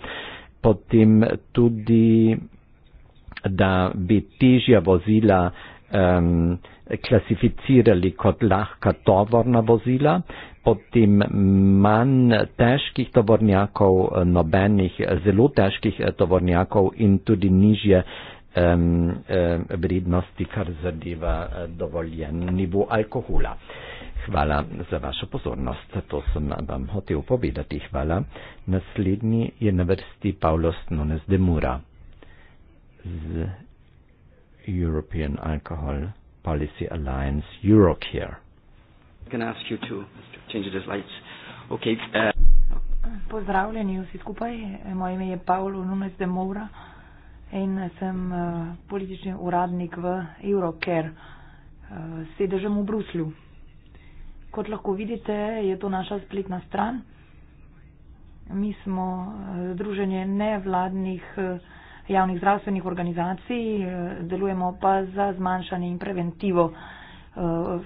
Potem tudi, da bi težja vozila um, klasificirali kot lahka tovorna vozila, potem manj težkih tovornjakov, nobenih zelo težkih eh, tovornjakov in tudi nižje um, um, vrednosti, kar zadeva eh, dovoljen nivo alkohola. Hvala za vašo pozornost, to sem vam hotel povedati. Hvala. Naslednji je na vrsti Paulus Nunes de Mura z European Alcohol. Policy Alliance Eurocare. I can ask you to change the slides. Okay. Uh... Pozdravljeni vsi skupaj. Moje ime je Paolo Nunes de Moura in sem uh, politični uradnik v Eurocare uh, sedežem v Bruslju. Kot lahko vidite, je to naša spletna stran. Mi smo uh, združenje nevladnih uh, javnih zdravstvenih organizacij, eh, delujemo pa za zmanjšanje in preventivo. Eh,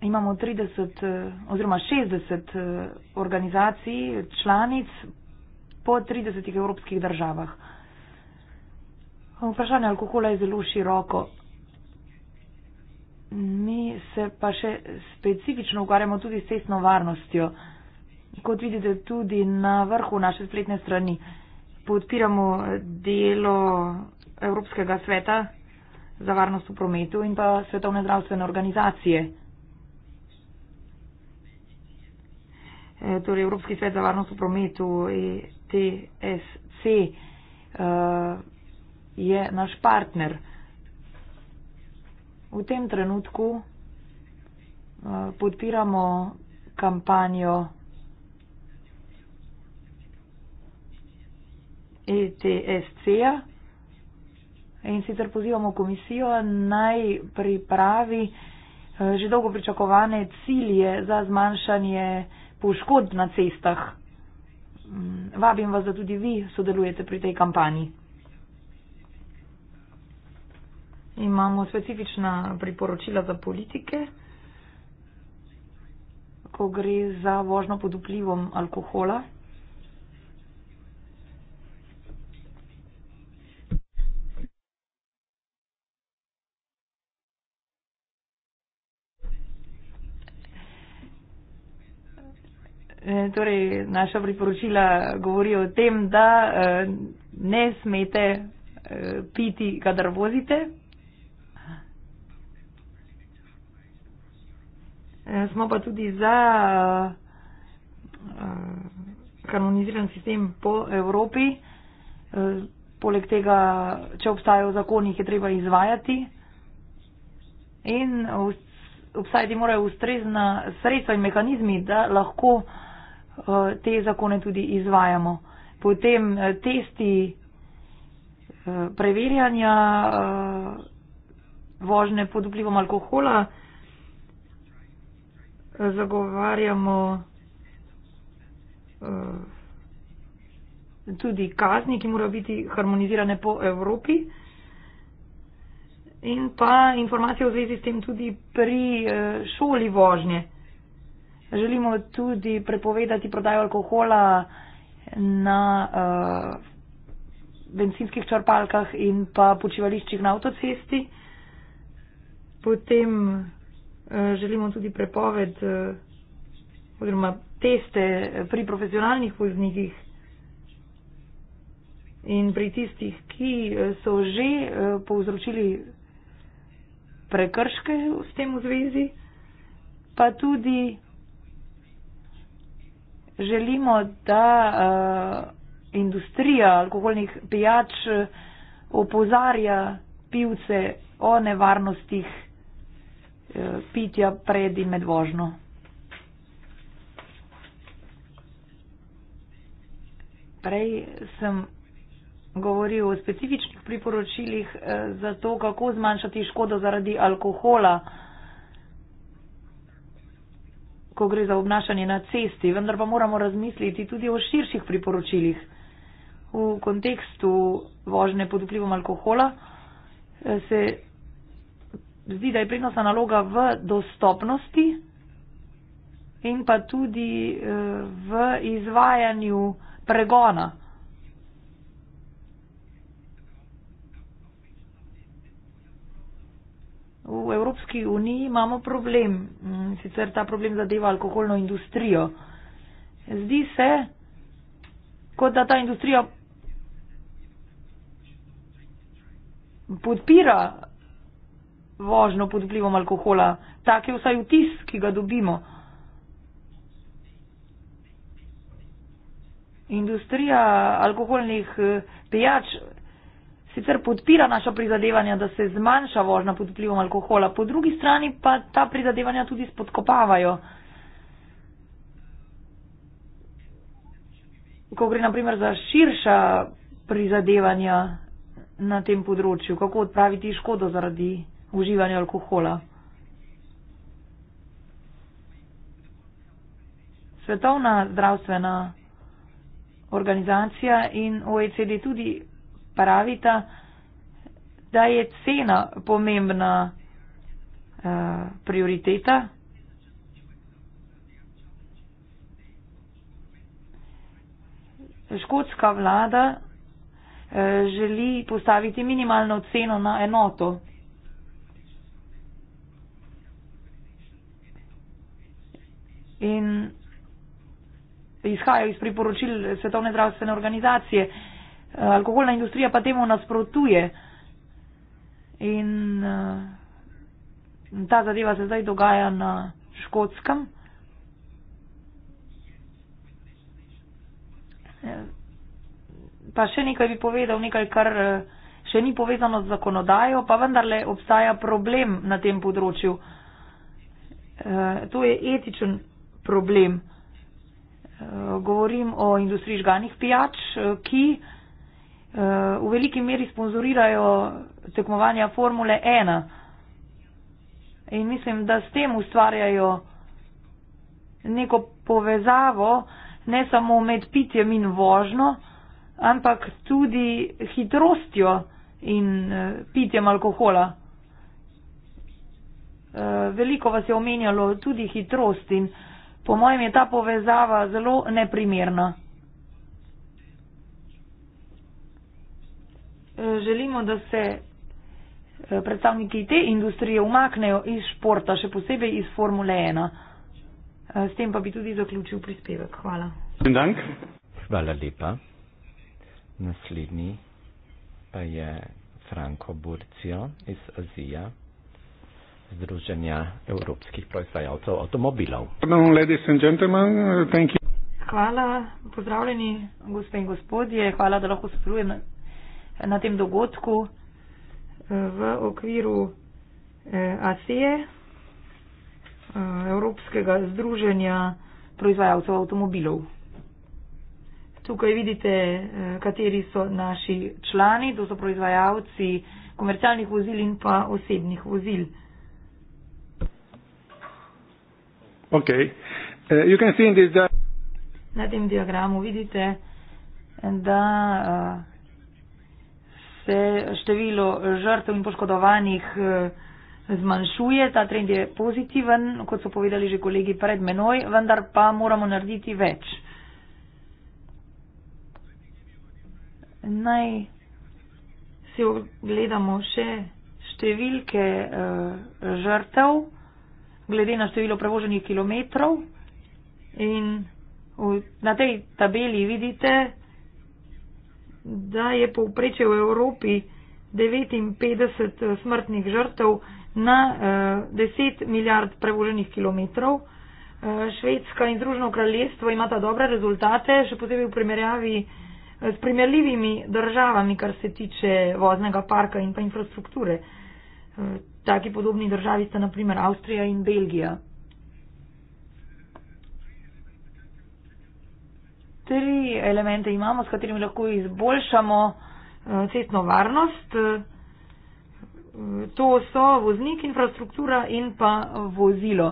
imamo 30 eh, oziroma 60 organizacij, članic po 30 evropskih državah. Vprašanje alkohola je zelo široko. Mi se pa še specifično ukvarjamo tudi s cestno varnostjo, kot vidite tudi na vrhu naše spletne strani podpiramo delo Evropskega sveta za varnost v prometu in pa Svetovne zdravstvene organizacije. E, torej Evropski svet za varnost v prometu, ETSC, e, je naš partner. V tem trenutku e, podpiramo kampanjo ETSC-ja in sicer pozivamo komisijo naj pripravi eh, že dolgo pričakovane cilje za zmanjšanje poškodb na cestah. Mm, vabim vas, da tudi vi sodelujete pri tej kampanji. Imamo specifična priporočila za politike, ko gre za vožno pod vplivom alkohola. E, torej, naša priporočila govorijo o tem, da e, ne smete e, piti, kadar vozite. Smo pa tudi za kanoniziran sistem po Evropi. Poleg tega, če obstajajo zakoni, jih je treba izvajati in obstajati morajo ustrezna sredstva in mehanizmi, da lahko Eh, te zakone tudi izvajamo. Potem eh, testi eh, preverjanja vožne pod vplivom alkohola zagovarjamo tudi kazni, ki morajo biti harmonizirane po Evropi. In pa informacije v zvezi s tem tudi pri šoli vožnje. Želimo tudi prepovedati prodajo alkohola na uh, bencinskih črpalkah in pa počivališčih na avtocesti. Potem uh, želimo tudi prepoved uh, oziroma teste pri profesionalnih voznikih in pri tistih, ki so že uh, povzročili prekrške s tem v zvezi, pa tudi želimo, da uh, industrija alkoholnih pijač eh, opozarja pivce o nevarnostih uh, pitja pred in med vožnjo. Prej sem govoril o specifičnih priporočilih uh, za to, kako zmanjšati škodo zaradi alkohola. Uh, ko gre za obnašanje na cesti, vendar pa moramo razmisliti tudi o širših priporočilih v kontekstu vožnje pod vplivom alkohola. Eh, se zdi, da je prednostna naloga v dostopnosti in pa tudi eh, v izvajanju pregona. v Evropski uniji imamo problem, mm, sicer ta problem zadeva alkoholno industrijo. Zdi se, kot da ta industrija podpira vožnjo pod vplivom alkohola. Tak je vsaj vtis, ki ga dobimo. Industrija alkoholnih eh, pijač sicer podpira naša prizadevanja, da se zmanjša vožnja pod vplivom alkohola, po drugi strani pa ta prizadevanja tudi spodkopavajo. Ko gre naprimer za širša prizadevanja na tem področju, kako odpraviti škodo zaradi uživanja alkohola. Svetovna zdravstvena organizacija in OECD tudi pravita, da je cena pomembna uh, prioriteta. Škotska vlada eh, želi postaviti minimalno ceno na enoto. In izhajajo iz priporočil Svetovne zdravstvene organizacije, Eh, alkoholna industrija pa temu nasprotuje. In eh, ta zadeva se zdaj dogaja na škotskem. Eh, pa še nekaj bi povedal, nekaj, kar še ni povezano z zakonodajo, pa vendarle obstaja problem na tem področju. To je etičen problem. Govorim o industriji žganih pijač, ki Eh, v veliki meri sponzorirajo tekmovanja Formule 1. In mislim, da s tem ustvarjajo neko povezavo ne samo med pitjem in vožno, ampak tudi hitrostjo in eh, pitjem alkohola. Eh, veliko vas je omenjalo tudi hitrost in po mojem je ta povezava zelo neprimerna. želimo, da se eh, predstavniki te industrije umaknejo iz športa, še posebej iz Formule 1. Eh, s tem pa bi tudi zaključil prispevek. Hvala. Hvala lepa. Naslednji pa je Franko Burcio iz Azija. Združenja evropskih proizvajalcev avtomobilov. Hvala, pozdravljeni gospe in gospodje, hvala, da lahko sodelujem na tem dogodku eh, v okviru eh, ASEE, eh, Evropskega združenja proizvajalcev avtomobilov. Tukaj vidite, kateri so naši člani, to so proizvajalci komercialnih vozil in pa osebnih vozil. Okay. Uh, Na tem diagramu vidite, da uh, se število žrtev in poškodovanih eh, zmanjšuje, ta trend je pozitiven, kot so povedali že kolegi pred menoj, vendar pa moramo narediti več. Naj si ogledamo še številke eh, žrtev, glede na število prevoženih kilometrov. In v, na tej tabeli vidite, da je povprečje v Evropi 59 eh, smrtnih žrtev na 10 eh, milijard prevoženih kilometrov. Eh, Švedska in Združeno kraljestvo imata dobre rezultate, še posebej v primerjavi s primerljivimi državami, kar se tiče voznega parka in pa infrastrukture. Taki podobni državi sta naprimer Avstrija in Belgija. tri elemente imamo, s katerimi lahko izboljšamo eh, cestno varnost. To so voznik, infrastruktura in pa vozilo.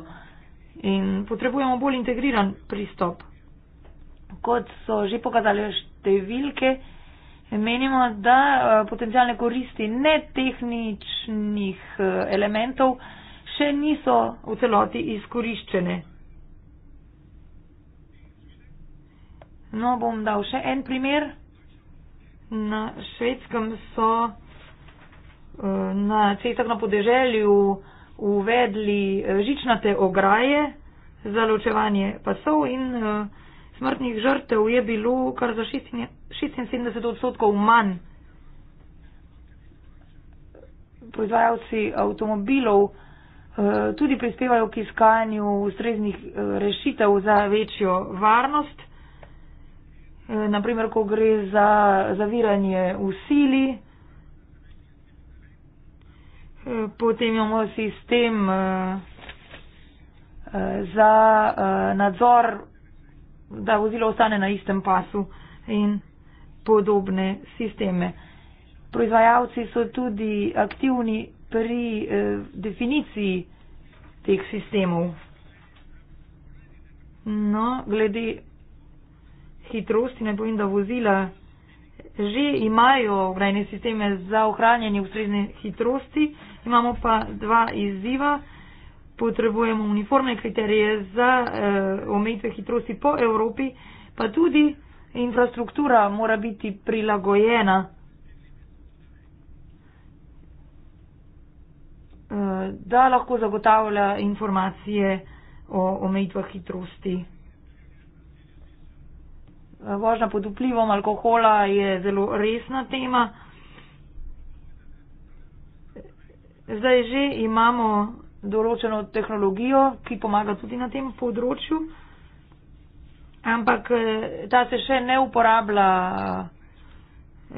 In potrebujemo bolj integriran pristop. Kot so že pokazali številke, menimo, da eh, potencijalne koristi netehničnih eh, elementov še niso v celoti izkoriščene. No, bom dal še en primer. Na švedskem so eh, na cestah na podeželju uvedli eh, žičnate ograje za ločevanje pasov in eh, smrtnih žrtev je bilo kar za 76 odstotkov manj. Proizvajalci avtomobilov tudi prispevajo k iskanju ustreznih rešitev za večjo varnost. Eh, naprimer, ko gre za zaviranje v sili, eh, potem imamo sistem eh, za nadzor, da vozilo ostane na istem pasu in podobne sisteme. Proizvajalci so tudi aktivni pri definiciji teh sistemov. No, glede hitrosti, ne bojim, da vozila že imajo vgrajene sisteme za ohranjanje ustrezne hitrosti, imamo pa dva izziva. Potrebujemo uniformne kriterije za eh, omejitve hitrosti po Evropi, pa tudi infrastruktura mora biti prilagojena. Eh, da lahko zagotavlja informacije o omejitvah hitrosti vožnja pod vplivom alkohola je zelo resna tema. Zdaj že imamo določeno tehnologijo, ki pomaga tudi na tem področju, ampak eh, ta se še ne uporablja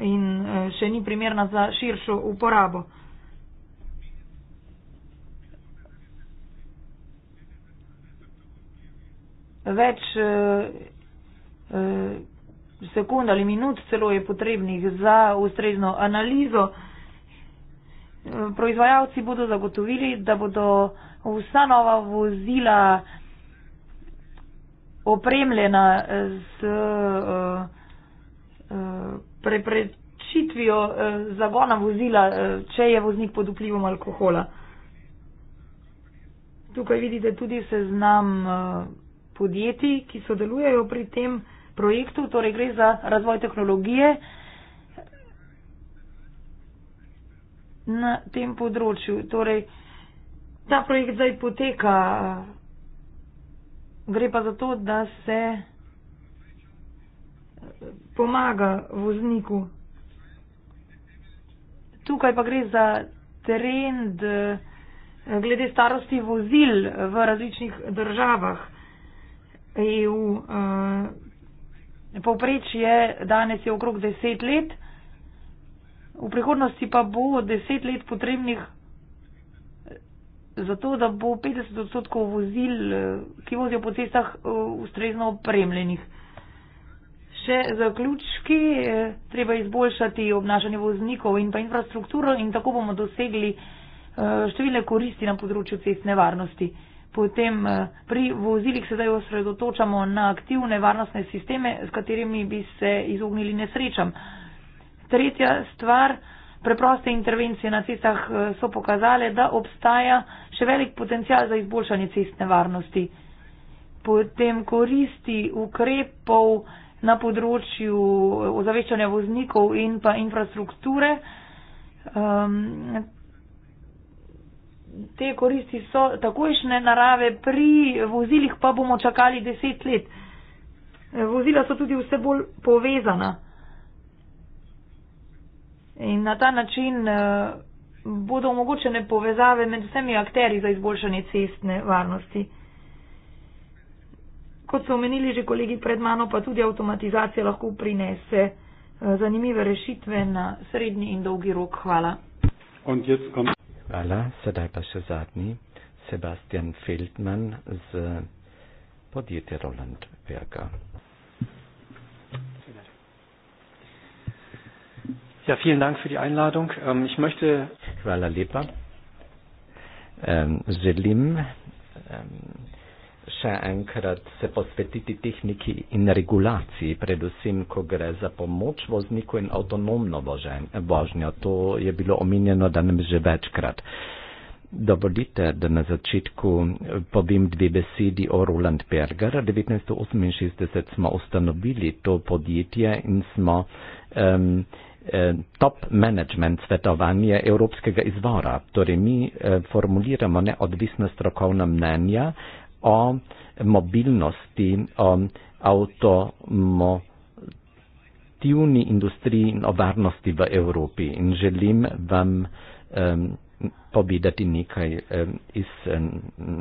in eh, še ni primerna za širšo uporabo. Več eh, Eh, sekund ali minut celo je potrebnih za ustrezno analizo. Eh, proizvajalci bodo zagotovili, da bodo vsa nova vozila opremljena z eh, preprečitvijo zagona vozila, če je voznik pod vplivom alkohola. Tukaj vidite tudi seznam podjetij, ki sodelujejo pri tem projektu, torej gre za razvoj tehnologije na tem področju. Torej, ta projekt zdaj poteka, gre pa za to, da se pomaga vozniku. Tukaj pa gre za trend eh, glede starosti vozil v različnih državah EU. Uh, eh, Povpreč je danes je okrog 10 let, v prihodnosti pa bo 10 let potrebnih eh, za to, da bo 50 odstotkov vozil, eh, ki vozijo po cestah, eh, ustrezno opremljenih. Še zaključki, treba izboljšati obnašanje voznikov in pa infrastrukturo in tako bomo dosegli številne koristi na področju cestne varnosti. Potem eh, pri vozilih se zdaj osredotočamo na aktivne varnostne sisteme, s katerimi bi se izognili nesrečam. Tretja stvar, preproste intervencije na cestah eh, so pokazale, da obstaja še velik potencial za izboljšanje cestne varnosti. Potem koristi ukrepov na področju eh, ozaveščanja voznikov in pa infrastrukture. Ehm, te koristi so takojšnje narave, pri vozilih pa bomo čakali deset let. E, vozila so tudi vse bolj povezana. In na ta način e, bodo omogočene povezave med vsemi akteri za izboljšanje cestne varnosti. Kot so omenili že kolegi pred mano, pa tudi avtomatizacija lahko prinese e, zanimive rešitve na srednji in dolgi rok. Hvala. Hvala, sedaj pa še zadnji, Sebastian Feldman z podjetja Roland Berger. Ja, vielen Dank für die Einladung. Ähm, ich möchte. Hvala lepa. Ähm, Selim. Ähm, še enkrat se posvetiti tehniki in regulaciji, predvsem, ko gre za pomoč vozniku in avtonomno vožnjo. To je bilo omenjeno danes že večkrat. Dovolite, da na začetku povem dve besedi o Roland Berger. 1968 smo ustanovili to podjetje in smo um, top management svetovanje evropskega izvora. Torej mi formuliramo neodvisna strokovna mnenja, o mobilnosti, o avtomotivni industriji in o varnosti v Evropi. In želim vam um, povedati nekaj um, iz um,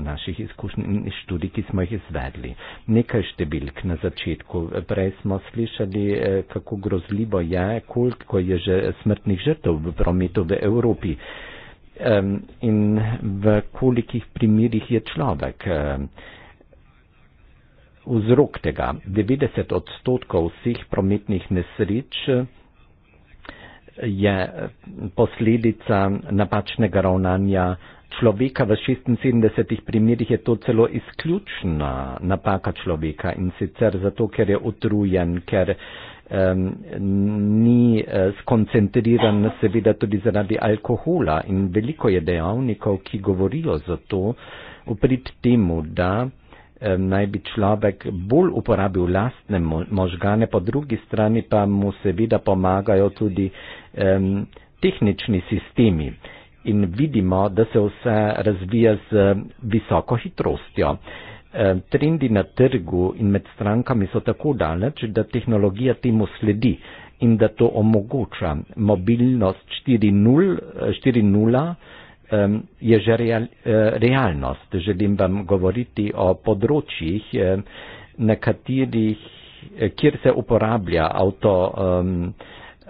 naših izkušenj in iz študij, ki smo jih izvedli. Nekaj številk na začetku. Prej smo slišali, e, kako grozljivo je, koliko je že smrtnih žrtev v prometu v Evropi um, in v kolikih primerjih je človek um, vzrok tega. 90 odstotkov vseh prometnih nesreč je posledica napačnega ravnanja človeka. V 76 primerjih je to celo izključna napaka človeka in sicer zato, ker je utrujen, ker uh, um, ni uh, skoncentriran seveda tudi zaradi alkohola in veliko je dejavnikov, ki govorijo za to, uprit temu, da um, naj bi človek bolj uporabil lastne možgane, po drugi strani pa mu seveda pomagajo tudi um, tehnični sistemi. In vidimo, da se vse razvija z visoko hitrostjo. Uh, Eh, trendi na trgu in med strankami so tako daleč, da tehnologija temu sledi in da to omogoča. Mobilnost 4.0 eh, je že real, eh, realnost. Želim vam govoriti o področjih, na katerih, kjer se uporablja avto. Um,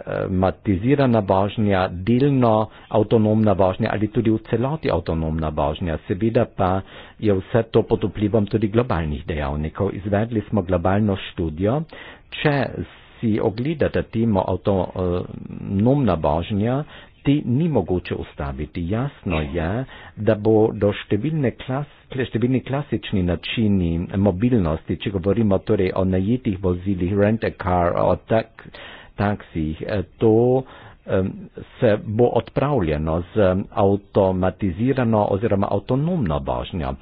avtomatizirana vožnja, delno avtonomna vožnja ali tudi v celoti avtonomna vožnja. Seveda pa je vse to pod vplivom tudi globalnih dejavnikov. Izvedli smo globalno študijo. Če si ogledate temo avtonomna vožnja, ti ni mogoče ustaviti. Jasno je, da bo do številne klas Številni klasični načini mobilnosti, če govorimo torej o najetih vozilih, rent a car, o tak, uh, taksijih. Eh, to se bo odpravljeno z avtomatizirano oziroma avtonomno vožnjo.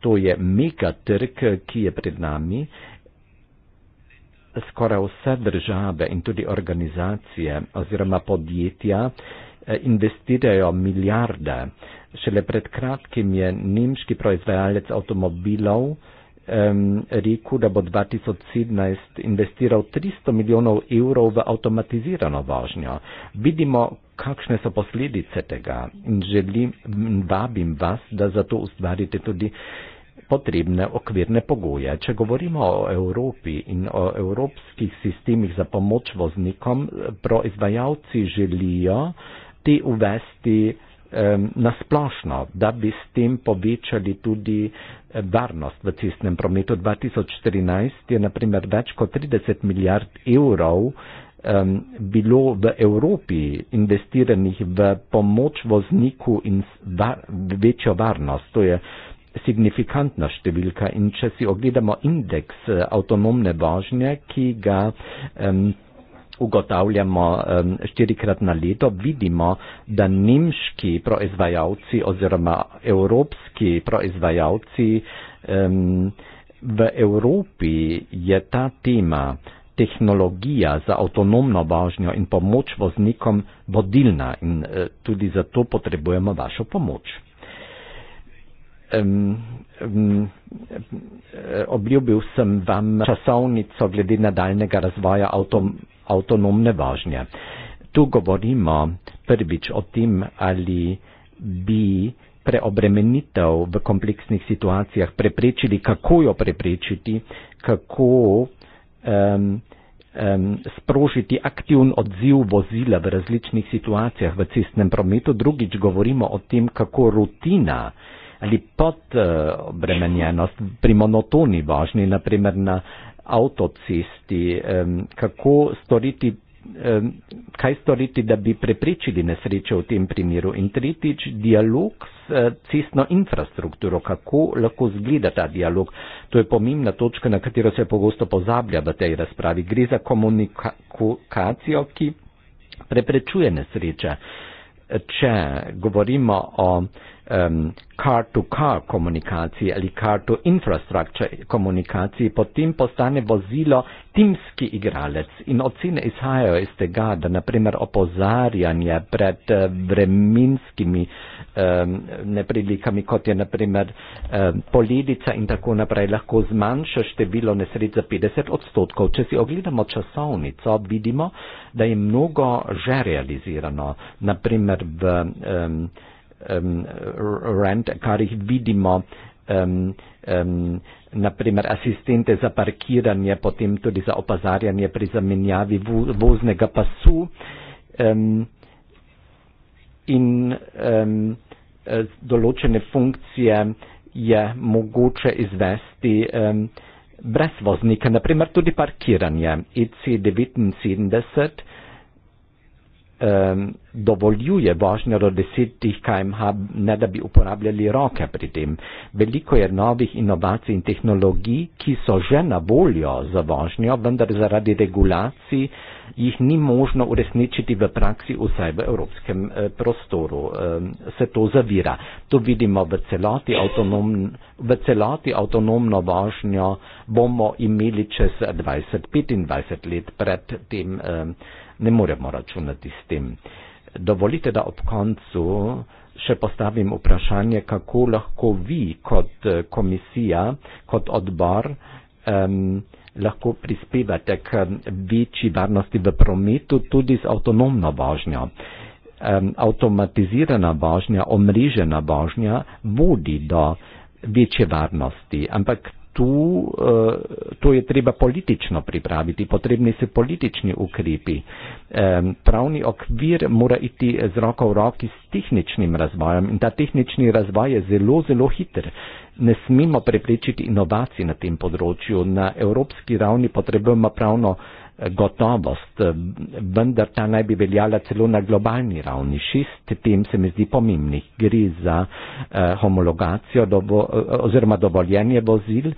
To je mega trg, ki je pred nami. Skoraj vse države in tudi organizacije oziroma podjetja eh, investirajo milijarde. Šele pred kratkim je nemški proizvajalec avtomobilov um, rekel, da bo 2017 investiral 300 milijonov evrov v avtomatizirano vožnjo. Vidimo, kakšne so posledice tega in želim, vabim vas, da za to ustvarite tudi potrebne okvirne pogoje. Če govorimo o Evropi in o evropskih sistemih za pomoč voznikom, proizvajalci želijo te uvesti eh, nasplošno, da bi s tem povečali tudi eh, varnost v cestnem prometu. 2014 je naprimer več kot 30 milijard evrov ehm, bilo v Evropi investiranih v pomoč vozniku in var, večjo varnost. To je signifikantna številka in če si ogledamo indeks eh, avtonomne vožnje, ki ga um, ugotavljamo um, štirikrat na leto, vidimo, da nemški proizvajalci oziroma evropski proizvajalci um, v Evropi je ta tema tehnologija za avtonomno vožnjo in pomoč voznikom vodilna in eh, tudi zato potrebujemo vašo pomoč um, um, obljubil sem vam časovnico glede nadaljnega razvoja avtom, avtonomne vožnje. Tu govorimo prvič o tem, ali bi preobremenitev v kompleksnih situacijah preprečili, kako jo preprečiti, kako um, um, sprožiti aktivn odziv vozila v različnih situacijah v cestnem prometu. Drugič govorimo o tem, kako rutina uh, ali pod obremenjenost pri monotoni vožnji, naprimer na avtocesti, kako storiti, kaj storiti, da bi prepričili nesreče v tem primeru. In tretjič, dialog s eh, cestno infrastrukturo, kako lahko zgleda ta dialog. To je pomembna točka, na katero se pogosto pozablja v tej razpravi. Gre za komunikacijo, ki preprečuje nesreče. Če govorimo o um, car to car komunikaciji ali car to infrastructure komunikaciji, potem postane vozilo timski igralec in ocene izhajajo iz tega, da naprimer opozarjanje pred eh, vremenskimi um, neprilikami, kot je naprimer um, poledica in tako naprej, lahko zmanjša število nesreč za 50 odstotkov. Če si ogledamo časovnico, vidimo, da je mnogo že realizirano. Naprimer v um, um, rent, kar jih vidimo um, um, naprimer asistente za parkiranje, potem tudi za opazarjanje pri zamenjavi voznega pasu. Um, in um, določene funkcije je mogoče izvesti um, brez voznika, naprimer tudi parkiranje. IC 79 um, dovoljuje vožnjo do 10 km/h, ne da bi uporabljali roke pri tem. Veliko je novih inovacij in tehnologij, ki so že na voljo za vožnjo, vendar zaradi regulacij jih ni možno uresničiti v praksi vsaj v evropskem eh, prostoru. Um, se to zavira. To vidimo v celoti, v celoti avtonomno vožnjo bomo imeli čez 20-25 let pred tem. Eh, ne moremo računati s tem. Dovolite, da ob koncu še postavim vprašanje, kako lahko vi kot eh, komisija, kot odbor um, lahko prispevate k večji varnosti v prometu tudi z avtonomno vožnjo. Um, avtomatizirana vožnja, omrežena vožnja vodi do večje varnosti, ampak tu, eh, to je treba politično pripraviti, potrebni so politični ukrepi. Pravni okvir mora iti z roko v roki s tehničnim razvojem in ta tehnični razvoj je zelo, zelo hiter. Ne smemo preprečiti inovacij na tem področju. Na evropski ravni potrebujemo pravno gotovost, eh, vendar ta naj bi veljala celo na globalni ravni. Šest tem se mi zdi pomembnih. Gre za eh, homologacijo dobo, eh, oziroma dovoljenje vozil.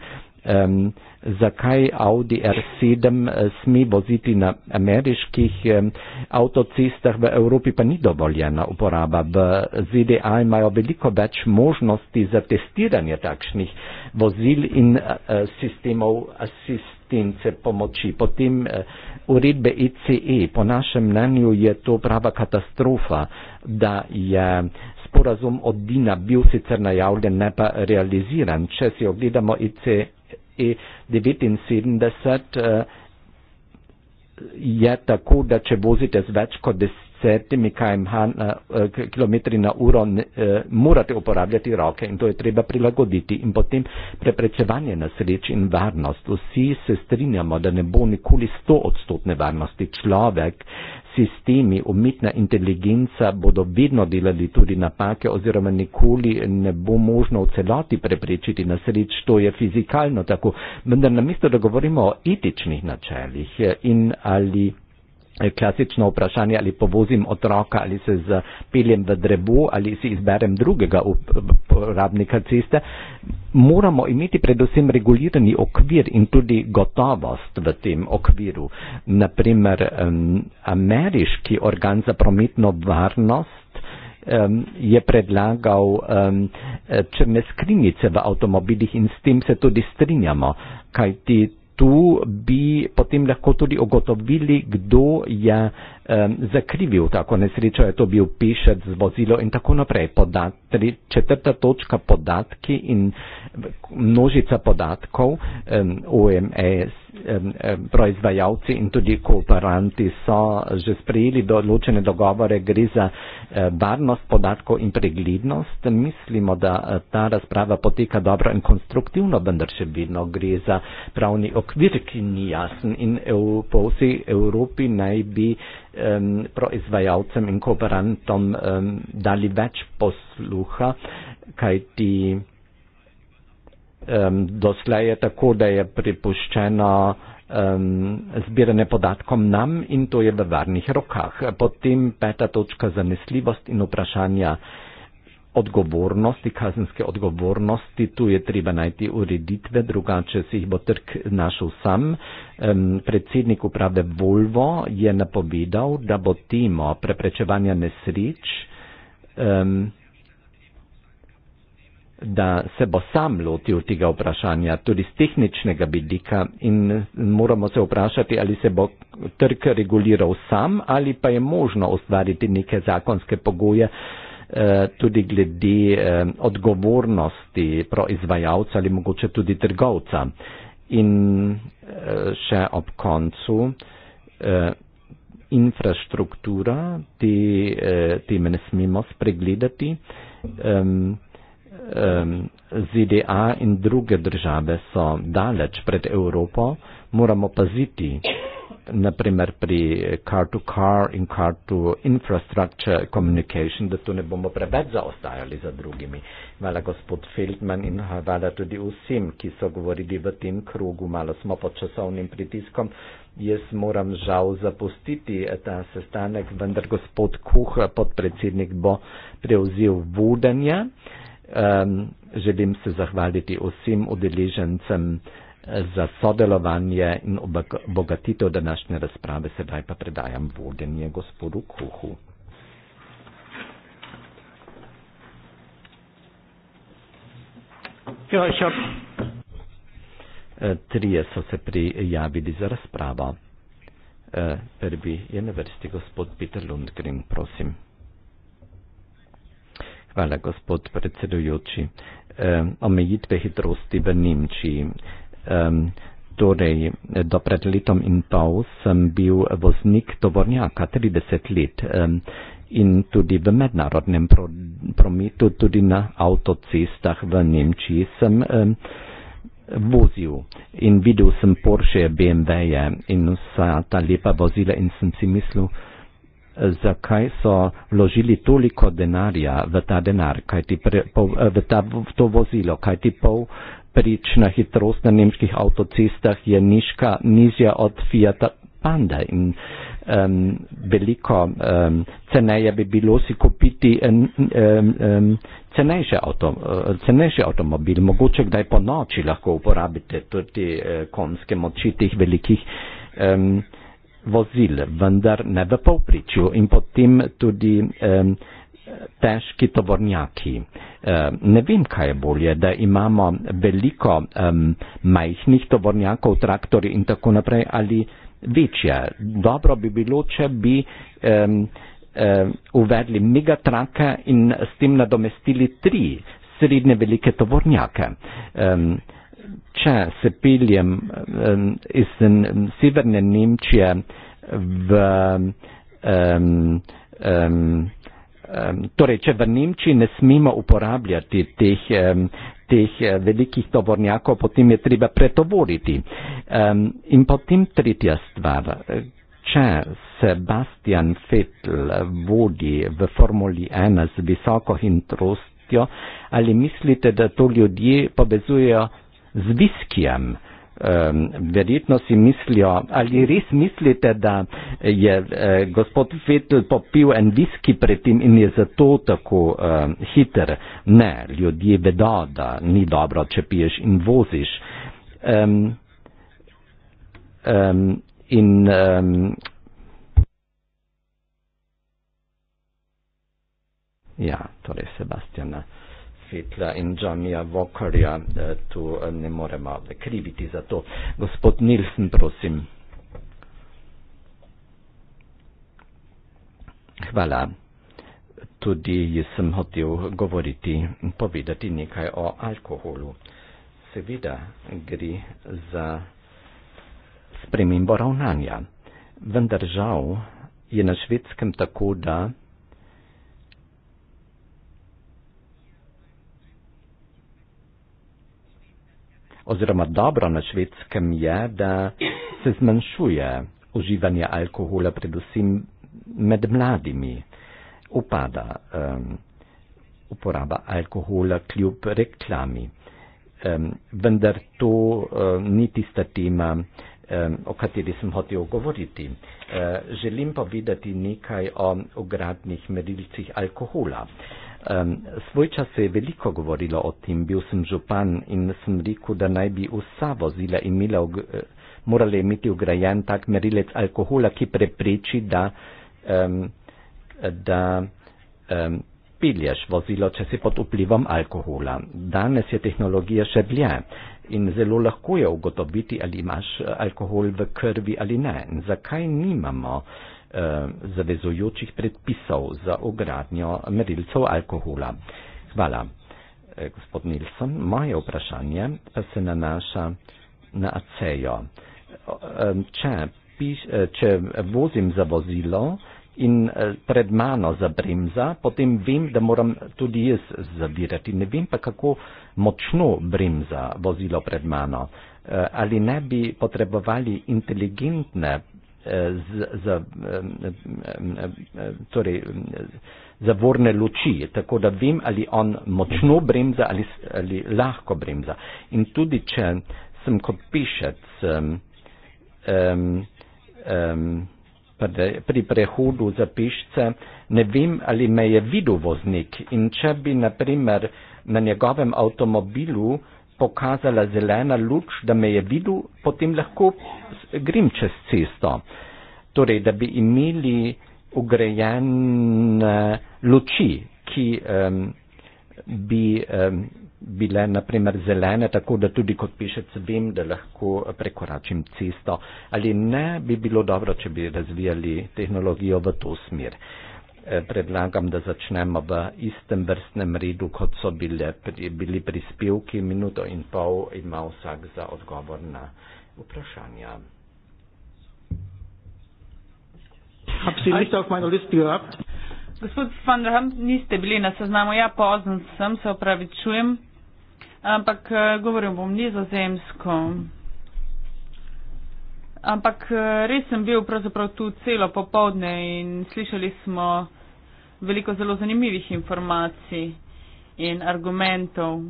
Um, zakaj Audi R7 eh, sme voziti na ameriških um, avtocestah, v Evropi pa ni dovoljena uporaba. V ZDA imajo veliko več možnosti za testiranje takšnih vozil in uh, sistemov assist gostince pomoči, potem eh, uredbe ICE, e. po našem mnenju je to prava katastrofa, da je sporazum od Dina bil sicer najavljen, ne pa realiziran. Če si ogledamo ICE 79, e eh, je tako, da če vozite z več kot deset sedmi km/h eh, na uro ne, eh, morate uporabljati roke in to je treba prilagoditi. In potem preprečevanje nasreč in varnost. Vsi se strinjamo, da ne bo nikoli 100 odstotne varnosti človek. Sistemi, umetna inteligenca bodo vedno delali tudi napake oziroma nikoli ne bo možno v celoti preprečiti nasreč, to je fizikalno tako. Vendar namesto, da govorimo o etičnih načelih eh, in ali Eh, klasično vprašanje, ali povozim otroka, ali se zapeljem v drebu, ali si izberem drugega uporabnika ceste, moramo imeti predvsem regulirani okvir in tudi gotovost v tem okviru. Naprimer, ameriški organ za prometno varnost. Je predlagal črne skrinjice v avtomobilih in s tem se tudi strinjamo, kajti tu bi potem lahko tudi ugotovili, kdo je eh, zakrivil tako nesrečo, je to bil pišec z vozilo in tako naprej. Podat, tri, četrta točka podatki in množica podatkov, eh, OMS, eh, proizvajalci in tudi kooperanti so že sprejeli določene dogovore, gre za eh, varnost podatkov in preglednost. Mislimo, da eh, ta razprava poteka dobro in konstruktivno, vendar še vedno gre za pravni okvir, ki ni jasen in EU, po vsej Evropi naj bi um, pro izvajalcem in kooperantom um, dali več posluha, kajti um, doslej je tako, da je pripuščeno um, zbiranje podatkom nam in to je v varnih rokah. Potem peta točka zanesljivost in vprašanja odgovornosti, kazenske odgovornosti, tu je treba najti ureditve, drugače si jih bo trg našel sam. Predsednik uprave Volvo je napovedal, da bo timo preprečevanja nesreč, da se bo sam lotil tega vprašanja, tudi z tehničnega vidika in moramo se vprašati, ali se bo trg reguliral sam ali pa je možno ustvariti neke zakonske pogoje. Eh, tudi glede eh, odgovornosti proizvajalca ali mogoče tudi trgovca. In eh, še ob koncu infrastruktura, te, te me ne smemo spregledati. ZDA in druge države so daleč pred Evropo, moramo paziti, naprimer pri car-to-car -car in car-to-infrastructure communication, da tu ne bomo preveč zaostajali za drugimi. Hvala gospod Feldman in hvala tudi vsem, ki so govorili v tem krogu. Malo smo pod časovnim pritiskom. Jaz moram žal zapustiti eh, ta sestanek, vendar gospod Kuh, podpredsednik, bo prevzel vodenje. Um, želim se zahvaliti vsem udeležencem za sodelovanje in obogatitev današnje razprave, sedaj pa predajam vodenje gospodu Kuhu. Ja, e, Trije so se prijavili za razpravo. E, prvi je na vrsti gospod Peter Lundgren, prosim. Hvala, gospod predsedujoči. E, omejitve hitrosti v Nemčiji. Um, torej, do pred letom in pol sem bil voznik tovornjaka 30 let um, in tudi v mednarodnem pro, prometu, tudi na avtocestah v Nemčiji sem um, vozil in videl sem Porsche, BMW-je in vsa ta lepa vozila in sem si mislil, zakaj so vložili toliko denarja v ta denar, kaj ti pre, pol, v, ta, v to vozilo, kaj ti pol povprečna hitrost na nemških avtocestah je nižka, nižja od Fiata Panda in um, veliko um, ceneje bi bilo si kupiti um, um, cenejši, avto, uh, cenejši avtomobil, mogoče kdaj po noči lahko uporabite tudi uh, konske moči teh velikih um, vozil, vendar ne v povprečju in potem tudi um, težki tovornjaki. Eh, ne vem, kaj je bolje, da imamo veliko majhnih tovornjakov, traktorji in tako naprej, ali večje. Dobro bi bilo, če bi uvedli megatrake in s tem nadomestili tri srednje velike tovornjake. Če se peljem iz severne Nemčije v um, um, Ehm, torej, če v Nemčiji ne smemo uporabljati teh, ehm, teh eh, velikih tovornjakov, potem je treba pretovoriti. Ehm, in potem tretja stvar. Če Sebastian Fettl vodi v Formuli 1 z visoko hitrostjo, ali mislite, da to ljudje povezujejo z viskijem? um, verjetno si mislijo, ali res mislite, da je uh, gospod Fetl popil en viski predtem in je zato tako um, hiter. Ne, ljudje vedo, da ni dobro, če piješ in voziš. Um, um, in, um, ja, torej Sebastian. Uh, Hitler in Džamija Vokarja eh, tu eh, ne moremo kriviti za to. Gospod Nilsen, prosim. Hvala. Tudi jaz sem hotel govoriti in povedati nekaj o alkoholu. Seveda gre za spremembo ravnanja. Vendar žal je na švedskem tako, da oziroma dobro na švedskem je, da se zmanjšuje uživanje alkohola, predvsem med mladimi. Upada um, uporaba alkohola kljub reklami. Um, vendar to um, ni tista tema, um, o kateri sem hotel govoriti. Uh, želim povedati nekaj o ugradnih merilcih alkohola. Uh, Um, svoj čas se je veliko govorilo o tem, bil sem župan in sem rekel, da naj bi vsa vozila imela, eh, morali imeti ugrajen tak merilec alkohola, ki prepreči, da, um, da um, pilješ vozilo, če si pod vplivom alkohola. Danes je tehnologija še dlje in zelo lahko je ugotoviti, ali imaš eh, alkohol v krvi ali ne. In zakaj nimamo? Eh, zavezujočih predpisov za ugradnjo merilcev alkohola. Hvala, eh, gospod Nilsson. Moje vprašanje pa se nanaša na ACEJO. Eh, če, piš, če vozim za vozilo in pred mano zabremza, potem vem, da moram tudi jaz zavirati. Ne vem pa, kako močno bremza vozilo pred mano. Ali ne bi potrebovali inteligentne za, torej, zavorne luči, tako da vem, ali on močno bremza ali, ali lahko bremza. In tudi, če sem kot pišec um, um, pri prehodu za pišce, ne vem, ali me je videl voznik. In če bi, naprimer, na njegovem avtomobilu pokazala zelena luč, da me je videl, potem lahko grem čez cesto. Torej, da bi imeli ugrajene luči, ki um, bi um, bile naprimer zelene, tako da tudi kot pišec vem, da lahko prekoračim cesto. Ali ne bi bilo dobro, če bi razvijali tehnologijo v to smer. Uh, Eh, predlagam, da začnemo v istem vrstnem redu, kot so bile, bili prispevki, minuto in pol ima vsak za odgovor na vprašanja. Gospod van der Ham, niste bili na seznamu, ja pozn sem, se opravičujem, ampak eh, govorim bom nizozemsko ampak eh, res sem bil pravzaprav tu celo popovdne in slišali smo veliko zelo zanimivih informacij in argumentov.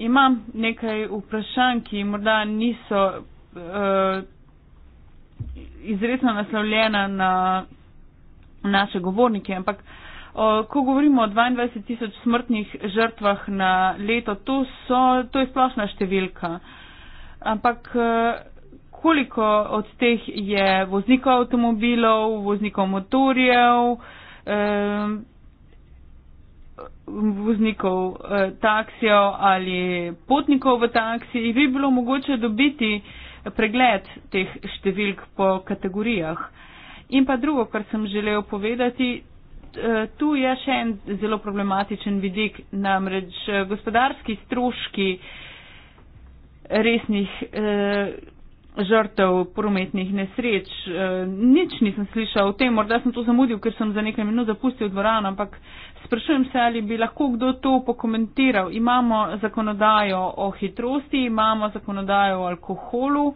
Imam nekaj vprašanj, ki morda niso uh, izredno naslovljena na naše govornike, ampak uh, ko govorimo o 22 tisoč smrtnih žrtvah na leto, to, so, to je splošna številka. Ampak uh, koliko od teh je voznikov avtomobilov, voznikov motorjev, eh, voznikov eh, taksijev ali potnikov v taksiji, bi bilo mogoče dobiti pregled teh številk po kategorijah. In pa drugo, kar sem želel povedati, eh, tu je še en zelo problematičen vidik, namreč eh, gospodarski stroški resnih eh, žrtev prometnih nesreč. Eh, nič nisem slišal o tem, morda sem to zamudil, ker sem za nekaj minut zapustil dvorano, ampak sprašujem se, ali bi lahko kdo to pokomentiral. Imamo zakonodajo o hitrosti, imamo zakonodajo o alkoholu,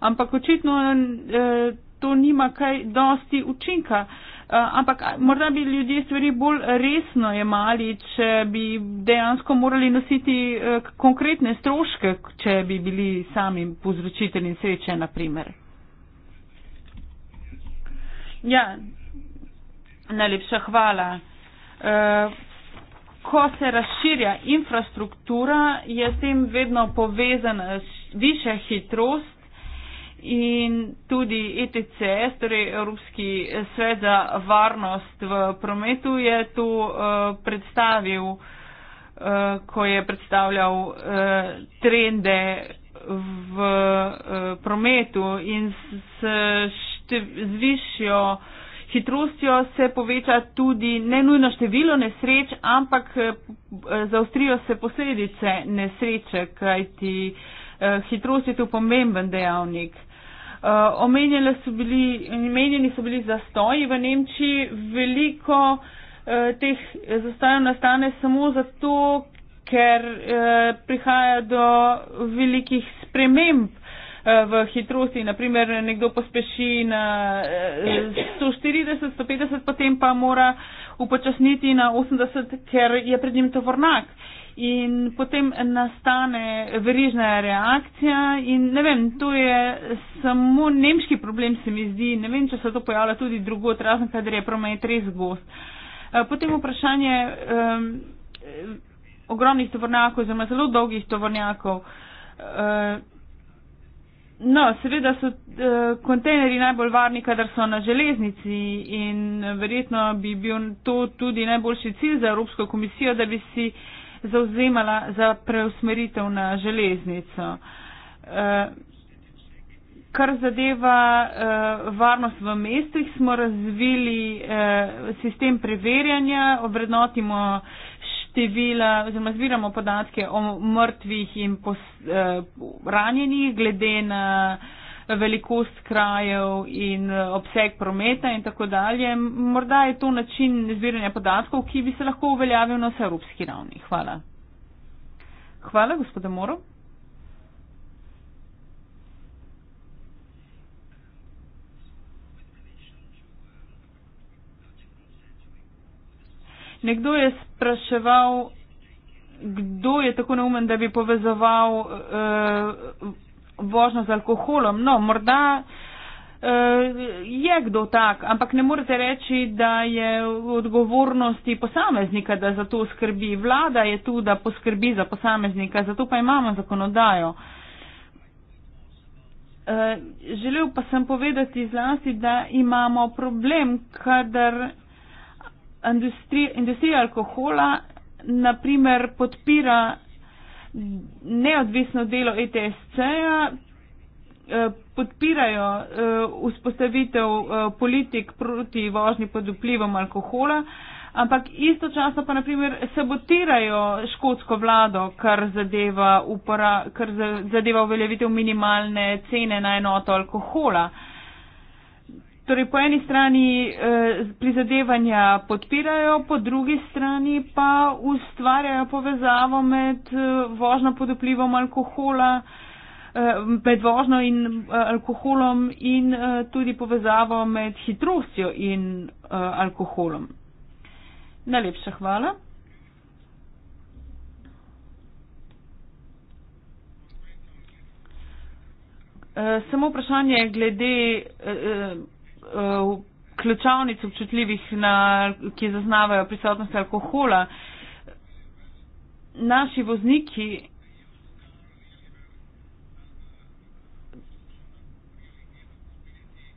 ampak očitno eh, to nima kaj dosti učinka. Eh, ampak morda bi ljudje stvari bolj resno jemali, če bi dejansko morali nositi eh, konkretne stroške, če bi bili sami povzročitelji sreče, naprimer. Ja, najlepša hvala. Eh, ko se razširja infrastruktura, je s tem vedno povezana višja hitrost in tudi ETCS, torej Evropski eh, svet za varnost v prometu, je to uh, predstavil, uh, ko je predstavljal uh, trende v uh, prometu in s, s, štev, z višjo hitrostjo se poveča tudi ne nujno število nesreč, ampak uh, zaostrijo se posledice nesreče, kajti uh, hitrost je tu pomemben dejavnik. Eh, omenjene so bili, omenjeni so bili zastoji v Nemčiji, veliko uh, teh zastojev nastane samo zato, ker uh, prihaja do velikih sprememb v hitrosti, naprimer nekdo pospeši na 140, 150, potem pa mora upočasniti na 80, ker je pred njim tovornak in potem nastane verižna reakcija in ne vem, to je samo nemški problem, se mi zdi, ne vem, če se to pojavlja tudi drugot, razen kadar je promet res gost. Eh, potem vprašanje um, ogromnih tovornjakov, zelo, zelo dolgih tovornjakov. Eh, no, seveda so eh, kontejneri najbolj varni, kadar so na železnici in verjetno bi bil to tudi najboljši cilj za Evropsko komisijo, da bi si uh, zauzemala za preusmeritev na železnico. Eh, kar zadeva eh, varnost v mestih, smo razvili eh, sistem preverjanja, obrednotimo števila oziroma zbiramo podatke o mrtvih in ranjenih glede na velikost krajev in eh, obseg prometa in tako dalje. Morda je to način zbiranja podatkov, ki bi se lahko uveljavil na vse evropski ravni. Hvala. Hvala, gospode Moro. Nekdo je spraševal, kdo je tako neumen, da bi povezoval uh, vožnjo z alkoholom. No, morda uh, je kdo tak, ampak ne morete reči, da je odgovornosti posameznika, da za to skrbi. Vlada je tu, da poskrbi za posameznika, zato pa imamo zakonodajo. Uh, želel pa sem povedati zlasti, da imamo problem, kadar industrija alkohola naprimer podpira neodvisno delo ETSC-ja, eh, podpirajo eh, vzpostavitev eh, politik proti vožnji pod vplivom alkohola, ampak istočasno pa naprimer sabotirajo škotsko vlado, kar zadeva, upora, kar zadeva uveljavitev minimalne cene na enoto alkohola. Torej, po eni strani eh, prizadevanja podpirajo, po drugi strani pa ustvarjajo povezavo med eh, vožnjo pod vplivom alkohola, eh, med vožnjo in eh, alkoholom in eh, tudi povezavo med hitrostjo in eh, alkoholom. Najlepša hvala. Eh, samo vprašanje glede. Eh, eh, Eh, ključavnic občutljivih, na, ki zaznavajo prisotnost alkohola. Naši vozniki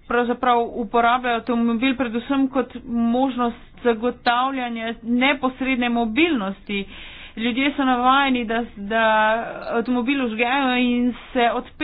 pravzaprav uporabljajo avtomobil predvsem kot možnost zagotavljanja neposredne mobilnosti. Ljudje so navajeni, da, da avtomobil užgejo in se odpeljejo.